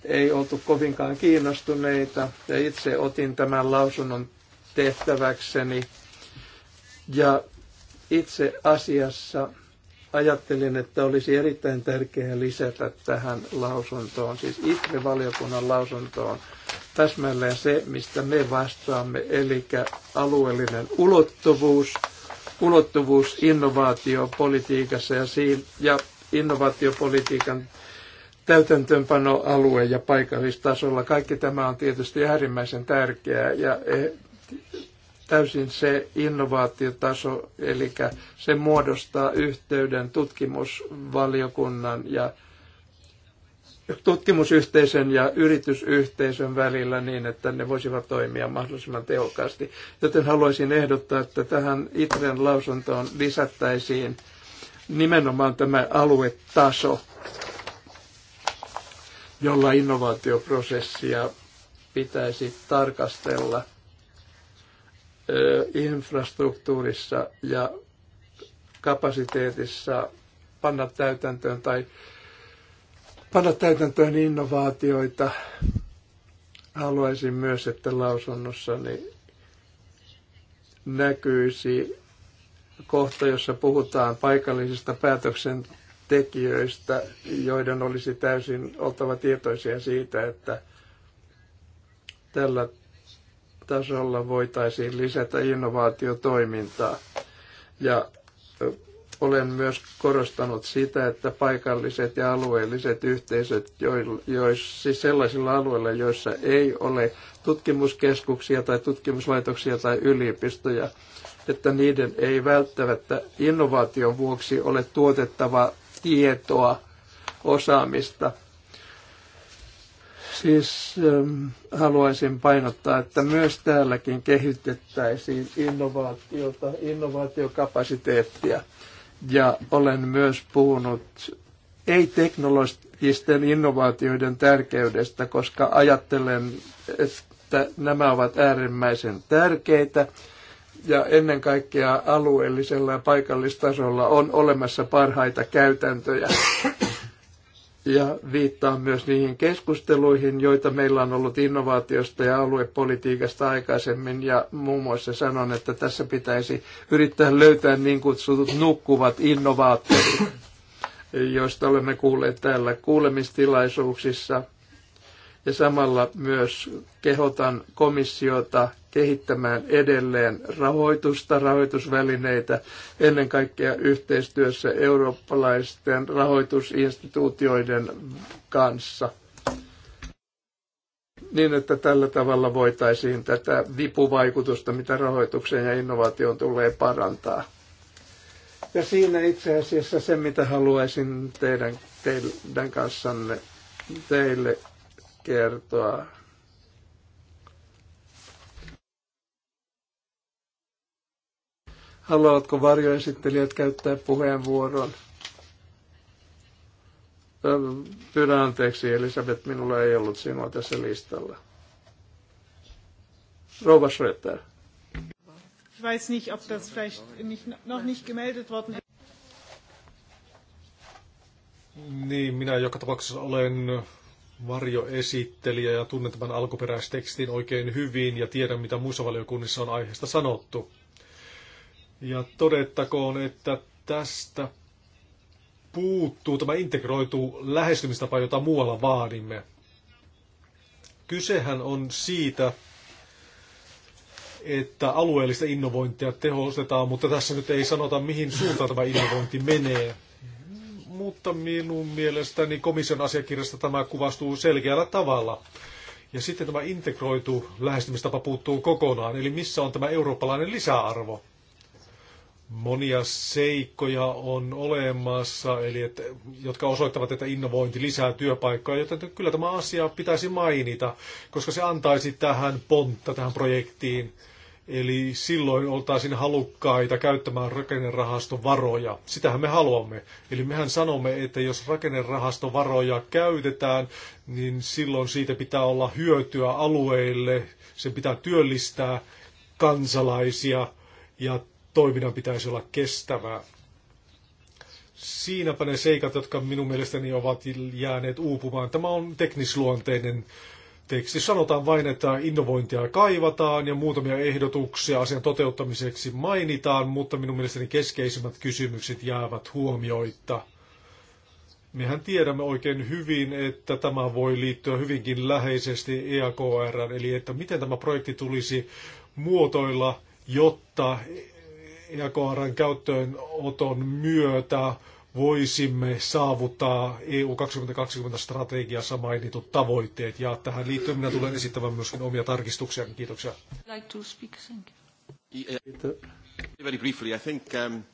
ei oltu kovinkaan kiinnostuneita ja itse otin tämän lausunnon tehtäväkseni. Ja itse asiassa ajattelin, että olisi erittäin tärkeää lisätä tähän lausuntoon, siis itse valiokunnan lausuntoon, täsmälleen se, mistä me vastaamme, eli alueellinen ulottuvuus, ulottuvuus innovaatiopolitiikassa ja, siin, ja innovaatiopolitiikan alue ja paikallistasolla. Kaikki tämä on tietysti äärimmäisen tärkeää ja eh, täysin se innovaatiotaso, eli se muodostaa yhteyden tutkimusvaliokunnan ja tutkimusyhteisön ja yritysyhteisön välillä niin, että ne voisivat toimia mahdollisimman tehokkaasti. Joten haluaisin ehdottaa, että tähän ITREn lausuntoon lisättäisiin nimenomaan tämä aluetaso, jolla innovaatioprosessia pitäisi tarkastella – infrastruktuurissa ja kapasiteetissa panna täytäntöön tai panna täytäntöön innovaatioita. Haluaisin myös, että lausunnossani näkyisi kohta, jossa puhutaan paikallisista päätöksentekijöistä, joiden olisi täysin oltava tietoisia siitä, että tällä tasolla voitaisiin lisätä innovaatiotoimintaa. Ja olen myös korostanut sitä, että paikalliset ja alueelliset yhteisöt, joissa, siis sellaisilla alueilla, joissa ei ole tutkimuskeskuksia tai tutkimuslaitoksia tai yliopistoja, että niiden ei välttämättä innovaation vuoksi ole tuotettava tietoa, osaamista – Siis ähm, haluaisin painottaa, että myös täälläkin kehitettäisiin innovaatiota, innovaatiokapasiteettia. Ja olen myös puhunut ei-teknologisten innovaatioiden tärkeydestä, koska ajattelen, että nämä ovat äärimmäisen tärkeitä. Ja ennen kaikkea alueellisella ja paikallistasolla on olemassa parhaita käytäntöjä ja viittaan myös niihin keskusteluihin, joita meillä on ollut innovaatiosta ja aluepolitiikasta aikaisemmin, ja muun muassa sanon, että tässä pitäisi yrittää löytää niin kutsutut nukkuvat innovaattorit, joista olemme kuulleet täällä kuulemistilaisuuksissa, ja samalla myös kehotan komissiota kehittämään edelleen rahoitusta, rahoitusvälineitä, ennen kaikkea yhteistyössä eurooppalaisten rahoitusinstituutioiden kanssa. Niin, että tällä tavalla voitaisiin tätä vipuvaikutusta, mitä rahoitukseen ja innovaatioon tulee parantaa. Ja siinä itse asiassa se, mitä haluaisin teidän, teidän kanssanne teille kertoa. Haluatko varjoesittelijät käyttää puheenvuoron? Pyydän anteeksi, Elisabeth, minulla ei ollut sinua tässä listalla. Rouva Schröter. Niin, minä joka tapauksessa olen varjoesittelijä ja tunnen tämän alkuperäistekstin oikein hyvin ja tiedän, mitä muissa valiokunnissa on aiheesta sanottu. Ja todettakoon, että tästä puuttuu tämä integroitu lähestymistapa, jota muualla vaadimme. Kysehän on siitä, että alueellista innovointia tehostetaan, mutta tässä nyt ei sanota, mihin suuntaan tämä innovointi menee. Mutta minun mielestäni komission asiakirjasta tämä kuvastuu selkeällä tavalla. Ja sitten tämä integroitu lähestymistapa puuttuu kokonaan, eli missä on tämä eurooppalainen lisäarvo? monia seikkoja on olemassa, eli että, jotka osoittavat, että innovointi lisää työpaikkoja, joten kyllä tämä asia pitäisi mainita, koska se antaisi tähän pontta tähän projektiin. Eli silloin oltaisiin halukkaita käyttämään rakennerahaston varoja. Sitähän me haluamme. Eli mehän sanomme, että jos rakennerahaston varoja käytetään, niin silloin siitä pitää olla hyötyä alueille, sen pitää työllistää kansalaisia ja toiminnan pitäisi olla kestävää. Siinäpä ne seikat, jotka minun mielestäni ovat jääneet uupumaan. Tämä on teknisluonteinen teksti. Sanotaan vain, että innovointia kaivataan ja muutamia ehdotuksia asian toteuttamiseksi mainitaan, mutta minun mielestäni keskeisimmät kysymykset jäävät huomioitta. Mehän tiedämme oikein hyvin, että tämä voi liittyä hyvinkin läheisesti EAKR, eli että miten tämä projekti tulisi muotoilla, jotta jakoaran käyttöönoton myötä voisimme saavuttaa EU 2020-strategiassa mainitut tavoitteet. Ja tähän liittyen minä tulen esittämään myöskin omia tarkistuksia. Kiitoksia. Um, uh,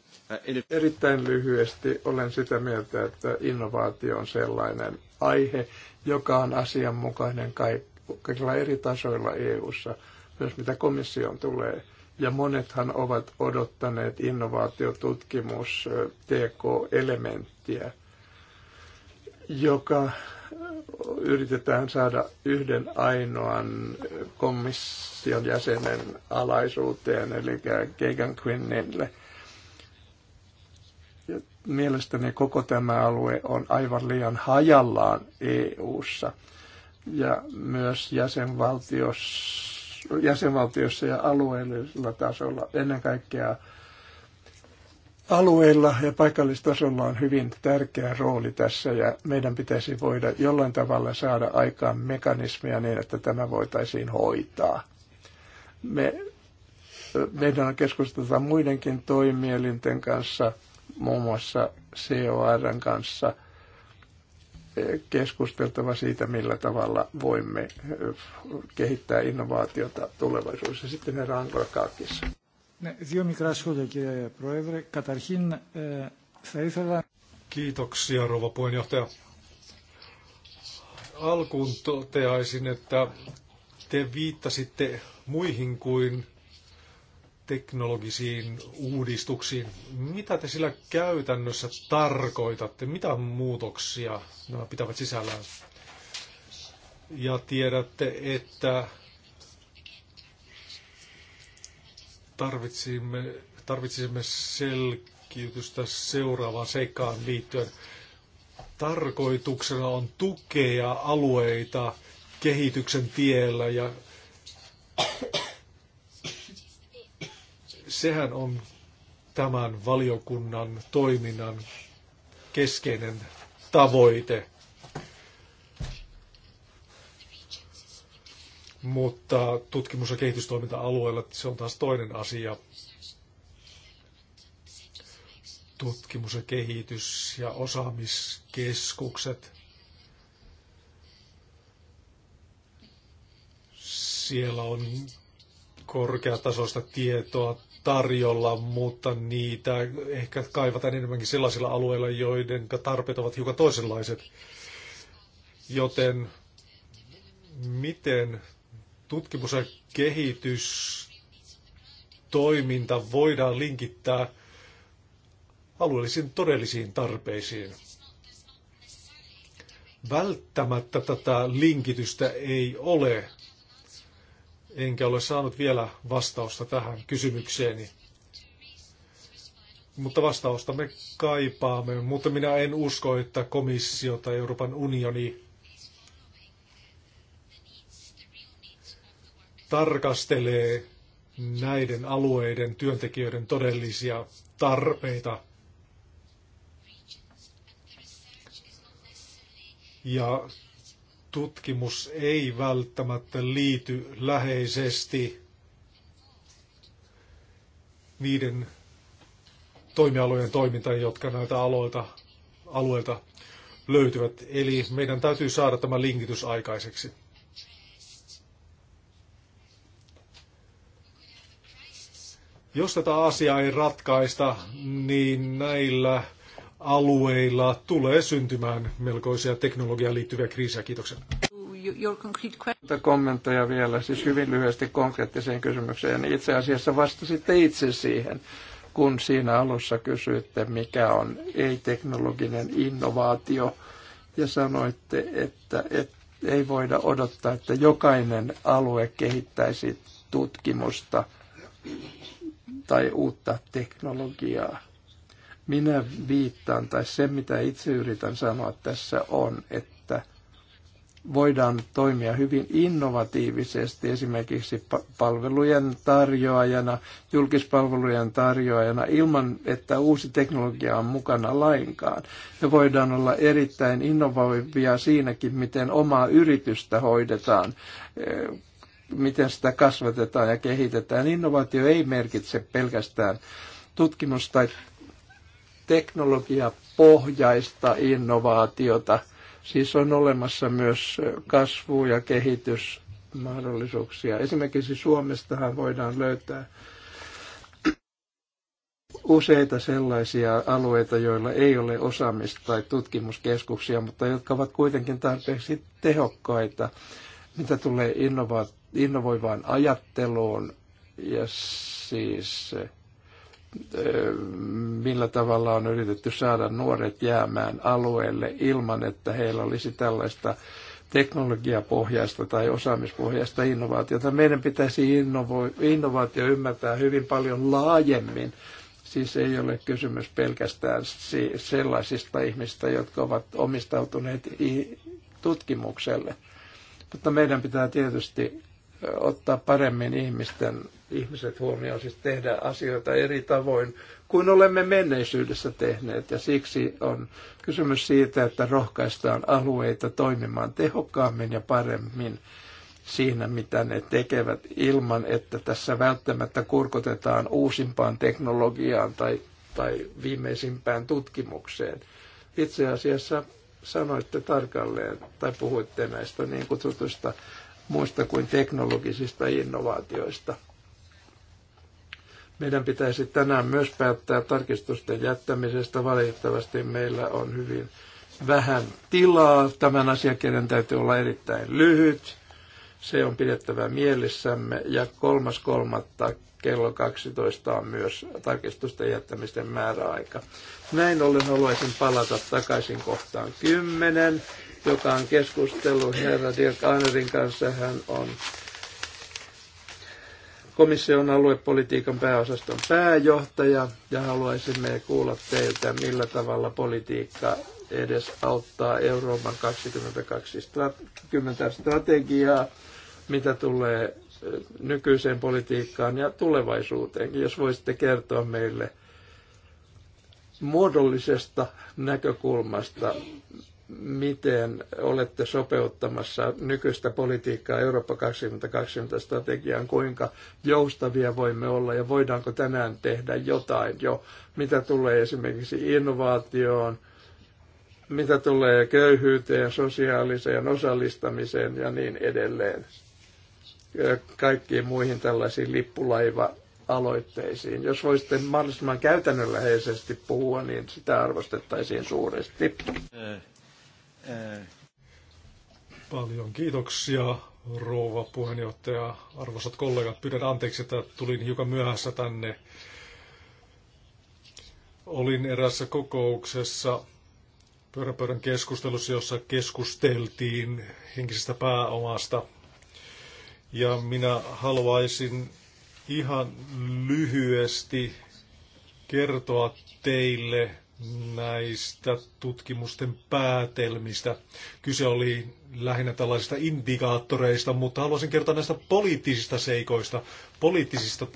Erittäin lyhyesti olen sitä mieltä, että innovaatio on sellainen aihe, joka on asianmukainen kaikilla eri tasoilla EU:ssa, myös mitä komission tulee ja monethan ovat odottaneet innovaatiotutkimus TK-elementtiä, joka yritetään saada yhden ainoan komission jäsenen alaisuuteen, eli Kegan Quinnille. mielestäni koko tämä alue on aivan liian hajallaan EU:ssa ja myös jäsenvaltiossa jäsenvaltiossa ja alueellisella tasolla. Ennen kaikkea alueilla ja paikallistasolla on hyvin tärkeä rooli tässä ja meidän pitäisi voida jollain tavalla saada aikaan mekanismia niin, että tämä voitaisiin hoitaa. Me, meidän on keskusteltava muidenkin toimielinten kanssa, muun muassa COR kanssa – keskusteltava siitä, millä tavalla voimme eh, kehittää innovaatiota tulevaisuudessa. Sitten herra Αγκρακάκης. Δύο μικρά σχόλια, κύριε Πρόεδρε. Καταρχήν, θα ήθελα... Kiitoksia, rouva puheenjohtaja. Alkuun toteaisin, että te viittasitte muihin kuin teknologisiin uudistuksiin. Mitä te sillä käytännössä tarkoitatte? Mitä muutoksia nämä pitävät sisällään? Ja tiedätte, että tarvitsimme, tarvitsisimme selkiytystä seuraavaan seikkaan liittyen. Tarkoituksena on tukea alueita kehityksen tiellä ja Sehän on tämän valiokunnan toiminnan keskeinen tavoite. Mutta tutkimus- ja kehitystoiminta-alueella se on taas toinen asia. Tutkimus ja kehitys ja osaamiskeskukset. Siellä on korkeatasoista tietoa, tarjolla, mutta niitä ehkä kaivataan enemmänkin sellaisilla alueilla, joiden tarpeet ovat hiukan toisenlaiset. Joten miten tutkimus- ja kehitystoiminta voidaan linkittää alueellisiin todellisiin tarpeisiin? Välttämättä tätä linkitystä ei ole enkä ole saanut vielä vastausta tähän kysymykseeni. Mutta vastausta me kaipaamme, mutta minä en usko, että komissio tai Euroopan unioni tarkastelee näiden alueiden työntekijöiden todellisia tarpeita. Ja tutkimus ei välttämättä liity läheisesti niiden toimialojen toimintaan, jotka näitä aloilta, alueilta löytyvät. Eli meidän täytyy saada tämä linkitys aikaiseksi. Jos tätä asiaa ei ratkaista, niin näillä alueilla tulee syntymään melkoisia teknologiaan liittyviä kriisejä. Kiitoksia. Kommentteja vielä, siis hyvin lyhyesti konkreettiseen kysymykseen. Niin itse asiassa vastasitte itse siihen, kun siinä alussa kysyitte, mikä on ei-teknologinen innovaatio, ja sanoitte, että, et ei voida odottaa, että jokainen alue kehittäisi tutkimusta tai uutta teknologiaa minä viittaan, tai se mitä itse yritän sanoa tässä on, että voidaan toimia hyvin innovatiivisesti esimerkiksi palvelujen tarjoajana, julkispalvelujen tarjoajana ilman, että uusi teknologia on mukana lainkaan. Ja voidaan olla erittäin innovoivia siinäkin, miten omaa yritystä hoidetaan, e, miten sitä kasvatetaan ja kehitetään. Innovaatio ei merkitse pelkästään tutkimus- tai teknologiapohjaista innovaatiota. Siis on olemassa myös kasvu- ja kehitysmahdollisuuksia. Esimerkiksi Suomestahan voidaan löytää useita sellaisia alueita, joilla ei ole osaamista tai tutkimuskeskuksia, mutta jotka ovat kuitenkin tarpeeksi tehokkaita, mitä tulee innova- innovoivaan ajatteluun ja siis millä tavalla on yritetty saada nuoret jäämään alueelle ilman, että heillä olisi tällaista teknologiapohjaista tai osaamispohjaista innovaatiota. Meidän pitäisi innovaatio ymmärtää hyvin paljon laajemmin. Siis ei ole kysymys pelkästään sellaisista ihmistä, jotka ovat omistautuneet tutkimukselle. Mutta meidän pitää tietysti ottaa paremmin ihmisten, ihmiset huomioon, siis tehdä asioita eri tavoin kuin olemme menneisyydessä tehneet. Ja siksi on kysymys siitä, että rohkaistaan alueita toimimaan tehokkaammin ja paremmin siinä, mitä ne tekevät, ilman että tässä välttämättä kurkotetaan uusimpaan teknologiaan tai, tai viimeisimpään tutkimukseen. Itse asiassa sanoitte tarkalleen tai puhuitte näistä niin kutsutuista muista kuin teknologisista innovaatioista. Meidän pitäisi tänään myös päättää tarkistusten jättämisestä. Valitettavasti meillä on hyvin vähän tilaa. Tämän asiakirjan täytyy olla erittäin lyhyt. Se on pidettävä mielissämme Ja kolmas kolmatta kello 12 on myös tarkistusten jättämisten määräaika. Näin ollen haluaisin palata takaisin kohtaan 10 joka on keskustellut herra Dirk Ahnerin kanssa. Hän on komission aluepolitiikan pääosaston pääjohtaja ja haluaisimme kuulla teiltä, millä tavalla politiikka edes auttaa Euroopan 2020 strategiaa, mitä tulee eh, nykyiseen politiikkaan ja tulevaisuuteen, Jos voisitte kertoa meille muodollisesta näkökulmasta, miten olette sopeuttamassa nykyistä politiikkaa Eurooppa 2020 strategiaan, kuinka joustavia voimme olla ja voidaanko tänään tehdä jotain jo, mitä tulee esimerkiksi innovaatioon, mitä tulee köyhyyteen, sosiaaliseen osallistamiseen ja niin edelleen. Kaikkiin muihin tällaisiin lippulaiva-aloitteisiin. Jos voisitte mahdollisimman käytännönläheisesti puhua, niin sitä arvostettaisiin suuresti. Äh. Paljon kiitoksia, rouva puheenjohtaja. Arvoisat kollegat, pyydän anteeksi, että tulin hiukan myöhässä tänne. Olin erässä kokouksessa pyöräpöydän keskustelussa, jossa keskusteltiin henkisestä pääomasta. Ja minä haluaisin ihan lyhyesti kertoa teille näistä tutkimusten päätelmistä. Kyse oli lähinnä tällaisista indikaattoreista, mutta haluaisin kertoa näistä poliittisista seikoista, poliittisista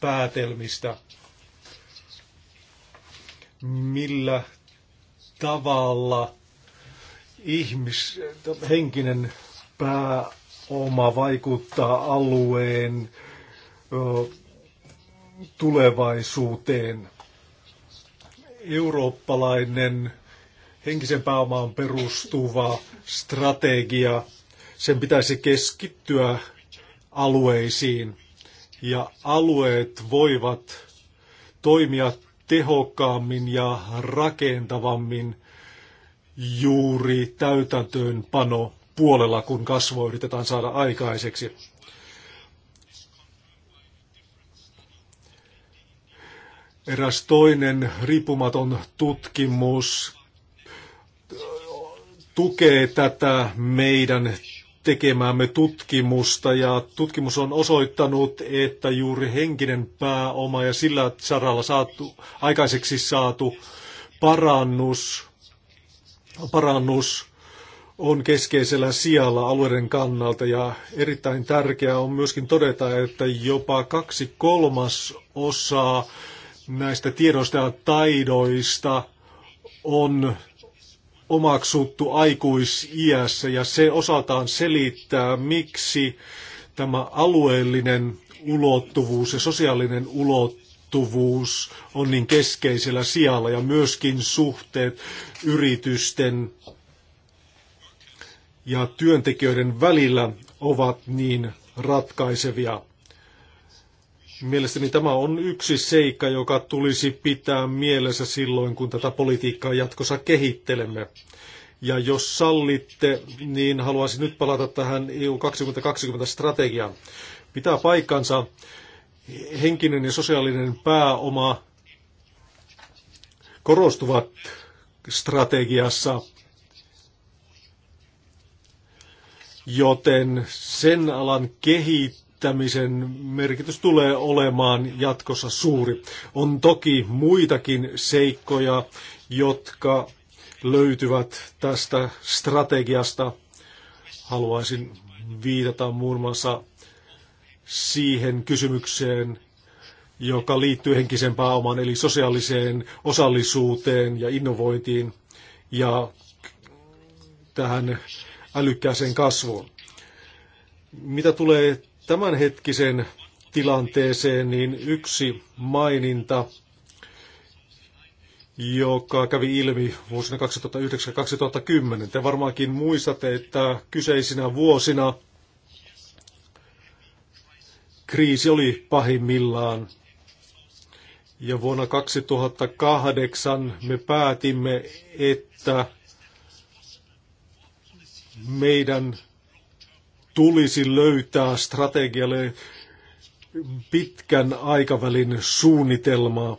päätelmistä. Millä tavalla ihmis, henkinen pääoma vaikuttaa alueen tulevaisuuteen eurooppalainen henkisen pääomaan perustuva strategia, sen pitäisi keskittyä alueisiin. Ja alueet voivat toimia tehokkaammin ja rakentavammin juuri täytäntöönpano puolella, kun kasvua yritetään saada aikaiseksi. Eräs toinen riippumaton tutkimus tukee tätä meidän tekemäämme tutkimusta ja tutkimus on osoittanut, että juuri henkinen pääoma ja sillä saralla saatu, aikaiseksi saatu parannus, parannus on keskeisellä sijalla alueiden kannalta ja erittäin tärkeää on myöskin todeta, että jopa kaksi kolmas osaa näistä tiedoista ja taidoista on omaksuttu aikuisiässä ja se osataan selittää, miksi tämä alueellinen ulottuvuus ja sosiaalinen ulottuvuus on niin keskeisellä sijalla ja myöskin suhteet yritysten ja työntekijöiden välillä ovat niin ratkaisevia. Mielestäni tämä on yksi seikka, joka tulisi pitää mielessä silloin, kun tätä politiikkaa jatkossa kehittelemme. Ja jos sallitte, niin haluaisin nyt palata tähän EU 2020-strategiaan. Pitää paikkansa henkinen ja sosiaalinen pääoma korostuvat strategiassa, joten sen alan kehittäminen kehittämisen merkitys tulee olemaan jatkossa suuri. On toki muitakin seikkoja, jotka löytyvät tästä strategiasta. Haluaisin viitata muun muassa siihen kysymykseen, joka liittyy henkisen pääomaan, eli sosiaaliseen osallisuuteen ja innovointiin ja tähän älykkääseen kasvuun. Mitä tulee tämänhetkisen tilanteeseen, niin yksi maininta, joka kävi ilmi vuosina 2009-2010. Te varmaankin muistatte, että kyseisinä vuosina kriisi oli pahimmillaan. Ja vuonna 2008 me päätimme, että meidän tulisi löytää strategialle pitkän aikavälin suunnitelmaa,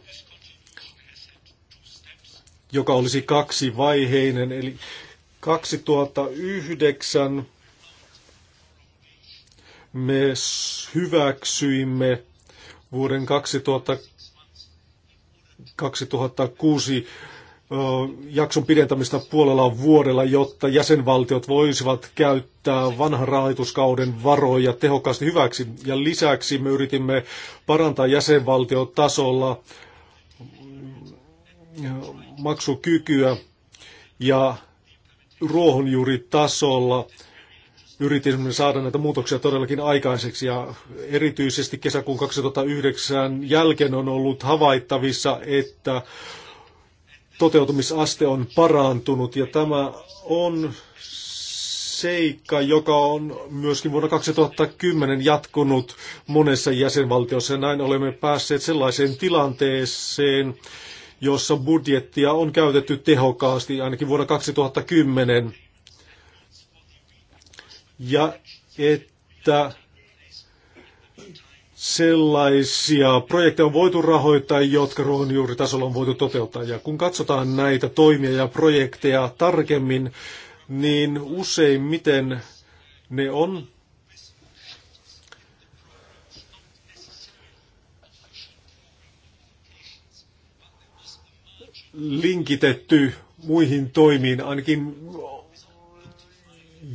joka olisi kaksivaiheinen, eli 2009 me hyväksyimme vuoden 2000, 2006 jakson pidentämistä puolella vuodella, jotta jäsenvaltiot voisivat käyttää vanhan rahoituskauden varoja tehokkaasti hyväksi. Ja lisäksi me yritimme parantaa jäsenvaltiotasolla maksukykyä ja ruohonjuuritasolla yritimme saada näitä muutoksia todellakin aikaiseksi ja erityisesti kesäkuun 2009 jälkeen on ollut havaittavissa, että toteutumisaste on parantunut ja tämä on seikka, joka on myöskin vuonna 2010 jatkunut monessa jäsenvaltiossa. Näin olemme päässeet sellaiseen tilanteeseen, jossa budjettia on käytetty tehokkaasti ainakin vuonna 2010. Ja että sellaisia projekteja on voitu rahoittaa, jotka ruohonjuuritasolla on voitu toteuttaa. Ja kun katsotaan näitä toimia ja projekteja tarkemmin, niin useimmiten ne on linkitetty muihin toimiin, ainakin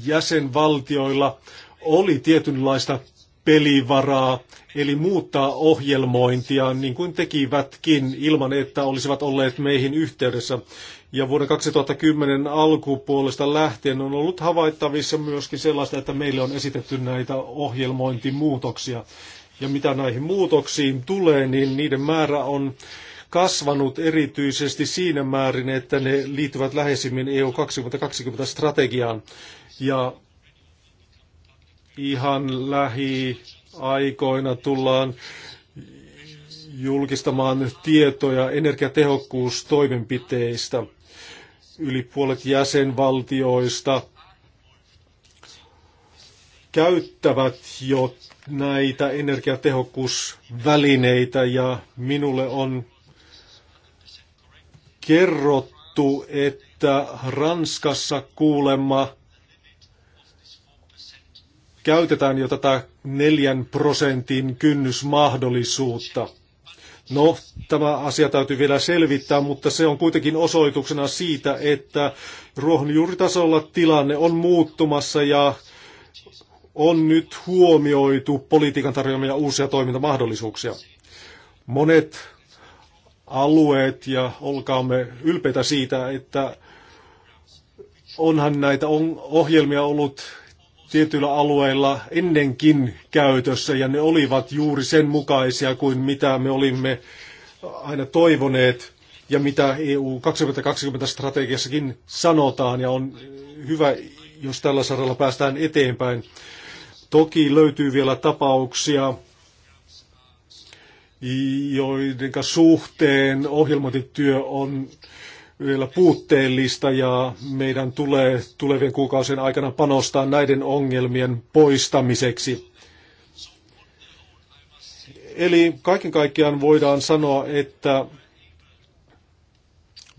jäsenvaltioilla oli tietynlaista pelivaraa, eli muuttaa ohjelmointia niin kuin tekivätkin ilman, että olisivat olleet meihin yhteydessä. Ja vuoden 2010 alkupuolesta lähtien on ollut havaittavissa myöskin sellaista, että meille on esitetty näitä ohjelmointimuutoksia. Ja mitä näihin muutoksiin tulee, niin niiden määrä on kasvanut erityisesti siinä määrin, että ne liittyvät läheisimmin EU 2020-strategiaan. Ja ihan lähiaikoina tullaan julkistamaan tietoja energiatehokkuustoimenpiteistä. Yli puolet jäsenvaltioista käyttävät jo näitä energiatehokkuusvälineitä ja minulle on kerrottu, että Ranskassa kuulemma käytetään jo tätä neljän prosentin kynnysmahdollisuutta. No, tämä asia täytyy vielä selvittää, mutta se on kuitenkin osoituksena siitä, että ruohonjuuritasolla tilanne on muuttumassa ja on nyt huomioitu politiikan tarjoamia uusia toimintamahdollisuuksia. Monet alueet, ja olkaamme ylpeitä siitä, että onhan näitä ohjelmia ollut tietyillä alueilla ennenkin käytössä ja ne olivat juuri sen mukaisia kuin mitä me olimme aina toivoneet ja mitä EU 2020-strategiassakin sanotaan ja on hyvä, jos tällä saralla päästään eteenpäin. Toki löytyy vielä tapauksia, joiden suhteen ohjelmointityö on vielä puutteellista ja meidän tulee tulevien kuukausien aikana panostaa näiden ongelmien poistamiseksi. Eli kaiken kaikkiaan voidaan sanoa, että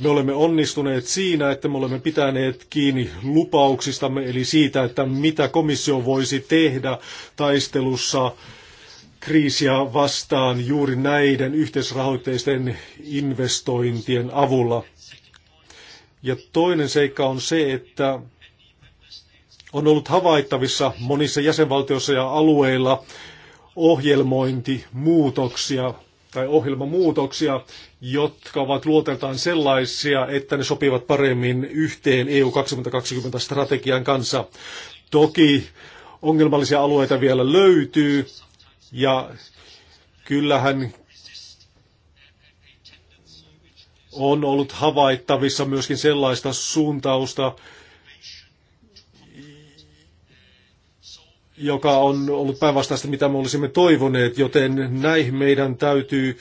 me olemme onnistuneet siinä, että me olemme pitäneet kiinni lupauksistamme, eli siitä, että mitä komissio voisi tehdä taistelussa kriisiä vastaan juuri näiden yhteisrahoitteisten investointien avulla. Ja toinen seikka on se, että on ollut havaittavissa monissa jäsenvaltioissa ja alueilla ohjelmointimuutoksia tai ohjelmamuutoksia, jotka ovat luoteltaan sellaisia, että ne sopivat paremmin yhteen EU 2020-strategian kanssa. Toki ongelmallisia alueita vielä löytyy, ja kyllähän on ollut havaittavissa myöskin sellaista suuntausta, joka on ollut päinvastaista, mitä me olisimme toivoneet, joten näihin meidän täytyy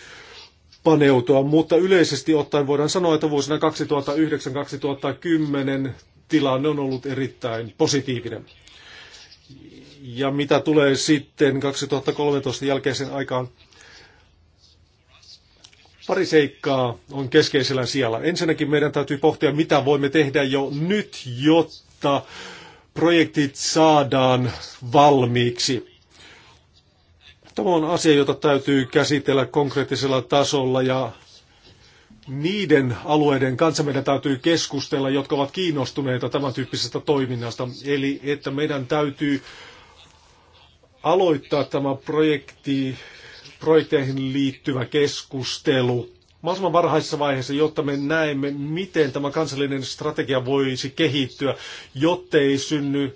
paneutua. Mutta yleisesti ottaen voidaan sanoa, että vuosina 2009-2010 tilanne on ollut erittäin positiivinen. Ja mitä tulee sitten 2013 jälkeisen aikaan Pari seikkaa on keskeisellä sijalla. Ensinnäkin meidän täytyy pohtia, mitä voimme tehdä jo nyt, jotta projektit saadaan valmiiksi. Tämä on asia, jota täytyy käsitellä konkreettisella tasolla ja niiden alueiden kanssa meidän täytyy keskustella, jotka ovat kiinnostuneita tämän tyyppisestä toiminnasta. Eli että meidän täytyy aloittaa tämä projekti projekteihin liittyvä keskustelu mahdollisimman varhaisessa vaiheessa, jotta me näemme, miten tämä kansallinen strategia voisi kehittyä, jottei synny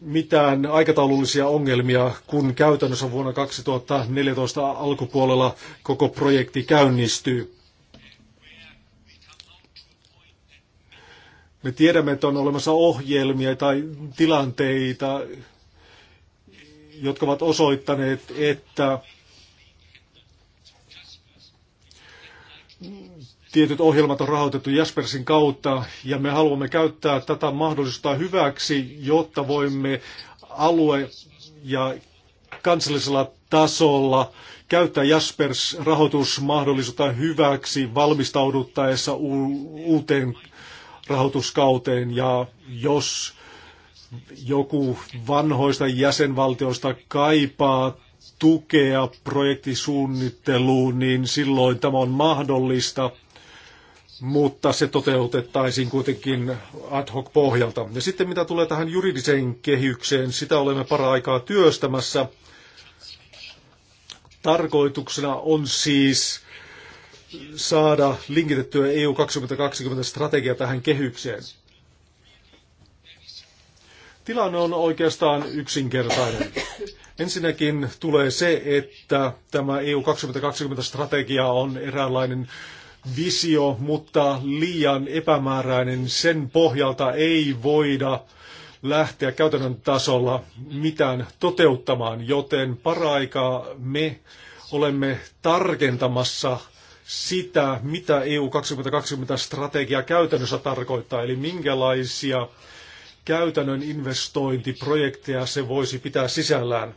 mitään aikataulullisia ongelmia, kun käytännössä vuonna 2014 alkupuolella koko projekti käynnistyy. Me tiedämme, että on olemassa ohjelmia tai tilanteita, jotka ovat osoittaneet, että tietyt ohjelmat on rahoitettu Jaspersin kautta ja me haluamme käyttää tätä mahdollisuutta hyväksi, jotta voimme alue- ja kansallisella tasolla käyttää Jaspers rahoitusmahdollisuutta hyväksi valmistauduttaessa uuteen rahoituskauteen ja jos joku vanhoista jäsenvaltioista kaipaa tukea projektisuunnitteluun, niin silloin tämä on mahdollista mutta se toteutettaisiin kuitenkin ad hoc pohjalta. Ja sitten mitä tulee tähän juridiseen kehykseen, sitä olemme para-aikaa työstämässä. Tarkoituksena on siis saada linkitettyä EU 2020 strategia tähän kehykseen. Tilanne on oikeastaan yksinkertainen. Ensinnäkin tulee se, että tämä EU 2020 strategia on eräänlainen äh, visio, mutta liian epämääräinen. Sen pohjalta ei voida lähteä käytännön tasolla mitään toteuttamaan, joten paraikaa me olemme tarkentamassa sitä, mitä EU 2020-strategia käytännössä tarkoittaa, eli minkälaisia käytännön investointiprojekteja se voisi pitää sisällään.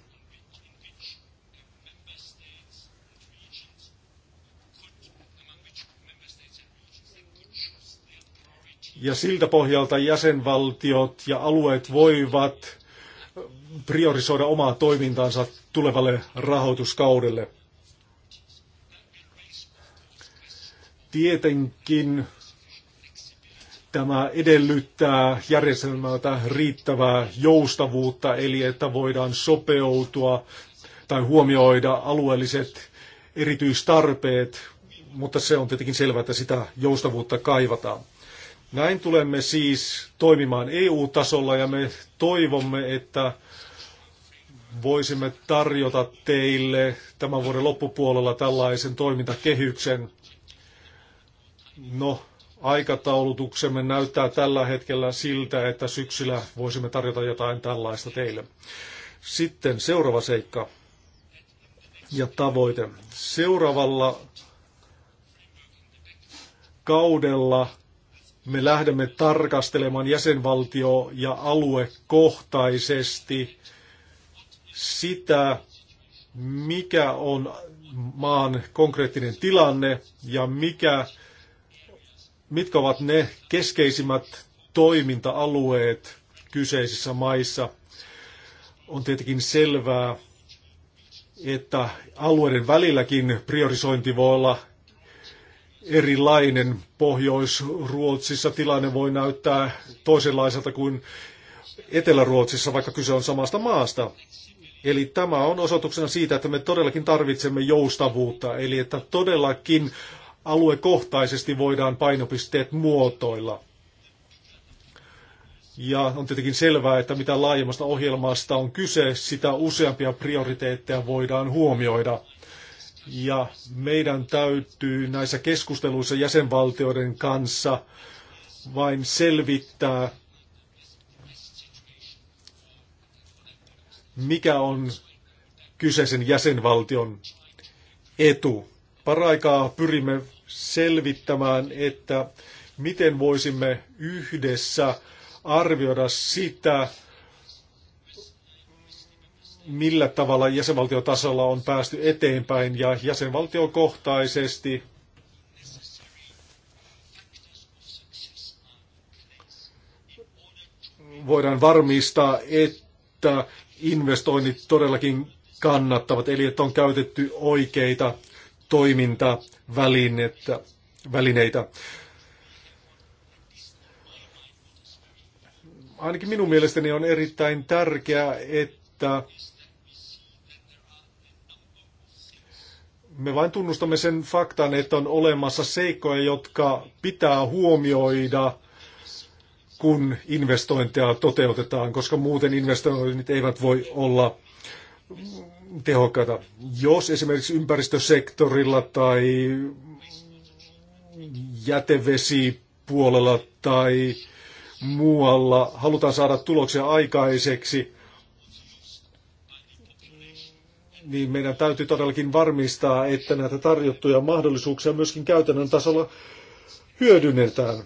Ja siltä pohjalta jäsenvaltiot ja alueet voivat priorisoida omaa toimintaansa tulevalle rahoituskaudelle. Tietenkin tämä edellyttää järjestelmältä riittävää joustavuutta, eli että voidaan sopeutua tai huomioida alueelliset erityistarpeet, mutta se on tietenkin selvää, että sitä joustavuutta kaivataan. Näin tulemme siis toimimaan EU-tasolla ja me toivomme, että voisimme tarjota teille tämän vuoden loppupuolella tällaisen toimintakehyksen. No, aikataulutuksemme näyttää tällä hetkellä siltä, että syksyllä voisimme tarjota jotain tällaista teille. Sitten seuraava seikka ja tavoite. Seuraavalla kaudella me lähdemme tarkastelemaan jäsenvaltio- ja aluekohtaisesti sitä, mikä on maan konkreettinen tilanne ja mikä, mitkä ovat ne keskeisimmät toiminta-alueet kyseisissä maissa. On tietenkin selvää, että alueiden välilläkin priorisointi voi olla erilainen. Pohjois-Ruotsissa tilanne voi näyttää toisenlaiselta kuin Etelä-Ruotsissa, vaikka kyse on samasta maasta. Eli tämä on osoituksena siitä, että me todellakin tarvitsemme joustavuutta, eli että todellakin aluekohtaisesti voidaan painopisteet muotoilla. Ja on tietenkin selvää, että mitä laajemmasta ohjelmasta on kyse, sitä useampia prioriteetteja voidaan huomioida. Ja meidän täytyy näissä keskusteluissa jäsenvaltioiden kanssa vain selvittää, mikä on kyseisen jäsenvaltion etu. Paraikaa pyrimme selvittämään, että miten voisimme yhdessä arvioida sitä, millä tavalla jäsenvaltiotasolla on päästy eteenpäin ja jäsenvaltiokohtaisesti voidaan varmistaa, että investoinnit todellakin kannattavat, eli että on käytetty oikeita toimintavälineitä. Ainakin minun mielestäni on erittäin tärkeää, että me vain tunnustamme sen faktan, että on olemassa seikkoja, jotka pitää huomioida, kun investointeja toteutetaan, koska muuten investoinnit eivät voi olla tehokkaita. Jos esimerkiksi ympäristösektorilla tai jätevesipuolella tai muualla halutaan saada tuloksia aikaiseksi, niin meidän täytyy todellakin varmistaa, että näitä tarjottuja mahdollisuuksia myöskin käytännön tasolla hyödynnetään.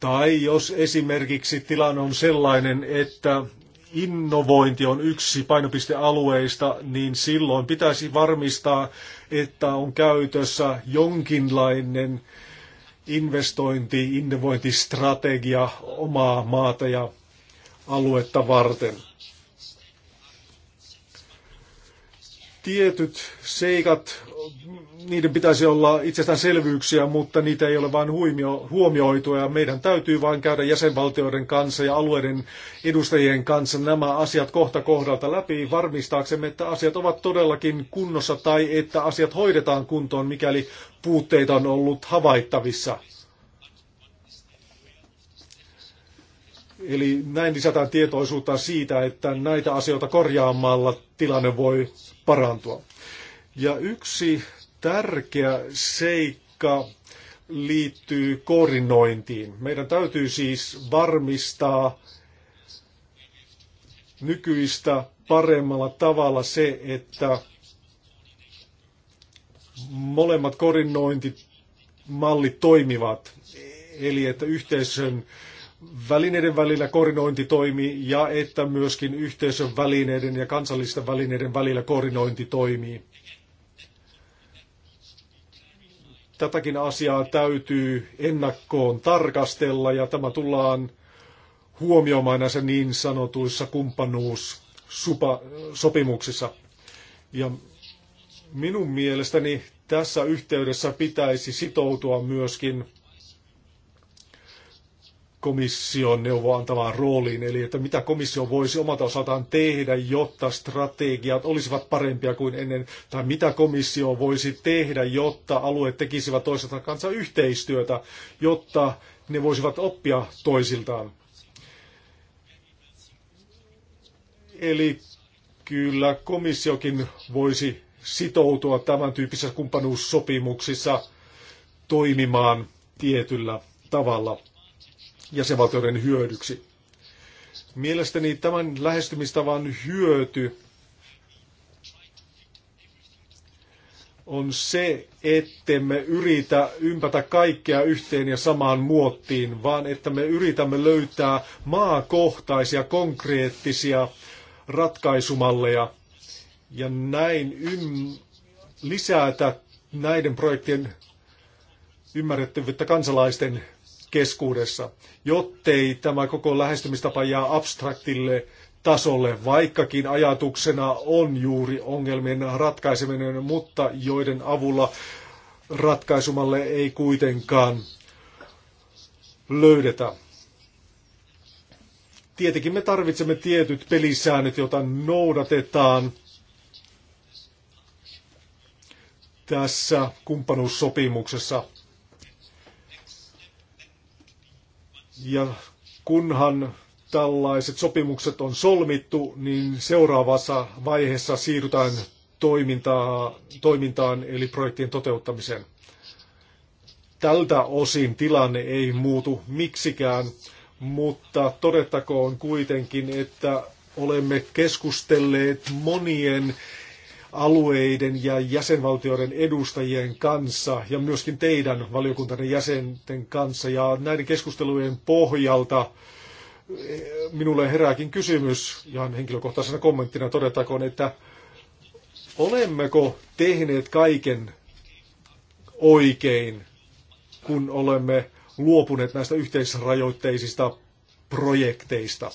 Tai jos esimerkiksi tilanne on sellainen, että innovointi on yksi painopistealueista, niin silloin pitäisi varmistaa, että on käytössä jonkinlainen äh, investointi, innovointistrategia omaa maata ja aluetta varten. Tietyt seikat niiden pitäisi olla itsestäänselvyyksiä, mutta niitä ei ole vain huimio, huomioitu ja meidän täytyy vain käydä jäsenvaltioiden kanssa ja alueiden edustajien kanssa nämä asiat kohta kohdalta läpi varmistaaksemme, että asiat ovat todellakin kunnossa tai että asiat hoidetaan kuntoon, mikäli puutteita on ollut havaittavissa. Eli näin lisätään tietoisuutta siitä, että näitä asioita korjaamalla tilanne voi parantua. Ja yksi Tärkeä seikka liittyy koordinointiin. Meidän täytyy siis varmistaa nykyistä paremmalla tavalla se, että molemmat koordinointimallit toimivat. Eli että yhteisön välineiden välillä koordinointi toimii ja että myöskin yhteisön välineiden ja kansallisten välineiden välillä koordinointi toimii. Tätäkin asiaa täytyy ennakkoon tarkastella ja tämä tullaan huomioimaan näissä niin sanotuissa kumppanuussopimuksissa. Ja minun mielestäni tässä yhteydessä pitäisi sitoutua myöskin komission neuvoa antavaan rooliin, eli että mitä komissio voisi omalta osaltaan tehdä, jotta strategiat olisivat parempia kuin ennen, tai mitä komissio voisi tehdä, jotta alueet tekisivät toisilta kanssa yhteistyötä, jotta ne voisivat oppia toisiltaan. Eli kyllä komissiokin voisi sitoutua tämän tyyppisissä kumppanuussopimuksissa toimimaan tietyllä tavalla jäsenvaltioiden hyödyksi. Mielestäni tämän lähestymistavan hyöty on se, ettemme yritä ympätä kaikkea yhteen ja samaan muottiin, vaan että me yritämme löytää maakohtaisia, konkreettisia ratkaisumalleja ja näin ym- lisätä näiden projektien ymmärrettävyyttä kansalaisten keskuudessa, jottei tämä koko lähestymistapa jää abstraktille tasolle, vaikkakin ajatuksena on juuri ongelmien ratkaiseminen, mutta joiden avulla ratkaisumalle ei kuitenkaan löydetä. Tietenkin me tarvitsemme tietyt pelisäännöt, joita noudatetaan tässä kumppanuussopimuksessa – Ja kunhan tällaiset sopimukset on solmittu, niin seuraavassa vaiheessa siirrytään toimintaa, toimintaan eli projektien toteuttamiseen. Tältä osin tilanne ei muutu miksikään, mutta todettakoon kuitenkin, että olemme keskustelleet monien alueiden ja jäsenvaltioiden edustajien kanssa ja myöskin teidän valiokuntanne jäsenten kanssa. Ja näiden keskustelujen pohjalta eh, minulle herääkin kysymys, ihan henkilökohtaisena kommenttina todettakoon, että olemmeko tehneet kaiken oikein, kun olemme luopuneet näistä yhteisrajoitteisista projekteista.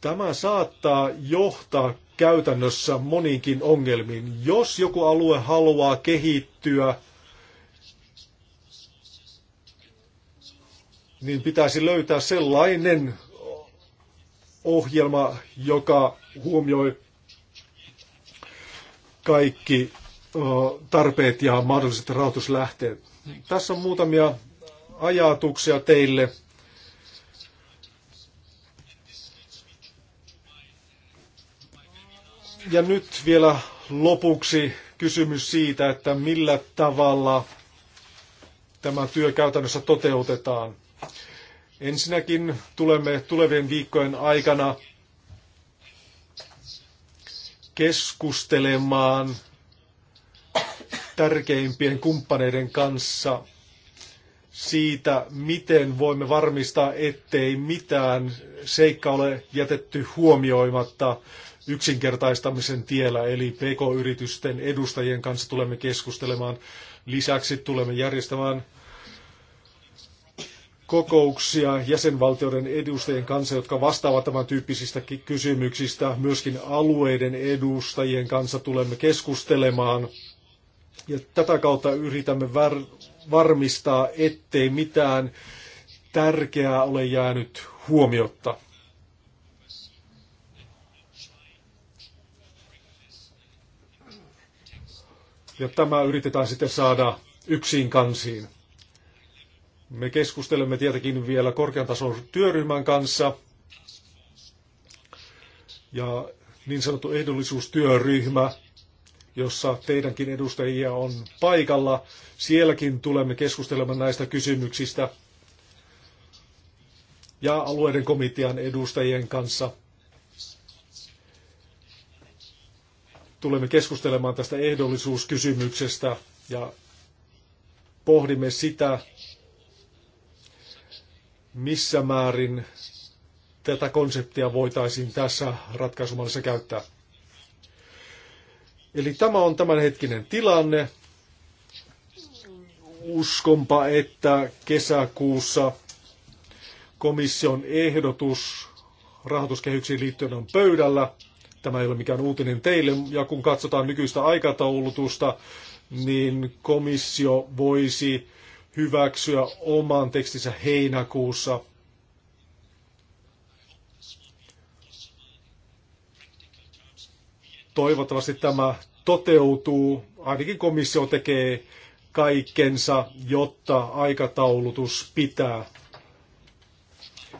Tämä saattaa johtaa käytännössä moninkin ongelmiin. Jos joku alue haluaa kehittyä, niin pitäisi löytää sellainen ohjelma, joka huomioi kaikki tarpeet ja mahdolliset rahoituslähteet. Tässä on muutamia ajatuksia teille. Ja nyt vielä lopuksi kysymys siitä, että millä tavalla tämä työ käytännössä toteutetaan. Ensinnäkin tulemme tulevien viikkojen aikana keskustelemaan tärkeimpien kumppaneiden kanssa siitä, miten voimme varmistaa, ettei mitään seikka ole jätetty huomioimatta yksinkertaistamisen tiellä, eli PK-yritysten edustajien kanssa tulemme keskustelemaan. Lisäksi tulemme järjestämään kokouksia jäsenvaltioiden edustajien kanssa, jotka vastaavat tämän tyyppisistä kysymyksistä. Myöskin alueiden edustajien kanssa tulemme keskustelemaan. Ja tätä kautta yritämme varmistaa, ettei mitään tärkeää ole jäänyt huomiotta. Ja tämä yritetään sitten saada yksin kansiin. Me keskustelemme tietenkin vielä korkean tason työryhmän kanssa. Ja niin sanottu ehdollisuustyöryhmä, jossa teidänkin edustajia on paikalla. Sielläkin tulemme keskustelemaan näistä kysymyksistä ja alueiden komitean edustajien kanssa tulemme keskustelemaan tästä ehdollisuuskysymyksestä ja pohdimme sitä, missä määrin tätä konseptia voitaisiin tässä ratkaisumallissa käyttää. Eli tämä on tämänhetkinen tilanne. Uskonpa, että kesäkuussa komission ehdotus rahoituskehyksiin liittyen on pöydällä. Tämä ei ole mikään uutinen teille, ja kun katsotaan nykyistä aikataulutusta, niin komissio voisi hyväksyä oman tekstinsä heinäkuussa. Toivottavasti tämä toteutuu. Ainakin komissio tekee kaikkensa, jotta aikataulutus pitää.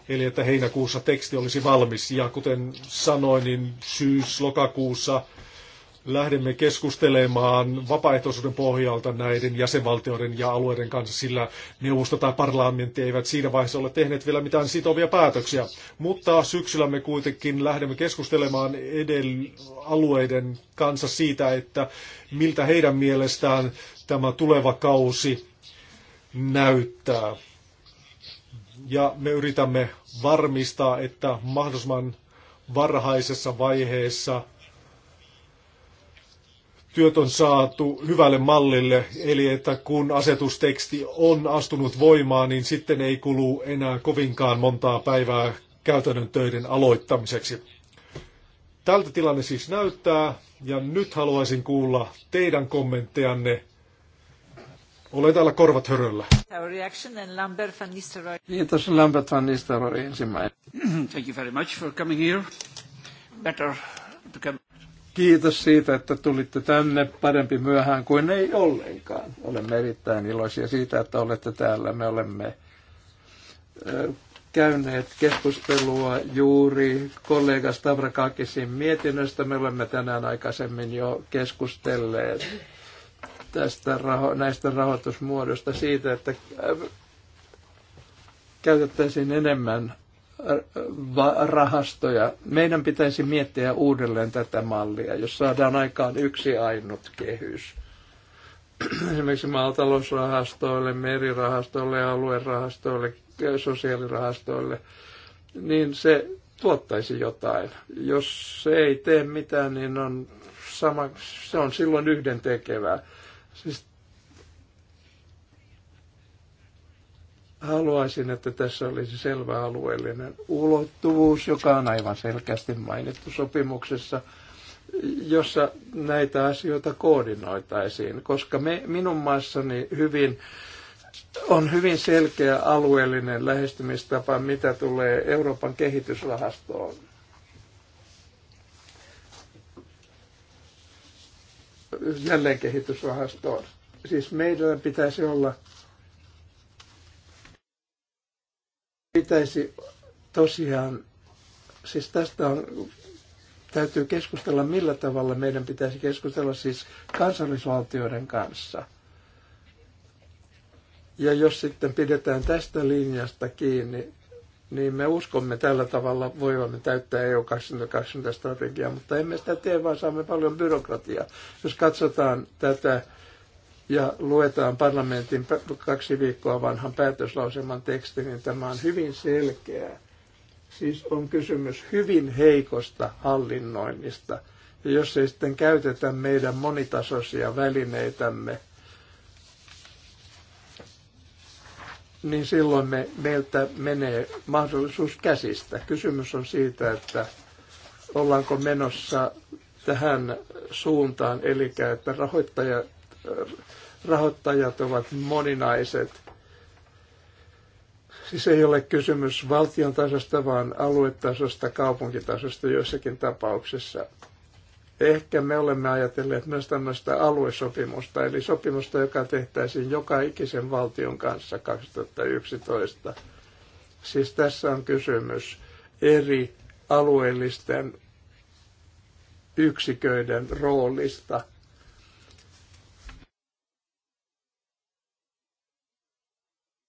Eli että heinäkuussa teksti olisi valmis. Ja kuten sanoin, niin syys-lokakuussa lähdemme keskustelemaan vapaaehtoisuuden pohjalta näiden jäsenvaltioiden ja alueiden kanssa, sillä neuvosto tai parlamentti eivät siinä vaiheessa ole tehneet vielä mitään sitovia päätöksiä. Mutta syksyllä me kuitenkin lähdemme keskustelemaan edellä alueiden kanssa siitä, että miltä heidän mielestään tämä tuleva kausi näyttää ja me yritämme varmistaa, että mahdollisimman varhaisessa vaiheessa työt on saatu hyvälle mallille, eli että kun asetusteksti on astunut voimaan, niin sitten ei kulu enää kovinkaan montaa päivää käytännön töiden aloittamiseksi. Tältä tilanne siis näyttää, ja nyt haluaisin kuulla teidän kommenttejanne olen täällä korvat höröllä. Lambert van Nistelrooy. Kiitos Lambert van Nistelrooy ensimmäinen. Thank you very much for coming here. Better to come. Kiitos siitä, että tulitte tänne parempi myöhään kuin ei ollenkaan. Olemme erittäin iloisia siitä, että olette täällä. Me olemme käyneet keskustelua juuri kollega Stavrakakisin mietinnöstä. Me olemme tänään aikaisemmin jo keskustelleet tästä raho- näistä rahoitusmuodoista siitä, että äh, käytettäisiin enemmän äh, rahastoja. Meidän pitäisi miettiä uudelleen tätä mallia, jos saadaan aikaan yksi ainut kehys. Esimerkiksi maatalousrahastoille, merirahastoille, aluerahastoille, sosiaalirahastoille, niin se tuottaisi jotain. Jos se ei tee mitään, niin on sama, se on silloin yhden tekevää. Siis haluaisin, että tässä olisi selvä alueellinen ulottuvuus, joka on aivan selkeästi mainittu sopimuksessa, jossa näitä asioita koordinoitaisiin, koska me, minun maassani hyvin on hyvin selkeä alueellinen lähestymistapa, mitä tulee Euroopan kehitysrahastoon. jälleenkehitysrahastoon. Siis meidän pitäisi olla, pitäisi tosiaan, siis tästä on, täytyy keskustella millä tavalla meidän pitäisi keskustella siis kansallisvaltioiden kanssa. Ja jos sitten pidetään tästä linjasta kiinni, niin me uskomme tällä tavalla voivamme täyttää EU 2020-strategiaa, mutta emme sitä tee, vaan saamme paljon byrokratiaa. Jos katsotaan tätä ja luetaan parlamentin kaksi viikkoa vanhan päätöslauselman teksti, niin tämä on hyvin selkeää. Siis on kysymys hyvin heikosta hallinnoinnista. Ja jos ei sitten käytetä meidän monitasoisia välineitämme – niin silloin me, meiltä menee mahdollisuus käsistä. Kysymys on siitä, että ollaanko menossa tähän suuntaan, eli että rahoittajat, rahoittajat ovat moninaiset. Siis ei ole kysymys valtion tasosta, vaan aluetasosta, kaupunkitasosta joissakin tapauksissa. Ehkä me olemme ajatelleet myös tämmöistä aluesopimusta, eli sopimusta, joka tehtäisiin joka ikisen valtion kanssa 2011. Siis tässä on kysymys eri alueellisten yksiköiden roolista –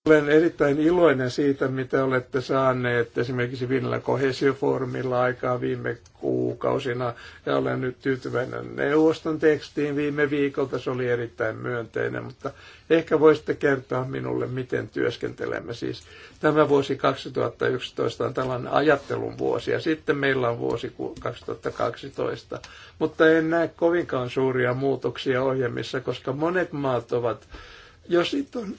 Olen erittäin iloinen siitä, mitä olette saaneet esimerkiksi Vinnalla kohesiofoorumilla aikaa viime kuukausina. Ja olen nyt tyytyväinen neuvoston tekstiin viime viikolta. Se oli erittäin myönteinen, mutta ehkä voisitte kertoa minulle, miten työskentelemme. Siis tämä vuosi 2011 on tällainen ajattelun vuosi ja sitten meillä on vuosi 2012. Mutta en näe kovinkaan suuria muutoksia ohjelmissa, koska monet maat ovat jos sitten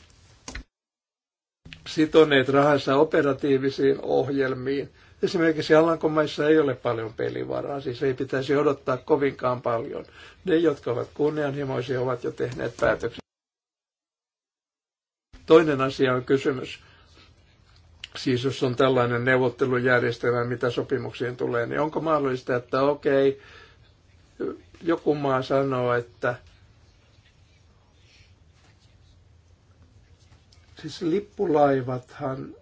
sitoneet rahansa operatiivisiin ohjelmiin. Esimerkiksi Alankomaissa ei ole paljon pelivaraa, siis ei pitäisi odottaa kovinkaan paljon. Ne, jotka ovat kunnianhimoisia, ovat jo tehneet päätöksiä. Toinen asia on kysymys. Siis jos on tällainen neuvottelujärjestelmä, mitä sopimuksiin tulee, niin onko mahdollista, että okei, joku maa sanoo, että Siis lippulaivathan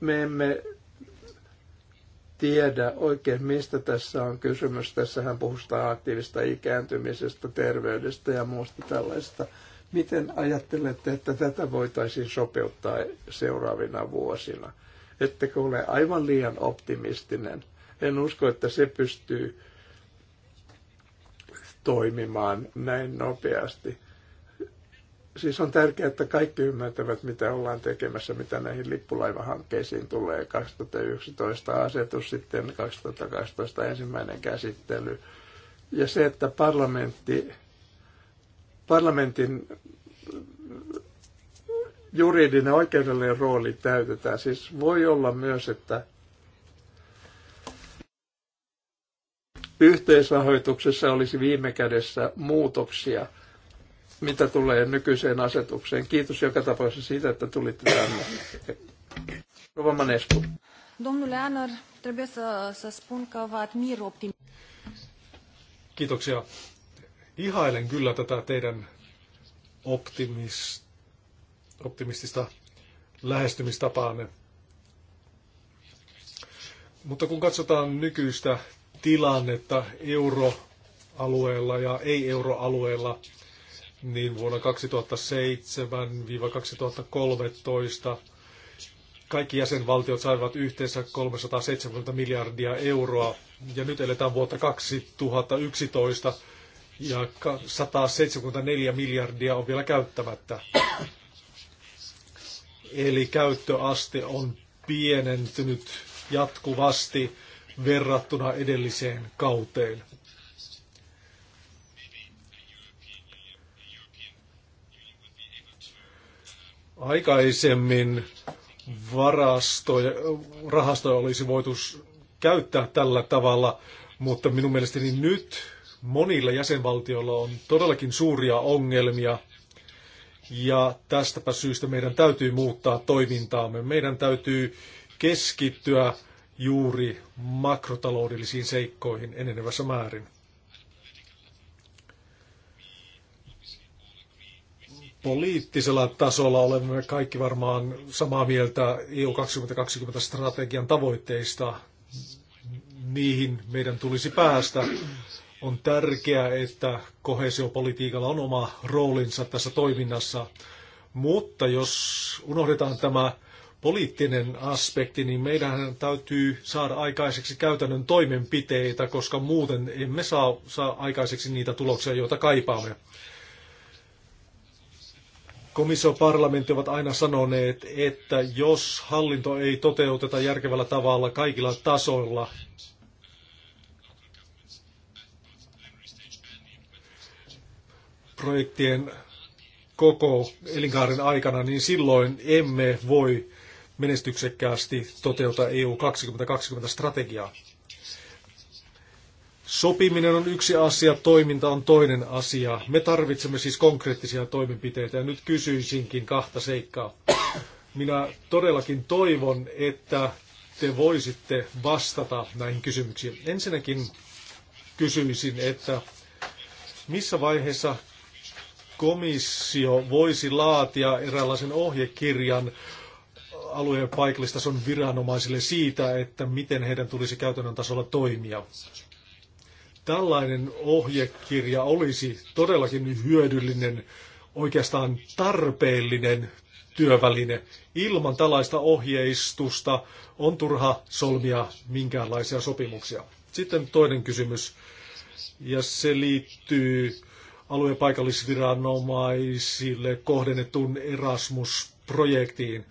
me emme tiedä oikein, mistä tässä on kysymys. Tässähän puhutaan aktiivista ikääntymisestä, terveydestä ja muusta tällaista. Miten ajattelette, että tätä voitaisiin sopeuttaa seuraavina vuosina? Ettekö ole aivan liian optimistinen? En usko, että se pystyy toimimaan näin nopeasti siis on tärkeää, että kaikki ymmärtävät, mitä ollaan tekemässä, mitä näihin lippulaivahankkeisiin tulee. 2011 asetus, sitten 2012 ensimmäinen käsittely. Ja se, että parlamentti, parlamentin juridinen oikeudellinen rooli täytetään. Siis voi olla myös, että yhteisrahoituksessa olisi viime kädessä muutoksia – mitä tulee nykyiseen asetukseen. Kiitos joka tapauksessa siitä, että tulitte tänne. Rova Manescu. Domnule Anar, trebuie să, să spun că vă admir optim. Kiitoksia. Ihailen kyllä tätä teidän optimis, optimistista lähestymistapaanne. Mutta kun katsotaan nykyistä tilannetta euroalueella ja ei-euroalueella, niin vuonna 2007-2013 kaikki jäsenvaltiot saivat yhteensä 370 miljardia euroa. Ja nyt eletään vuotta 2011 ja 174 miljardia on vielä käyttämättä. Eli käyttöaste on pienentynyt jatkuvasti verrattuna edelliseen kauteen. aikaisemmin varastoja, rahastoja olisi voitu käyttää tällä tavalla, mutta minun mielestäni nyt monilla jäsenvaltioilla on todellakin suuria ongelmia ja tästäpä syystä meidän täytyy muuttaa toimintaamme. Meidän täytyy keskittyä juuri makrotaloudellisiin seikkoihin enenevässä määrin. poliittisella tasolla olemme kaikki varmaan samaa mieltä EU 2020 strategian tavoitteista. Niihin meidän tulisi päästä. On tärkeää, että kohesiopolitiikalla on oma roolinsa tässä toiminnassa. Mutta jos unohdetaan tämä poliittinen aspekti, niin meidän täytyy saada aikaiseksi käytännön toimenpiteitä, koska muuten emme saa, saa aikaiseksi niitä tuloksia, joita kaipaamme. Komissio ja parlamentti ovat aina sanoneet, että jos hallinto ei toteuteta järkevällä tavalla kaikilla tasoilla, projektien koko elinkaaren aikana, niin silloin emme voi menestyksekkäästi toteuttaa EU 2020 strategiaa. Sopiminen on yksi asia, toiminta on toinen asia. Me tarvitsemme siis konkreettisia toimenpiteitä ja nyt kysyisinkin kahta seikkaa. Minä todellakin toivon, että te voisitte vastata näihin kysymyksiin. Ensinnäkin kysyisin, että missä vaiheessa komissio voisi laatia eräänlaisen ohjekirjan alueen paikallistason viranomaisille siitä, että miten heidän tulisi käytännön tasolla toimia. Tällainen ohjekirja olisi todellakin hyödyllinen, oikeastaan tarpeellinen työväline. Ilman tällaista ohjeistusta on turha solmia minkäänlaisia sopimuksia. Sitten toinen kysymys, ja se liittyy alueen paikallisviranomaisille kohdennetun Erasmus-projektiin.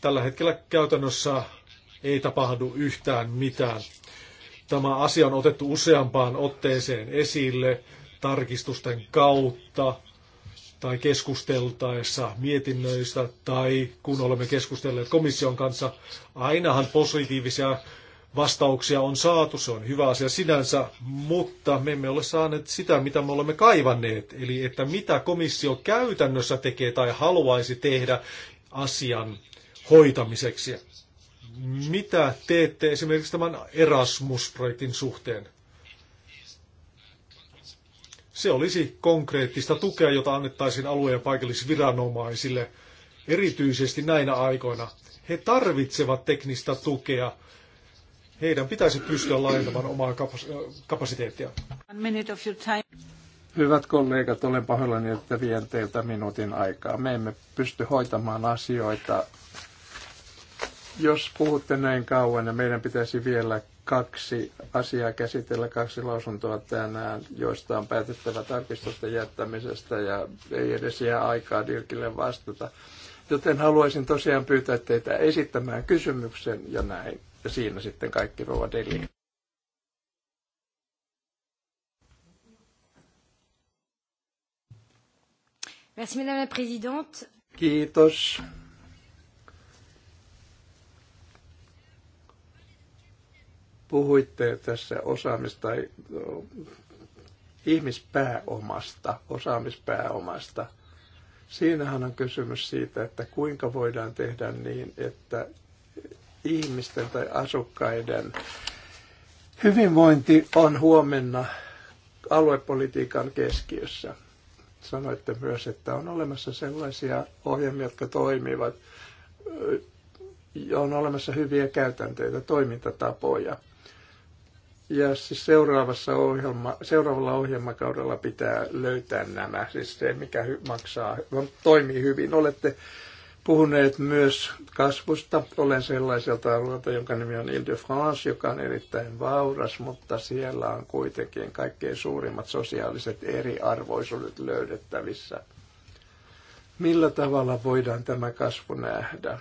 Tällä hetkellä käytännössä ei tapahdu yhtään mitään. Tämä asia on otettu useampaan otteeseen esille tarkistusten kautta tai keskusteltaessa mietinnöistä tai kun olemme keskustelleet komission kanssa. Ainahan positiivisia vastauksia on saatu, se on hyvä asia sinänsä, mutta me emme ole saaneet sitä, mitä me olemme kaivanneet, eli että mitä komissio käytännössä tekee tai haluaisi tehdä asian hoitamiseksi mitä teette esimerkiksi tämän Erasmus-projektin suhteen? Se olisi konkreettista tukea, jota annettaisiin alueen paikallisviranomaisille, erityisesti näinä aikoina. He tarvitsevat teknistä tukea. Heidän pitäisi pystyä laajentamaan omaa kapasiteettia. Hyvät kollegat, olen pahoillani, että vien teiltä minuutin aikaa. Me emme pysty hoitamaan asioita jos puhutte näin kauan ja niin meidän pitäisi vielä kaksi asiaa käsitellä, kaksi lausuntoa tänään, joista on päätettävä tarkistusten jättämisestä ja ei edes jää aikaa Dirkille vastata. Joten haluaisin tosiaan pyytää teitä esittämään kysymyksen ja näin. Ja siinä sitten kaikki rouva Deli. Merci, Madame la Présidente. Kiitos Puhuitte tässä osaamista tai no, ihmispääomasta, osaamispääomasta. Siinähän on kysymys siitä, että kuinka voidaan tehdä niin, että ihmisten tai asukkaiden hyvinvointi on huomenna aluepolitiikan keskiössä. Sanoitte myös, että on olemassa sellaisia ohjelmia, jotka toimivat. On olemassa hyviä käytänteitä, toimintatapoja. Ja siis seuraavassa ohjelma, seuraavalla ohjelmakaudella pitää löytää nämä, siis se mikä hy- maksaa, no, toimii hyvin. Olette puhuneet myös kasvusta. Olen sellaiselta alueelta, jonka nimi on Ile-de-France, joka on erittäin vauras, mutta siellä on kuitenkin kaikkein suurimmat sosiaaliset eriarvoisuudet löydettävissä. Millä tavalla voidaan tämä kasvu nähdä?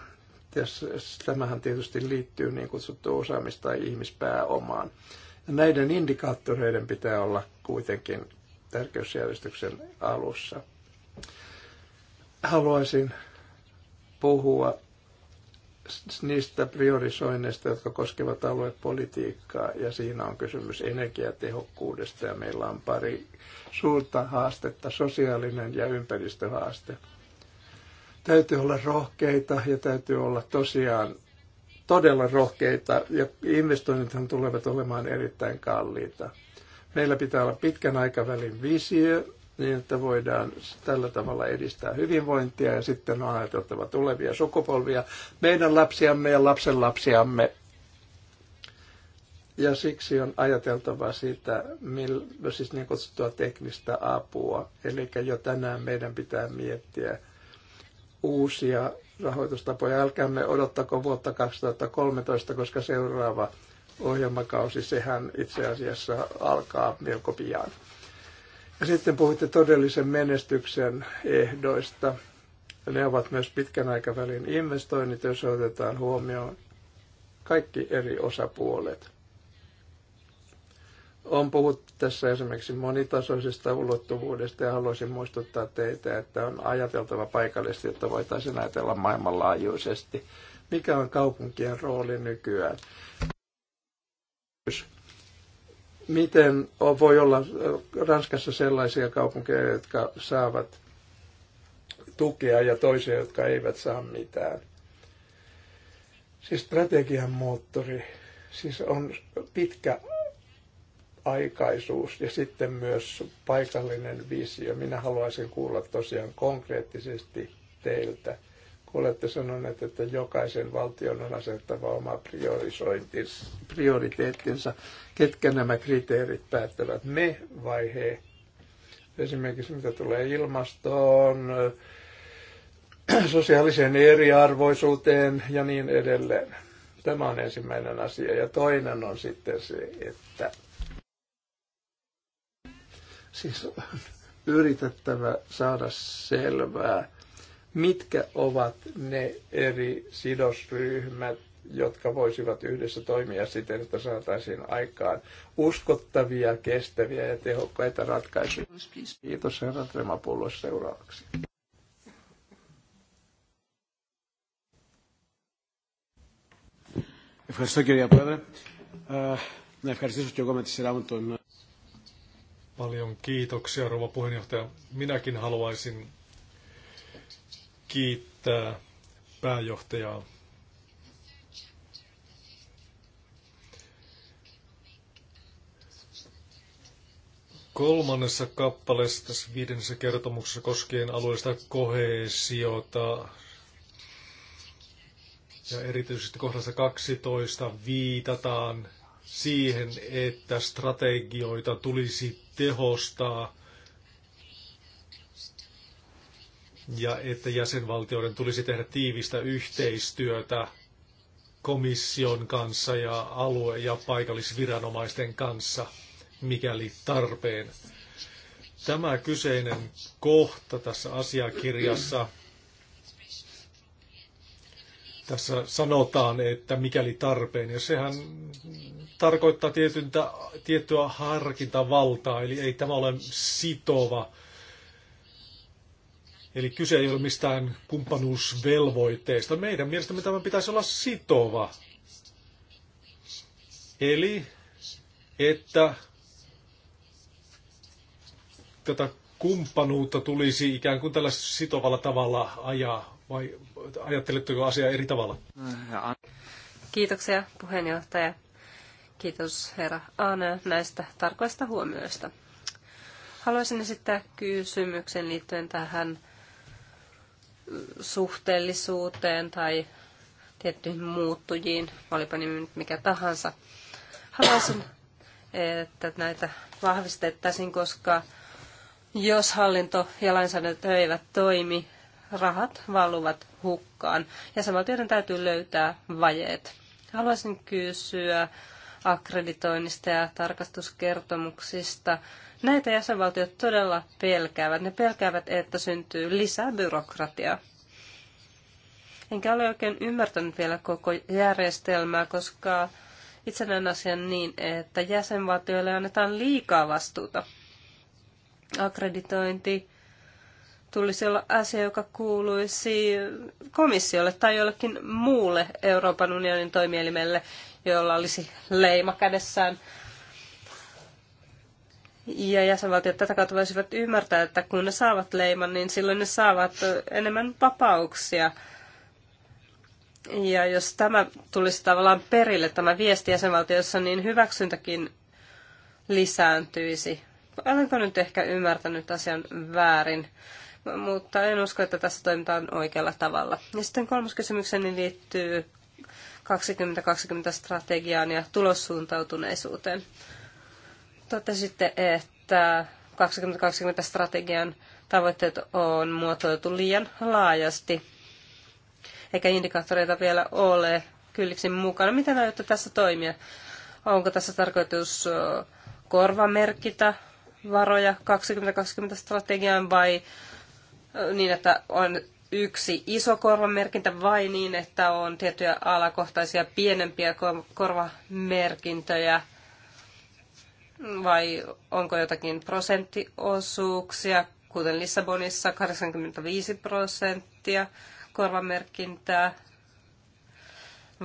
Tämähän tietysti liittyy niin kutsuttuun osaamista ihmispääomaan. Näiden indikaattoreiden pitää olla kuitenkin tärkeysjärjestyksen alussa. Haluaisin puhua niistä priorisoinneista, jotka koskevat aluepolitiikkaa, ja siinä on kysymys energiatehokkuudesta, ja meillä on pari suurta haastetta, sosiaalinen ja ympäristöhaaste. Täytyy olla rohkeita ja täytyy olla tosiaan todella rohkeita ja investoinnithan tulevat olemaan erittäin kalliita. Meillä pitää olla pitkän aikavälin visio, niin että voidaan tällä tavalla edistää hyvinvointia ja sitten on ajateltava tulevia sukupolvia, meidän lapsiamme ja lapsenlapsiamme. Ja siksi on ajateltava sitä, millä siis niin kutsuttua teknistä apua. Eli jo tänään meidän pitää miettiä uusia rahoitustapoja. Älkäämme odottako vuotta 2013, koska seuraava ohjelmakausi, sehän itse asiassa alkaa melko pian. Ja sitten puhutte todellisen menestyksen ehdoista. Ne ovat myös pitkän aikavälin investoinnit, jos otetaan huomioon kaikki eri osapuolet – on puhuttu tässä esimerkiksi monitasoisesta ulottuvuudesta ja haluaisin muistuttaa teitä, että on ajateltava paikallisesti, jotta voitaisiin ajatella maailmanlaajuisesti. Mikä on kaupunkien rooli nykyään? Miten voi olla Ranskassa sellaisia kaupunkeja, jotka saavat tukea ja toisia, jotka eivät saa mitään? Siis strategian moottori, siis on pitkä aikaisuus ja sitten myös paikallinen visio. Minä haluaisin kuulla tosiaan konkreettisesti teiltä, kun olette sanoneet, että jokaisen valtion on asettava oma prioriteettinsa. Ketkä nämä kriteerit päättävät, me vai he? Esimerkiksi mitä tulee ilmastoon, sosiaaliseen eriarvoisuuteen ja niin edelleen. Tämä on ensimmäinen asia. Ja toinen on sitten se, että Siis on yritettävä saada selvää, mitkä ovat ne eri sidosryhmät, jotka voisivat yhdessä toimia siten, että saataisiin aikaan uskottavia, kestäviä ja tehokkaita ratkaisuja. Kiitos herra Tremapullo seuraavaksi. Ευχαριστώ κύριε Πρόεδρε. να ευχαριστήσω και εγώ με τη σειρά μου τον Paljon kiitoksia, rouva puheenjohtaja. Minäkin haluaisin kiittää pääjohtajaa. Kolmannessa kappaleessa tässä viidennessä kertomuksessa koskien alueellista kohesiota ja erityisesti kohdassa 12 viitataan siihen, että strategioita tulisi tehostaa ja että jäsenvaltioiden tulisi tehdä tiivistä yhteistyötä komission kanssa ja alue- ja paikallisviranomaisten kanssa, mikäli tarpeen. Tämä kyseinen kohta tässä asiakirjassa tässä sanotaan, että mikäli tarpeen, ja sehän tarkoittaa tietyntä, tiettyä harkintavaltaa, eli ei tämä ole sitova. Eli kyse ei ole mistään kumppanuusvelvoitteesta. Meidän mielestämme tämä pitäisi olla sitova. Eli että tätä kumppanuutta tulisi ikään kuin tällä sitovalla tavalla ajaa vai ajatteletteko asiaa eri tavalla? Kiitoksia puheenjohtaja. Kiitos herra Aana näistä tarkoista huomioista. Haluaisin esittää kysymyksen liittyen tähän suhteellisuuteen tai tiettyihin muuttujiin, olipa nimi nyt mikä tahansa. Haluaisin, että näitä vahvistettaisiin, koska jos hallinto ja lainsäädäntö eivät toimi, rahat valuvat hukkaan. Ja samalla täytyy löytää vajeet. Haluaisin kysyä akkreditoinnista ja tarkastuskertomuksista. Näitä jäsenvaltiot todella pelkäävät. Ne pelkäävät, että syntyy lisää byrokratiaa. Enkä ole oikein ymmärtänyt vielä koko järjestelmää, koska itse näen asian niin, että jäsenvaltioille annetaan liikaa vastuuta. Akkreditointi tulisi olla asia, joka kuuluisi komissiolle tai jollekin muulle Euroopan unionin toimielimelle, jolla olisi leima kädessään. Ja jäsenvaltiot tätä kautta voisivat ymmärtää, että kun ne saavat leiman, niin silloin ne saavat enemmän vapauksia. Ja jos tämä tulisi tavallaan perille, tämä viesti jäsenvaltiossa, niin hyväksyntäkin lisääntyisi. Olenko nyt ehkä ymmärtänyt asian väärin? mutta en usko, että tässä toimitaan oikealla tavalla. Ja sitten kolmas kysymykseni liittyy 2020-strategiaan ja tulossuuntautuneisuuteen. Totesitte, että 2020-strategian tavoitteet on muotoiltu liian laajasti, eikä indikaattoreita vielä ole kylliksi mukana. Miten aiotte tässä toimia? Onko tässä tarkoitus korvamerkitä varoja 2020-strategiaan vai niin, että on yksi iso korvamerkintä vai niin, että on tiettyjä alakohtaisia pienempiä korvamerkintöjä vai onko jotakin prosenttiosuuksia, kuten Lissabonissa 85 prosenttia korvamerkintää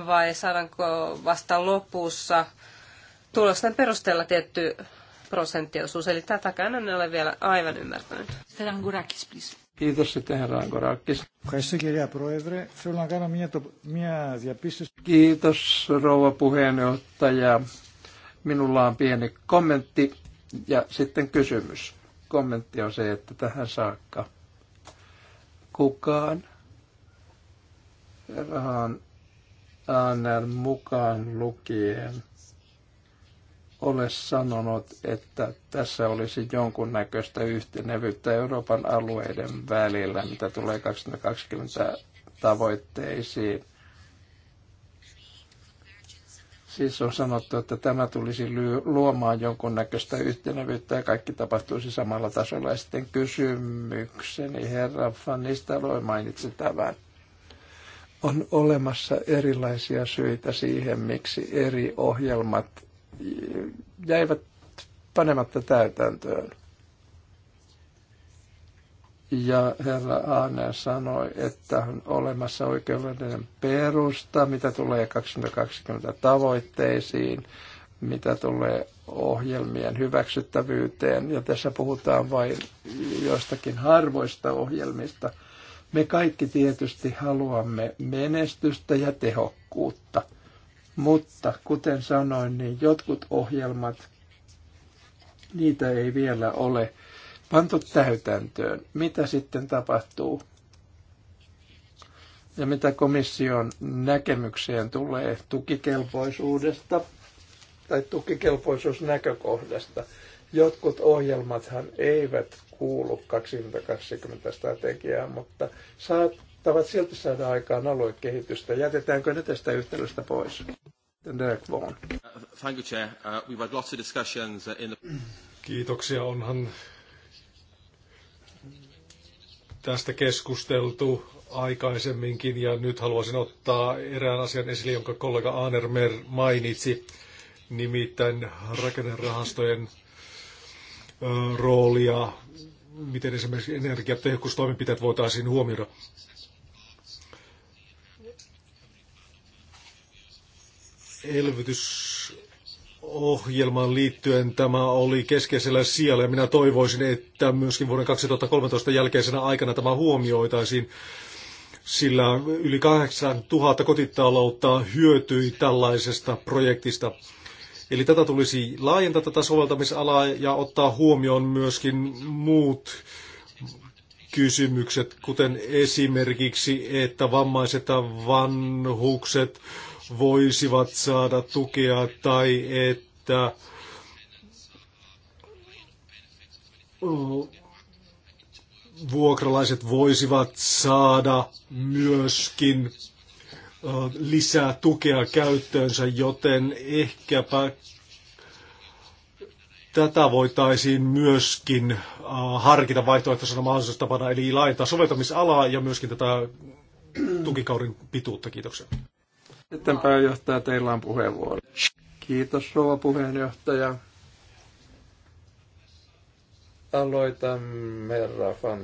vai saadaanko vasta lopussa tulosten perusteella tietty prosenttiosuus, eli tätäkään en ole vielä aivan ymmärtänyt. Stelangurakis, please. Kiitos sitten herra Ankorakis. Ευχαριστώ κυρία Πρόεδρε. Θέλω να κάνω μια, μια διαπίστωση. Kiitos rouva puheenjohtaja. Minulla on pieni kommentti ja sitten kysymys. Kommentti on se, että tähän saakka kukaan rahan Aanner mukaan lukien ole sanonut, että tässä olisi jonkunnäköistä yhtenevyyttä Euroopan alueiden välillä, mitä tulee 2020 tavoitteisiin. Siis on sanottu, että tämä tulisi luomaan jonkunnäköistä yhtenevyyttä ja kaikki tapahtuisi samalla tasolla. Ja sitten kysymykseni, herra Fannista Loi mainitsi tämän. On olemassa erilaisia syitä siihen, miksi eri ohjelmat jäivät panematta täytäntöön. Ja herra Aane sanoi, että on olemassa oikeudellinen perusta, mitä tulee 2020 tavoitteisiin, mitä tulee ohjelmien hyväksyttävyyteen. Ja tässä puhutaan vain joistakin harvoista ohjelmista. Me kaikki tietysti haluamme menestystä ja tehokkuutta – mutta kuten sanoin, niin jotkut ohjelmat, niitä ei vielä ole pantu täytäntöön. Mitä sitten tapahtuu? Ja mitä komission näkemykseen tulee tukikelpoisuudesta tai tukikelpoisuusnäkökohdasta? Jotkut ohjelmathan eivät kuulu 2020 strategiaan, mutta saattavat silti saada aikaan aluekehitystä. Jätetäänkö ne tästä yhtälöstä pois? Derek Vaughan. Thank you, Chair. Uh, we've had lots of discussions uh, in the... Kiitoksia. Onhan tästä keskusteltu aikaisemminkin ja nyt haluaisin ottaa erään asian esille, jonka kollega Anermer mainitsi, nimittäin rakennerahastojen roolia, miten esimerkiksi energiatehokkuustoimenpiteet voitaisiin huomioida. elvytysohjelmaan liittyen tämä oli keskeisellä sijalla ja minä toivoisin, että myöskin vuoden 2013 jälkeisenä aikana tämä huomioitaisiin, sillä yli 8000 kotitaloutta hyötyi tällaisesta projektista. Eli tätä tulisi laajentaa tätä soveltamisalaa ja ottaa huomioon myöskin muut kysymykset, kuten esimerkiksi, että vammaiset ja vanhukset voisivat saada tukea tai että vuokralaiset voisivat saada myöskin lisää tukea käyttöönsä, joten ehkäpä tätä voitaisiin myöskin harkita vaihtoehtoisena tapana eli laajentaa soveltamisalaa ja myöskin tätä tukikauden pituutta. Kiitoksia. Sitten pääjohtaja, teillä on puheenvuoro. Kiitos rouva puheenjohtaja. Aloitamme Rafan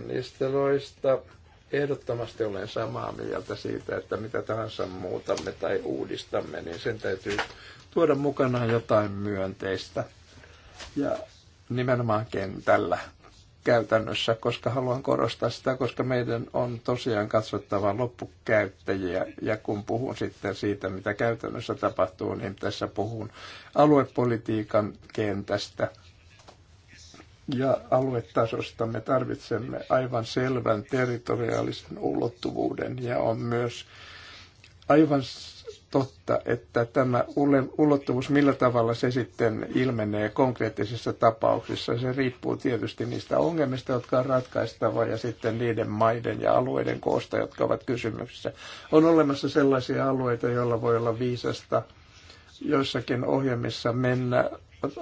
Ehdottomasti olen samaa mieltä siitä, että mitä tahansa muutamme tai uudistamme, niin sen täytyy tuoda mukanaan jotain myönteistä. Ja nimenomaan kentällä käytännössä, koska haluan korostaa sitä, koska meidän on tosiaan katsottava loppukäyttäjiä. Ja kun puhun sitten siitä, mitä käytännössä tapahtuu, niin tässä puhun aluepolitiikan kentästä. Ja aluetasosta me tarvitsemme aivan selvän territoriaalisen ulottuvuuden ja on myös aivan totta, että tämä ulottuvuus, millä tavalla se sitten ilmenee konkreettisissa tapauksissa, se riippuu tietysti niistä ongelmista, jotka on ratkaistava ja sitten niiden maiden ja alueiden koosta, jotka ovat kysymyksessä. On olemassa sellaisia alueita, joilla voi olla viisasta joissakin ohjelmissa mennä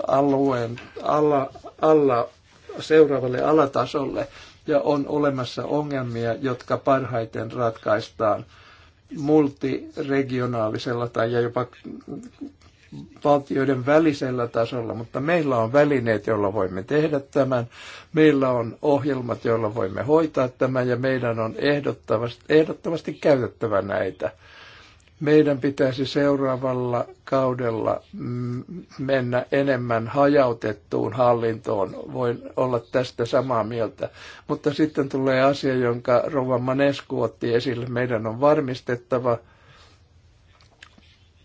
alueen alla, alla seuraavalle alatasolle ja on olemassa ongelmia, jotka parhaiten ratkaistaan – multiregionaalisella tai jopa valtioiden välisellä tasolla, mutta meillä on välineet, joilla voimme tehdä tämän, meillä on ohjelmat, joilla voimme hoitaa tämän ja meidän on ehdottomasti, ehdottomasti käytettävä näitä meidän pitäisi seuraavalla kaudella mennä enemmän hajautettuun hallintoon. Voin olla tästä samaa mieltä. Mutta sitten tulee asia, jonka Rova Manesku otti esille. Meidän on varmistettava,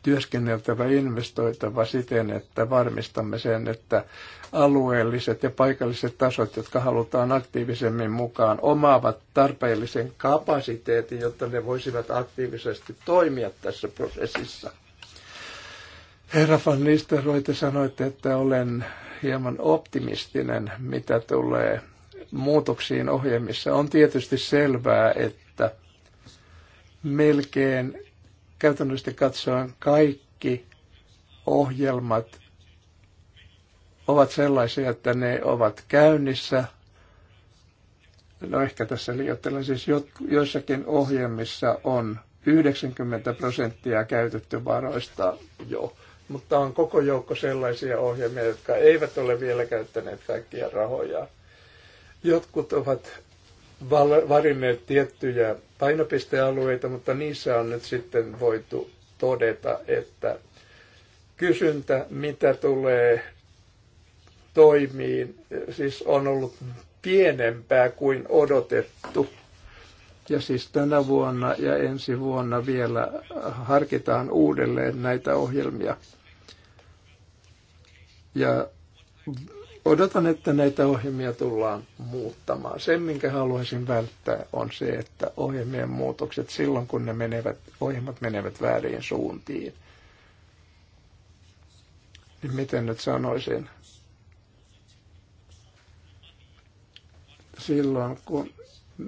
työskenneltävä investoitava siten, että varmistamme sen, että alueelliset ja paikalliset tasot, jotka halutaan aktiivisemmin mukaan, omaavat tarpeellisen kapasiteetin, jotta ne voisivat aktiivisesti toimia tässä prosessissa. Herra van Nistelrooy, te sanoitte, että olen hieman optimistinen, mitä tulee muutoksiin ohjelmissa. On tietysti selvää, että melkein käytännössä katsoen kaikki ohjelmat ovat sellaisia, että ne ovat käynnissä. No ehkä tässä liioittelen siis joissakin ohjelmissa on 90 prosenttia käytetty varoista jo. Mutta on koko joukko sellaisia ohjelmia, jotka eivät ole vielä käyttäneet kaikkia rahoja. Jotkut ovat varinneet tiettyjä painopistealueita, mutta niissä on nyt sitten voitu todeta, että kysyntä, mitä tulee toimiin, siis on ollut pienempää kuin odotettu. Ja siis tänä vuonna ja ensi vuonna vielä harkitaan uudelleen näitä ohjelmia. Ja odotan, että näitä ohjelmia tullaan muuttamaan. Se, minkä haluaisin välttää, on se, että ohjelmien muutokset silloin, kun ne menevät, ohjelmat menevät väärin suuntiin. Niin miten nyt sanoisin? Silloin, kun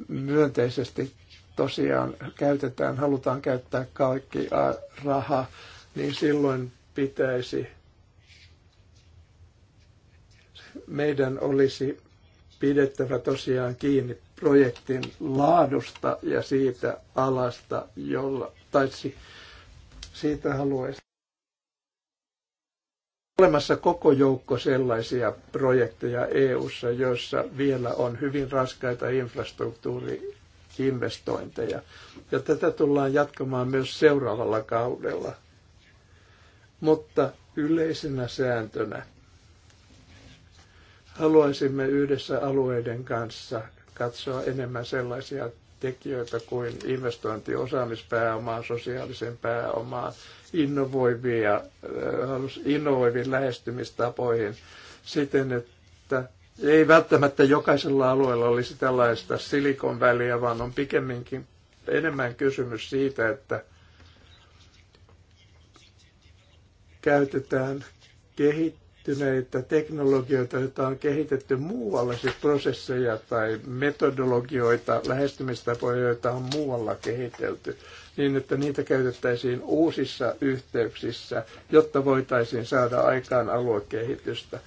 myönteisesti tosiaan käytetään, halutaan käyttää kaikki raha, niin silloin pitäisi meidän olisi pidettävä tosiaan kiinni projektin laadusta ja siitä alasta, jolla, tai siitä haluaisi. Olemassa koko joukko sellaisia projekteja EU:ssa, joissa vielä on hyvin raskaita infrastruktuuriinvestointeja. Ja tätä tullaan jatkamaan myös seuraavalla kaudella. Mutta yleisenä sääntönä Haluaisimme yhdessä alueiden kanssa katsoa enemmän sellaisia tekijöitä kuin investointiosaamispääomaa, sosiaalisen pääomaa, innovoivia, äh, innovoiviin lähestymistapoihin siten, että ei välttämättä jokaisella alueella olisi tällaista silikonväliä, vaan on pikemminkin enemmän kysymys siitä, että käytetään kehittämistä kehittyneitä teknologioita, joita on kehitetty muualla, siis prosesseja tai metodologioita, lähestymistapoja, joita on muualla kehitelty, niin että niitä käytettäisiin uusissa yhteyksissä, jotta voitaisiin saada aikaan aluekehitystä.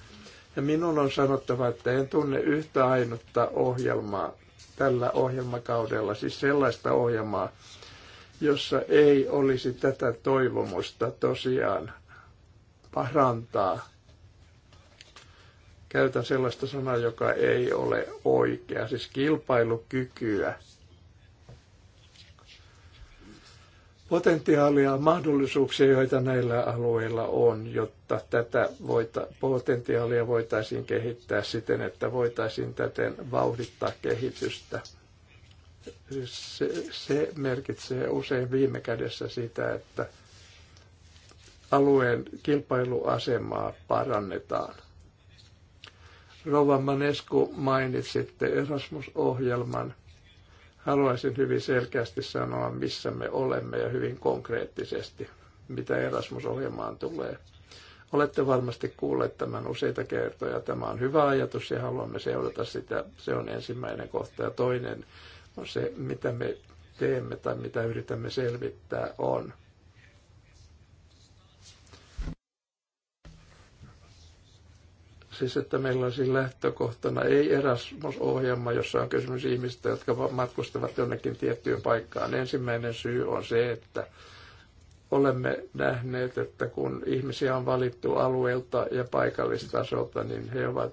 Ja minun on sanottava, että en tunne yhtä ainutta ohjelmaa tällä ohjelmakaudella, siis sellaista ohjelmaa, jossa ei olisi tätä toivomusta tosiaan parantaa käytän sellaista sanaa, joka ei ole oikea, siis kilpailukykyä. Potentiaalia, mahdollisuuksia, joita näillä alueilla on, jotta tätä voita, potentiaalia voitaisiin kehittää siten, että voitaisiin täten vauhdittaa kehitystä. se, se merkitsee usein viime kädessä sitä, että alueen kilpailuasemaa parannetaan – Rova Manesku mainitsitte Erasmus-ohjelman. Haluaisin hyvin selkeästi sanoa, missä me olemme ja hyvin konkreettisesti, mitä Erasmus-ohjelmaan tulee. Olette varmasti kuulleet tämän useita kertoja. Tämä on hyvä ajatus ja haluamme seurata sitä. Se on ensimmäinen kohta. Ja toinen on se, mitä me teemme tai mitä yritämme selvittää, on – Siis, että meillä on siis lähtökohtana ei Erasmus-ohjelma, jossa on kysymys ihmistä, jotka matkustavat jonnekin tiettyyn paikkaan. Ensimmäinen syy on se, että olemme nähneet, että kun ihmisiä on valittu alueelta ja paikallistasolta, niin he ovat,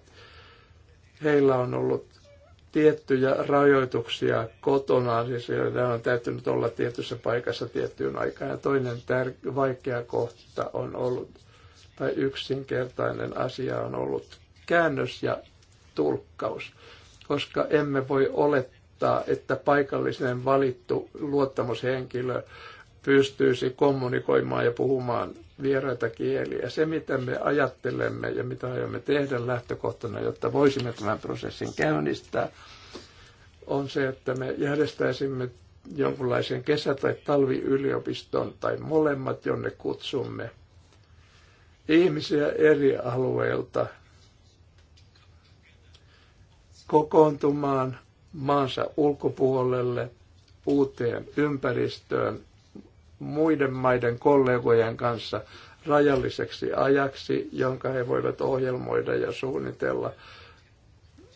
heillä on ollut tiettyjä rajoituksia kotonaan, siis heillä on täytynyt olla tietyssä paikassa tiettyyn aikaan. Ja toinen tär- vaikea kohta on ollut tai yksinkertainen asia on ollut käännös ja tulkkaus, koska emme voi olettaa, että paikallisen valittu luottamushenkilö pystyisi kommunikoimaan ja puhumaan vieraita kieliä. Se, mitä me ajattelemme ja mitä aiomme tehdä lähtökohtana, jotta voisimme tämän prosessin käynnistää, on se, että me järjestäisimme jonkunlaisen kesä- tai talviyliopiston tai molemmat, jonne kutsumme – ihmisiä eri alueilta kokoontumaan maansa ulkopuolelle uuteen ympäristöön muiden maiden kollegojen kanssa rajalliseksi ajaksi, jonka he voivat ohjelmoida ja suunnitella.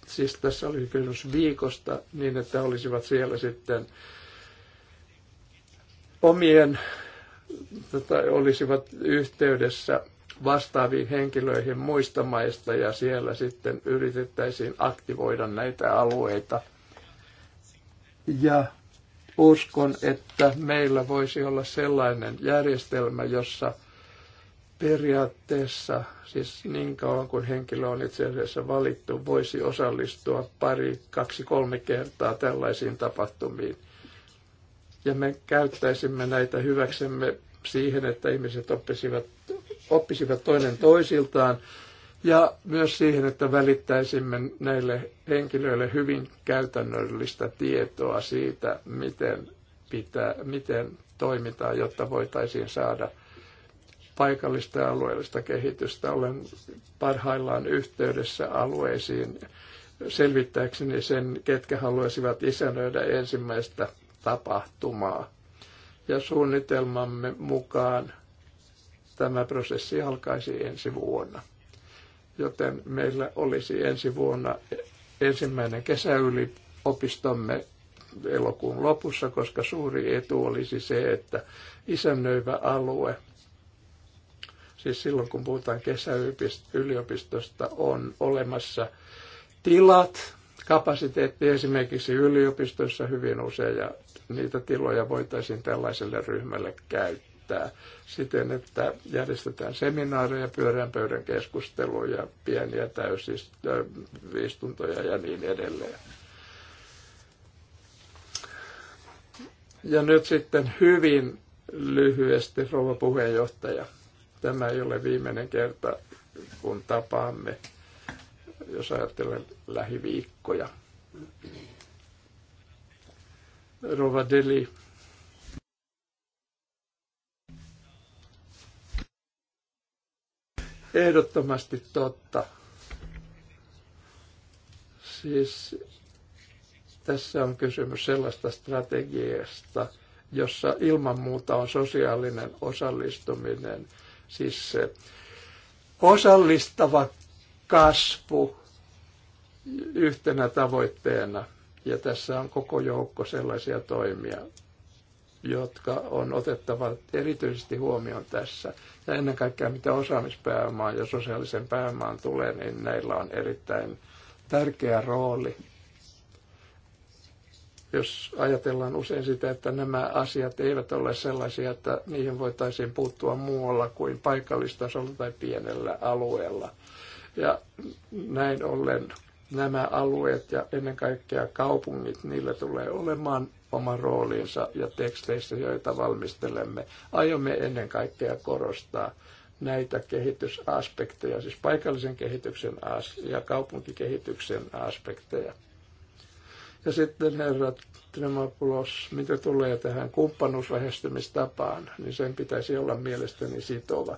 Siis tässä oli kysymys viikosta niin, että olisivat siellä sitten omien, tota, olisivat yhteydessä vastaaviin henkilöihin muista maista ja siellä sitten yritettäisiin aktivoida näitä alueita. Ja uskon, että meillä voisi olla sellainen järjestelmä, jossa periaatteessa, siis niin kauan kuin henkilö on itse asiassa valittu, voisi osallistua pari, kaksi, kolme kertaa tällaisiin tapahtumiin. Ja me käyttäisimme näitä hyväksemme siihen, että ihmiset oppisivat oppisivat toinen toisiltaan ja myös siihen, että välittäisimme näille henkilöille hyvin käytännöllistä tietoa siitä, miten, pitää, miten toimitaan, jotta voitaisiin saada paikallista ja alueellista kehitystä. Olen parhaillaan yhteydessä alueisiin selvittääkseni sen, ketkä haluaisivat isännöidä ensimmäistä tapahtumaa. Ja suunnitelmamme mukaan tämä prosessi alkaisi ensi vuonna. Joten meillä olisi ensi vuonna ensimmäinen opistomme elokuun lopussa, koska suuri etu olisi se, että isännöivä alue, siis silloin kun puhutaan kesäyliopistosta, on olemassa tilat, kapasiteetti esimerkiksi yliopistossa hyvin usein, ja niitä tiloja voitaisiin tällaiselle ryhmälle käyttää kehittää siten, että järjestetään seminaareja, pyörän pöydän keskusteluja, pieniä täysistuntoja ja niin edelleen. Ja nyt sitten hyvin lyhyesti, rouva puheenjohtaja. Tämä ei ole viimeinen kerta, kun tapaamme, jos ajattelen lähiviikkoja. Rova Deli ehdottomasti totta. Siis tässä on kysymys sellaista strategiasta, jossa ilman muuta on sosiaalinen osallistuminen, siis se osallistava kasvu yhtenä tavoitteena. Ja tässä on koko joukko sellaisia toimia, jotka on otettava erityisesti huomioon tässä. Ja ennen kaikkea mitä osaamispääomaan ja sosiaalisen pääomaan tulee, niin näillä on erittäin tärkeä rooli. Jos ajatellaan usein sitä, että nämä asiat eivät ole sellaisia, että niihin voitaisiin puuttua muualla kuin paikallistasolla tai pienellä alueella. Ja näin ollen nämä alueet ja ennen kaikkea kaupungit, niillä tulee olemaan oma roolinsa ja teksteistä, joita valmistelemme. Aiomme ennen kaikkea korostaa näitä kehitysaspekteja, siis paikallisen kehityksen ja kaupunkikehityksen aspekteja. Ja sitten herra Tremapulos, mitä tulee tähän kumppanuuslähestymistapaan, niin sen pitäisi olla mielestäni sitova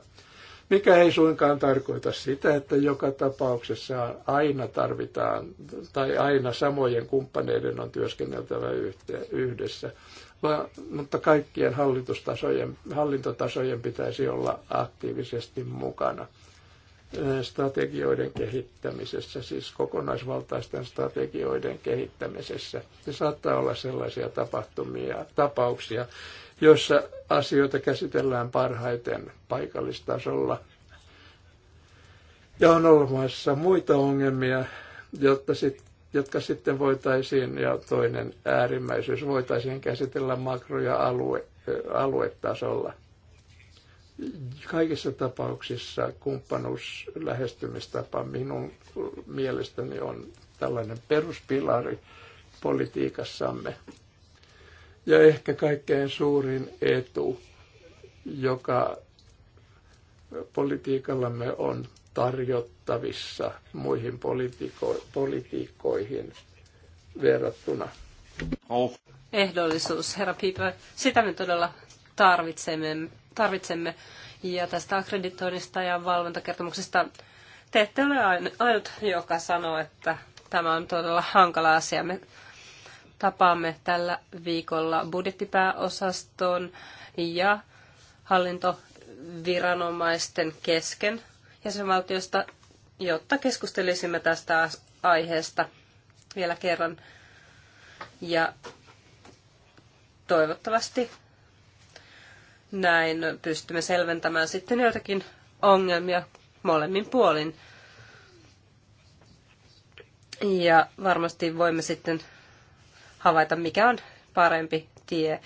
mikä ei suinkaan tarkoita sitä, että joka tapauksessa aina tarvitaan tai aina samojen kumppaneiden on työskenneltävä yhdessä, vaan, mutta kaikkien hallintotasojen pitäisi olla aktiivisesti mukana. Eh, strategioiden kehittämisessä, siis kokonaisvaltaisten strategioiden kehittämisessä. Se saattaa olla sellaisia tapahtumia, tapauksia, joissa asioita käsitellään parhaiten paikallistasolla. Ja on olemassa muita ongelmia, jotta sit, jotka sitten voitaisiin, ja toinen äärimmäisyys, voitaisiin käsitellä makro- ja alue, eh, aluetasolla – Kaikissa tapauksissa kumppanuuslähestymistapa minun mielestäni on tällainen peruspilari politiikassamme. Ja ehkä kaikkein suurin etu, joka politiikallamme on tarjottavissa muihin politiiko- politiikkoihin verrattuna. Oh. Ehdollisuus, herra Piipä, sitä me todella tarvitsemme tarvitsemme. Ja tästä akkreditoinnista ja valvontakertomuksesta te ette ole ainut, joka sanoo, että tämä on todella hankala asia. Me tapaamme tällä viikolla budjettipääosaston ja hallintoviranomaisten kesken jäsenvaltiosta, jotta keskustelisimme tästä aiheesta vielä kerran. Ja toivottavasti näin pystymme selventämään sitten joitakin ongelmia molemmin puolin. Ja varmasti voimme sitten havaita, mikä on parempi tie.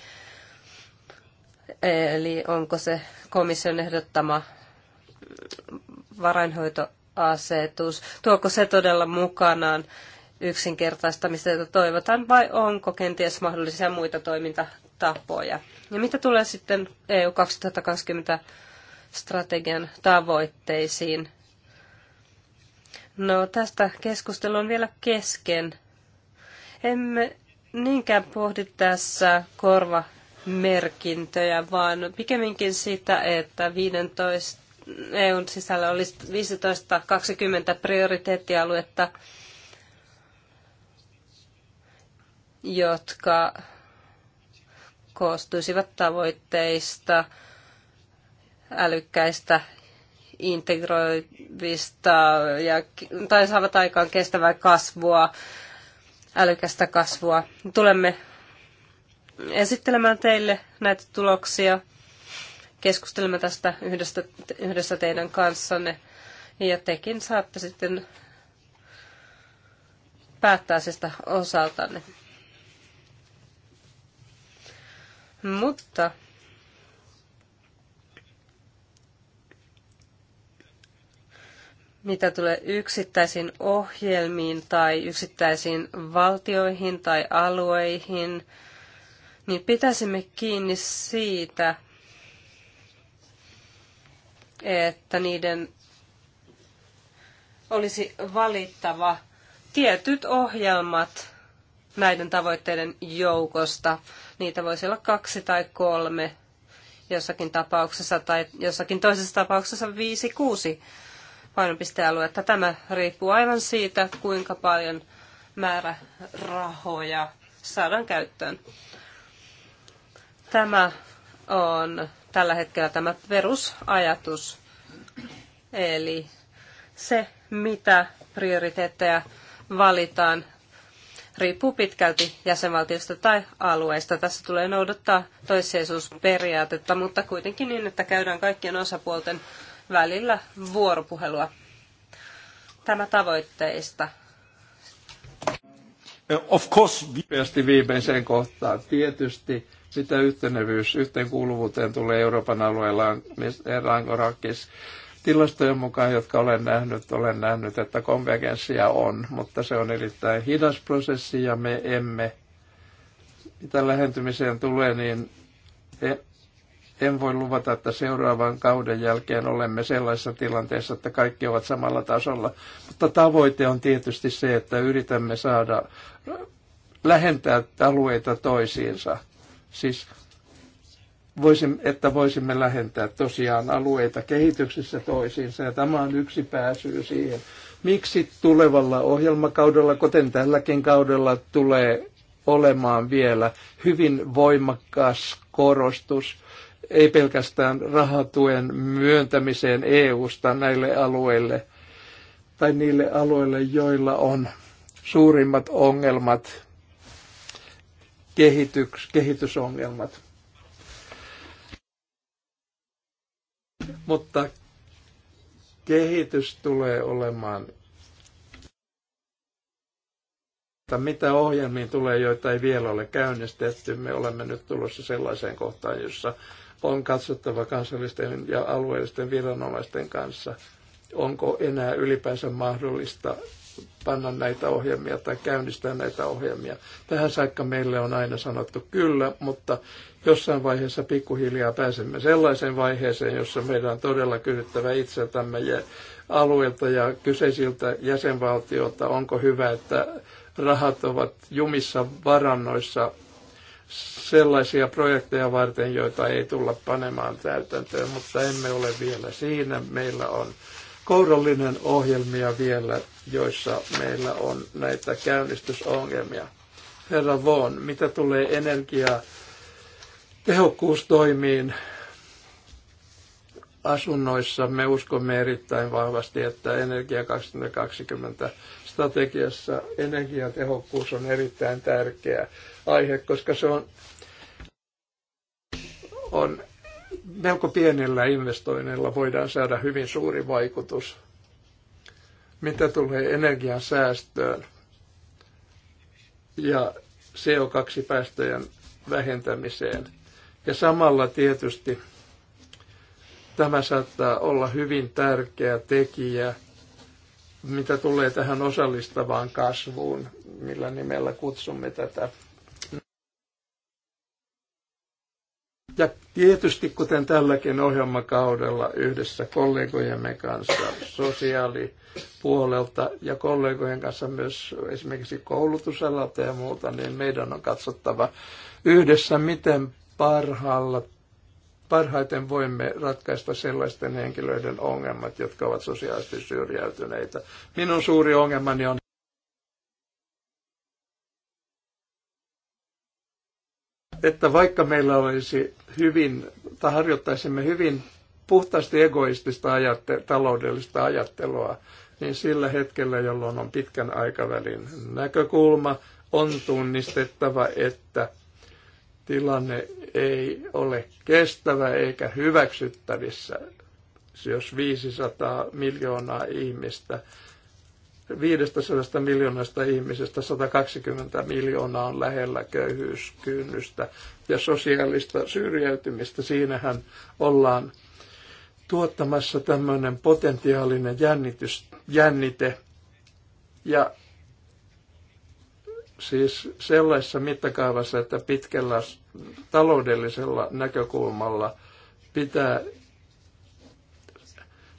Eli onko se komission ehdottama varainhoitoasetus, tuoko se todella mukanaan yksinkertaistamista, jota toivotaan, vai onko kenties mahdollisia muita toiminta- tapoja. Ja mitä tulee sitten EU 2020 strategian tavoitteisiin? No tästä keskustelu on vielä kesken. Emme niinkään pohdi tässä korva merkintöjä, vaan pikemminkin sitä, että 15, EUn sisällä olisi 15-20 prioriteettialuetta, jotka koostuisivat tavoitteista, älykkäistä, integroivista ja, tai saavat aikaan kestävää kasvua, älykästä kasvua. Tulemme esittelemään teille näitä tuloksia. Keskustelemme tästä yhdessä, yhdessä teidän kanssanne. Ja tekin saatte sitten päättää sitä osaltanne. Mutta mitä tulee yksittäisiin ohjelmiin tai yksittäisiin valtioihin tai alueihin, niin pitäisimme kiinni siitä, että niiden olisi valittava tietyt ohjelmat näiden tavoitteiden joukosta Niitä voisi olla kaksi tai kolme jossakin tapauksessa tai jossakin toisessa tapauksessa viisi, kuusi painopistealuetta. Tämä riippuu aivan siitä, kuinka paljon määrä rahoja saadaan käyttöön. Tämä on tällä hetkellä tämä perusajatus. Eli se, mitä prioriteetteja valitaan, riippuu pitkälti jäsenvaltiosta tai alueesta. Tässä tulee noudattaa toissijaisuusperiaatetta, mutta kuitenkin niin, että käydään kaikkien osapuolten välillä vuoropuhelua. Tämä tavoitteista. Of course, viipeästi viimeiseen kohtaan. Tietysti mitä yhtenevyys, yhteenkuuluvuuteen tulee Euroopan alueella, niin Rankorakis tilastojen mukaan, jotka olen nähnyt, olen nähnyt, että konvergenssia on, mutta se on erittäin hidas prosessi ja me emme. Mitä lähentymiseen tulee, niin e, en voi luvata, että seuraavan kauden jälkeen olemme sellaisessa tilanteessa, että kaikki ovat samalla tasolla. Mutta tavoite on tietysti se, että yritämme saada lähentää alueita toisiinsa. Siis voisim, että voisimme lähentää tosiaan alueita kehityksessä toisiinsa. Ja tämä on yksi pääsy siihen. Miksi tulevalla ohjelmakaudella, kuten tälläkin kaudella, tulee olemaan vielä hyvin voimakkaas korostus, ei pelkästään rahatuen myöntämiseen EU-sta näille alueille tai niille alueille, joilla on suurimmat ongelmat, kehitys kehitysongelmat Mutta kehitys tulee olemaan että mitä ohjelmiin tulee, joita ei vielä ole käynnistetty. Me olemme nyt tulossa sellaiseen kohtaan, jossa on katsottava kansallisten ja alueellisten viranomaisten kanssa, onko enää ylipäänsä mahdollista panna näitä ohjelmia tai käynnistää näitä ohjelmia. Tähän saakka meille on aina sanottu kyllä, mutta jossain vaiheessa pikkuhiljaa pääsemme sellaiseen vaiheeseen, jossa meidän on todella kysyttävä itseltämme ja alueelta ja kyseisiltä jäsenvaltiolta, onko hyvä, että rahat ovat jumissa varannoissa sellaisia projekteja varten, joita ei tulla panemaan täytäntöön, mutta emme ole vielä siinä. Meillä on kourallinen ohjelmia vielä, joissa meillä on näitä käynnistysongelmia. Herra Von, mitä tulee energiaa tehokkuustoimiin asunnoissa, me uskomme erittäin vahvasti, että Energia 2020 strategiassa energiatehokkuus on erittäin tärkeä aihe, koska se on, on melko pienillä investoinneilla voidaan saada hyvin suuri vaikutus. Mitä tulee energian säästöön ja CO2-päästöjen vähentämiseen. Ja samalla tietysti tämä saattaa olla hyvin tärkeä tekijä, mitä tulee tähän osallistavaan kasvuun, millä nimellä kutsumme tätä Ja tietysti kuten tälläkin ohjelmakaudella yhdessä kollegojemme kanssa sosiaalipuolelta ja kollegojen kanssa myös esimerkiksi koulutusalalta ja muuta, niin meidän on katsottava yhdessä, miten parhaalla, parhaiten voimme ratkaista sellaisten henkilöiden ongelmat, jotka ovat sosiaalisesti syrjäytyneitä. Minun suuri ongelmani on että vaikka meillä olisi hyvin, tai harjoittaisimme hyvin puhtaasti egoistista ajatte- taloudellista ajattelua, niin sillä hetkellä, jolloin on pitkän aikavälin näkökulma, on tunnistettava, että tilanne ei ole kestävä eikä hyväksyttävissä, jos 500 miljoonaa ihmistä 500 miljoonasta ihmisestä 120 miljoonaa on lähellä köyhyyskynnystä ja sosiaalista syrjäytymistä. Siinähän ollaan tuottamassa tämmöinen potentiaalinen jännitys, jännite ja siis sellaisessa mittakaavassa, että pitkällä taloudellisella näkökulmalla pitää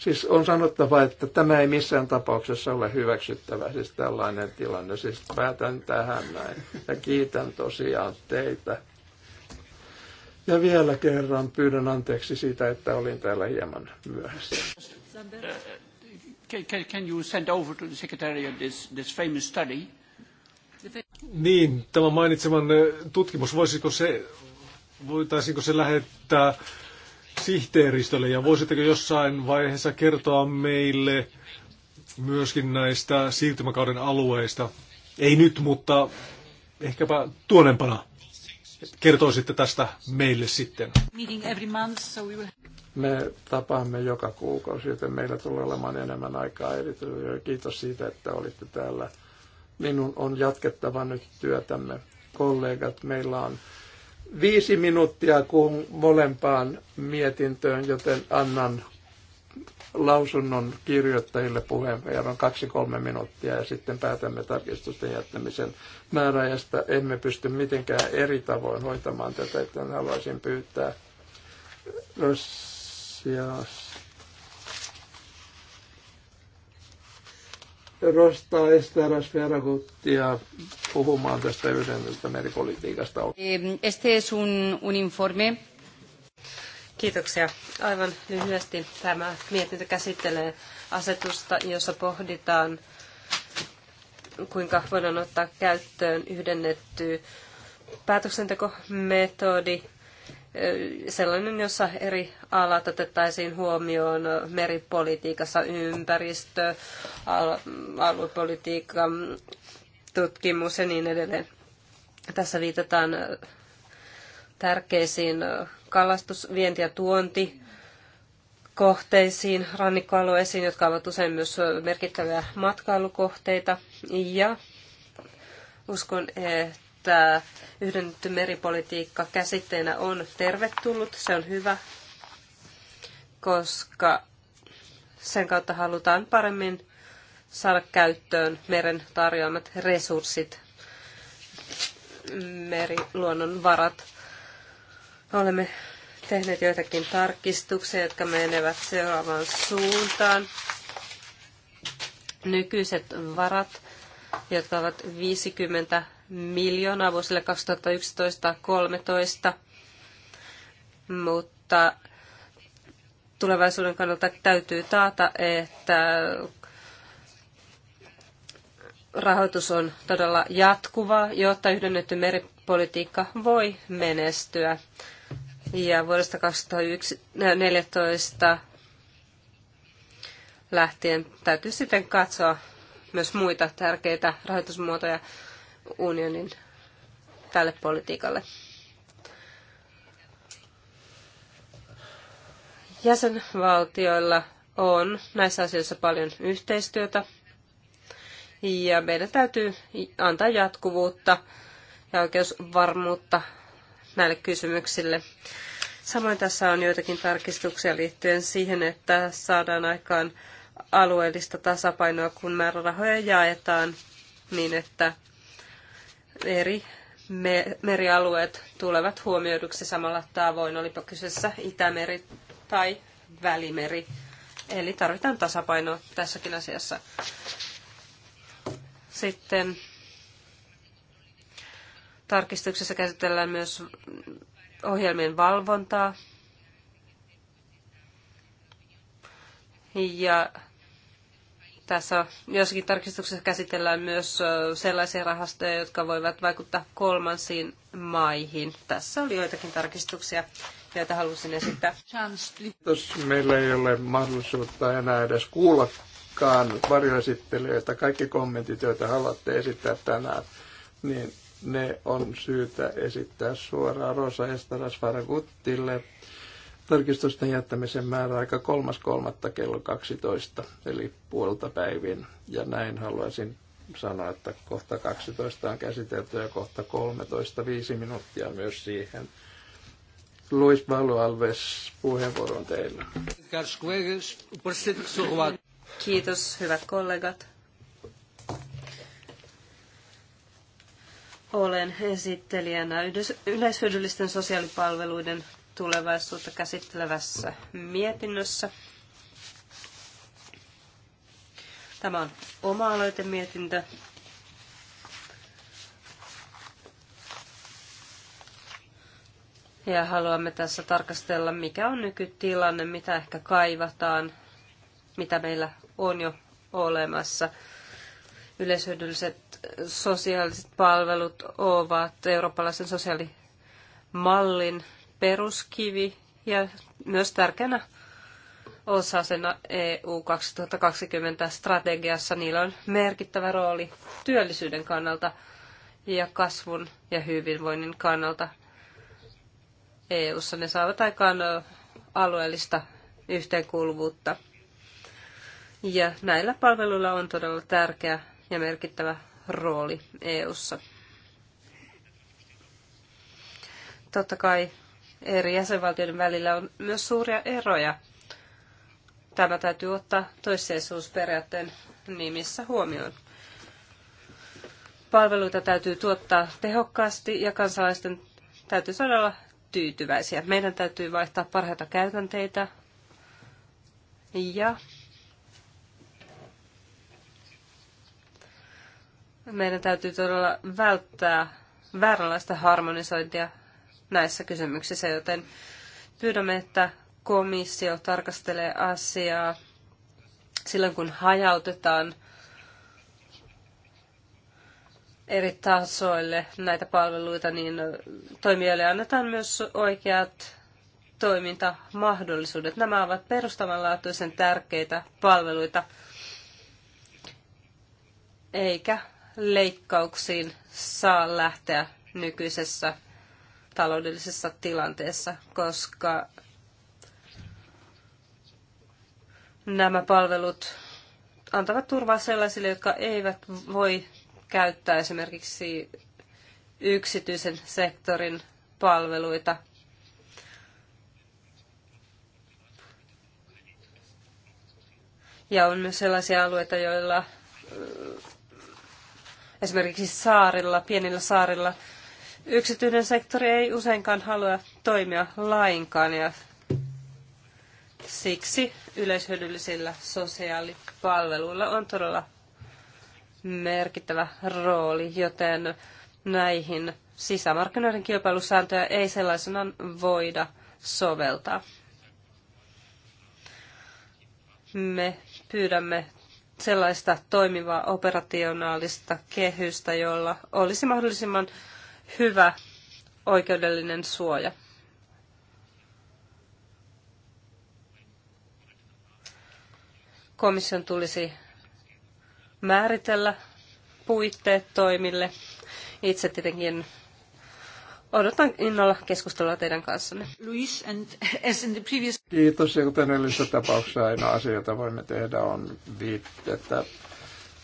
Siis on sanottava, että tämä ei missään tapauksessa ole hyväksyttävä, siis tällainen tilanne. Siis päätän tähän näin ja kiitän tosiaan teitä. Ja vielä kerran pyydän anteeksi siitä, että olin täällä hieman myöhässä. Can you send over to the secretary this, famous study? Niin, tämä mainitseman eh, tutkimus, voisiko se, voitaisiinko se lähettää sihteeristölle ja voisitteko jossain vaiheessa kertoa meille myöskin näistä siirtymäkauden alueista? Ei nyt, mutta ehkäpä tuonempana kertoisitte tästä meille sitten. Me tapaamme joka kuukausi, joten meillä tulee olemaan enemmän aikaa. Erityisesti kiitos siitä, että olitte täällä. Minun on jatkettava nyt työtämme. Kollegat, meillä on viisi minuuttia kuin molempaan mietintöön, joten annan lausunnon kirjoittajille puheenvuoron kaksi kolme minuuttia ja sitten päätämme tarkistusten jättämisen määräajasta. Emme pysty mitenkään eri tavoin hoitamaan tätä, että haluaisin pyytää Rossias. Rosta Estaras Ferraguttia puhumaan tästä yhdennestä meripolitiikasta. Este es un, un informe. Kiitoksia. Aivan lyhyesti tämä mietintö käsittelee asetusta, jossa pohditaan, kuinka voidaan ottaa käyttöön yhdennetty päätöksentekometodi sellainen, jossa eri alat otettaisiin huomioon meripolitiikassa, ympäristö, aluepolitiikka, tutkimus ja niin edelleen. Tässä viitataan tärkeisiin kalastus-, vienti- ja tuonti kohteisiin, rannikkoalueisiin, jotka ovat usein myös merkittäviä matkailukohteita. Ja uskon, että että yhdennetty meripolitiikka käsitteenä on tervetullut. Se on hyvä, koska sen kautta halutaan paremmin saada käyttöön meren tarjoamat resurssit, meriluonnon varat. Olemme tehneet joitakin tarkistuksia, jotka menevät seuraavaan suuntaan. Nykyiset varat, jotka ovat 50 miljoonaa vuosille 2011-2013, mutta tulevaisuuden kannalta täytyy taata, että rahoitus on todella jatkuvaa, jotta yhdennetty meripolitiikka voi menestyä. Ja vuodesta 2014 lähtien täytyy sitten katsoa myös muita tärkeitä rahoitusmuotoja unionin tälle politiikalle. Jäsenvaltioilla on näissä asioissa paljon yhteistyötä ja meidän täytyy antaa jatkuvuutta ja oikeusvarmuutta näille kysymyksille. Samoin tässä on joitakin tarkistuksia liittyen siihen, että saadaan aikaan alueellista tasapainoa, kun määrärahoja jaetaan niin, että eri merialueet tulevat huomioiduksi samalla tavoin, olipa kyseessä Itämeri tai Välimeri. Eli tarvitaan tasapainoa tässäkin asiassa. Sitten tarkistuksessa käsitellään myös ohjelmien valvontaa. Ja tässä joissakin tarkistuksessa käsitellään myös sellaisia rahastoja, jotka voivat vaikuttaa kolmansiin maihin. Tässä oli joitakin tarkistuksia, joita halusin esittää. Kiitos. Meillä ei ole mahdollisuutta enää edes kuullakaan varjoesittelijöitä. Kaikki kommentit, joita haluatte esittää tänään, niin ne on syytä esittää suoraan Rosa Estaras Faraguttille Tarkistusten jättämisen määräaika 3.3. kello 12, eli puolta päivin. Ja näin haluaisin sanoa, että kohta 12 on käsitelty ja kohta 13 viisi minuuttia myös siihen. Luis Pablo Alves, puheenvuoron teillä. Kiitos, hyvät kollegat. Olen esittelijänä yleishyödyllisten sosiaalipalveluiden tulevaisuutta käsittelevässä mietinnössä. Tämä on oma aloitemietintö. Ja haluamme tässä tarkastella, mikä on nykytilanne, mitä ehkä kaivataan, mitä meillä on jo olemassa. Yleishyödylliset sosiaaliset palvelut ovat eurooppalaisen sosiaalimallin peruskivi ja myös tärkeänä osasena EU 2020 strategiassa. Niillä on merkittävä rooli työllisyyden kannalta ja kasvun ja hyvinvoinnin kannalta. EU:ssa ne saavat aikaan alueellista yhteenkuuluvuutta. Ja näillä palveluilla on todella tärkeä ja merkittävä rooli EU:ssa. Totta kai eri jäsenvaltioiden välillä on myös suuria eroja. Tämä täytyy ottaa toisseisuusperiaatteen nimissä huomioon. Palveluita täytyy tuottaa tehokkaasti ja kansalaisten täytyy saada olla tyytyväisiä. Meidän täytyy vaihtaa parhaita käytänteitä ja meidän täytyy todella välttää vääränlaista harmonisointia näissä kysymyksissä, joten pyydämme, että komissio tarkastelee asiaa silloin, kun hajautetaan eri tasoille näitä palveluita, niin toimijoille annetaan myös oikeat toimintamahdollisuudet. Nämä ovat perustavanlaatuisen tärkeitä palveluita, eikä leikkauksiin saa lähteä nykyisessä taloudellisessa tilanteessa, koska nämä palvelut antavat turvaa sellaisille, jotka eivät voi käyttää esimerkiksi yksityisen sektorin palveluita. Ja on myös sellaisia alueita, joilla esimerkiksi saarilla, pienillä saarilla Yksityinen sektori ei useinkaan halua toimia lainkaan ja siksi yleishyödyllisillä sosiaalipalveluilla on todella merkittävä rooli, joten näihin sisämarkkinoiden kilpailusääntöjä ei sellaisenaan voida soveltaa. Me pyydämme sellaista toimivaa operationaalista kehystä, jolla olisi mahdollisimman hyvä oikeudellinen suoja. Komission tulisi määritellä puitteet toimille. Itse tietenkin odotan innolla keskustelua teidän kanssanne. Luis and as in the previous... Kiitos, ja kuten edellisessä tapauksessa aina jota voimme tehdä on viitettä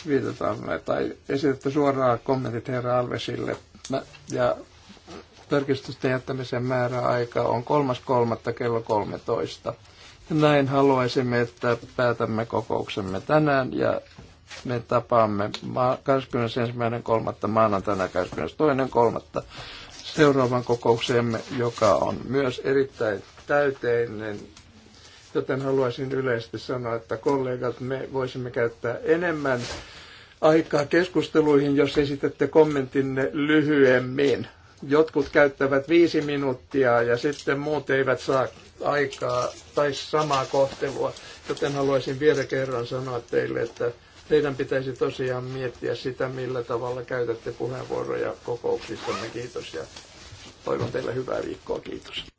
viitatamme tai esitätte suoraan kommentit herra Alvesille ja tarkistusten jättämisen määräaika on 3.3. kello 13. Ja näin haluaisimme, että päätämme kokouksemme tänään ja me tapaamme 21.3. maanantaina 22.3. seuraavan kokouksemme, joka on myös erittäin täyteinen. Joten haluaisin yleisesti sanoa, että kollegat, me voisimme käyttää enemmän aikaa keskusteluihin, jos esitätte kommenttinne lyhyemmin. Jotkut käyttävät viisi minuuttia ja sitten muut eivät saa aikaa tai samaa kohtelua. Joten haluaisin vielä kerran sanoa teille, että teidän pitäisi tosiaan miettiä sitä, millä tavalla käytätte puheenvuoroja kokouksissamme. Kiitos ja toivon teille hyvää viikkoa. Kiitos.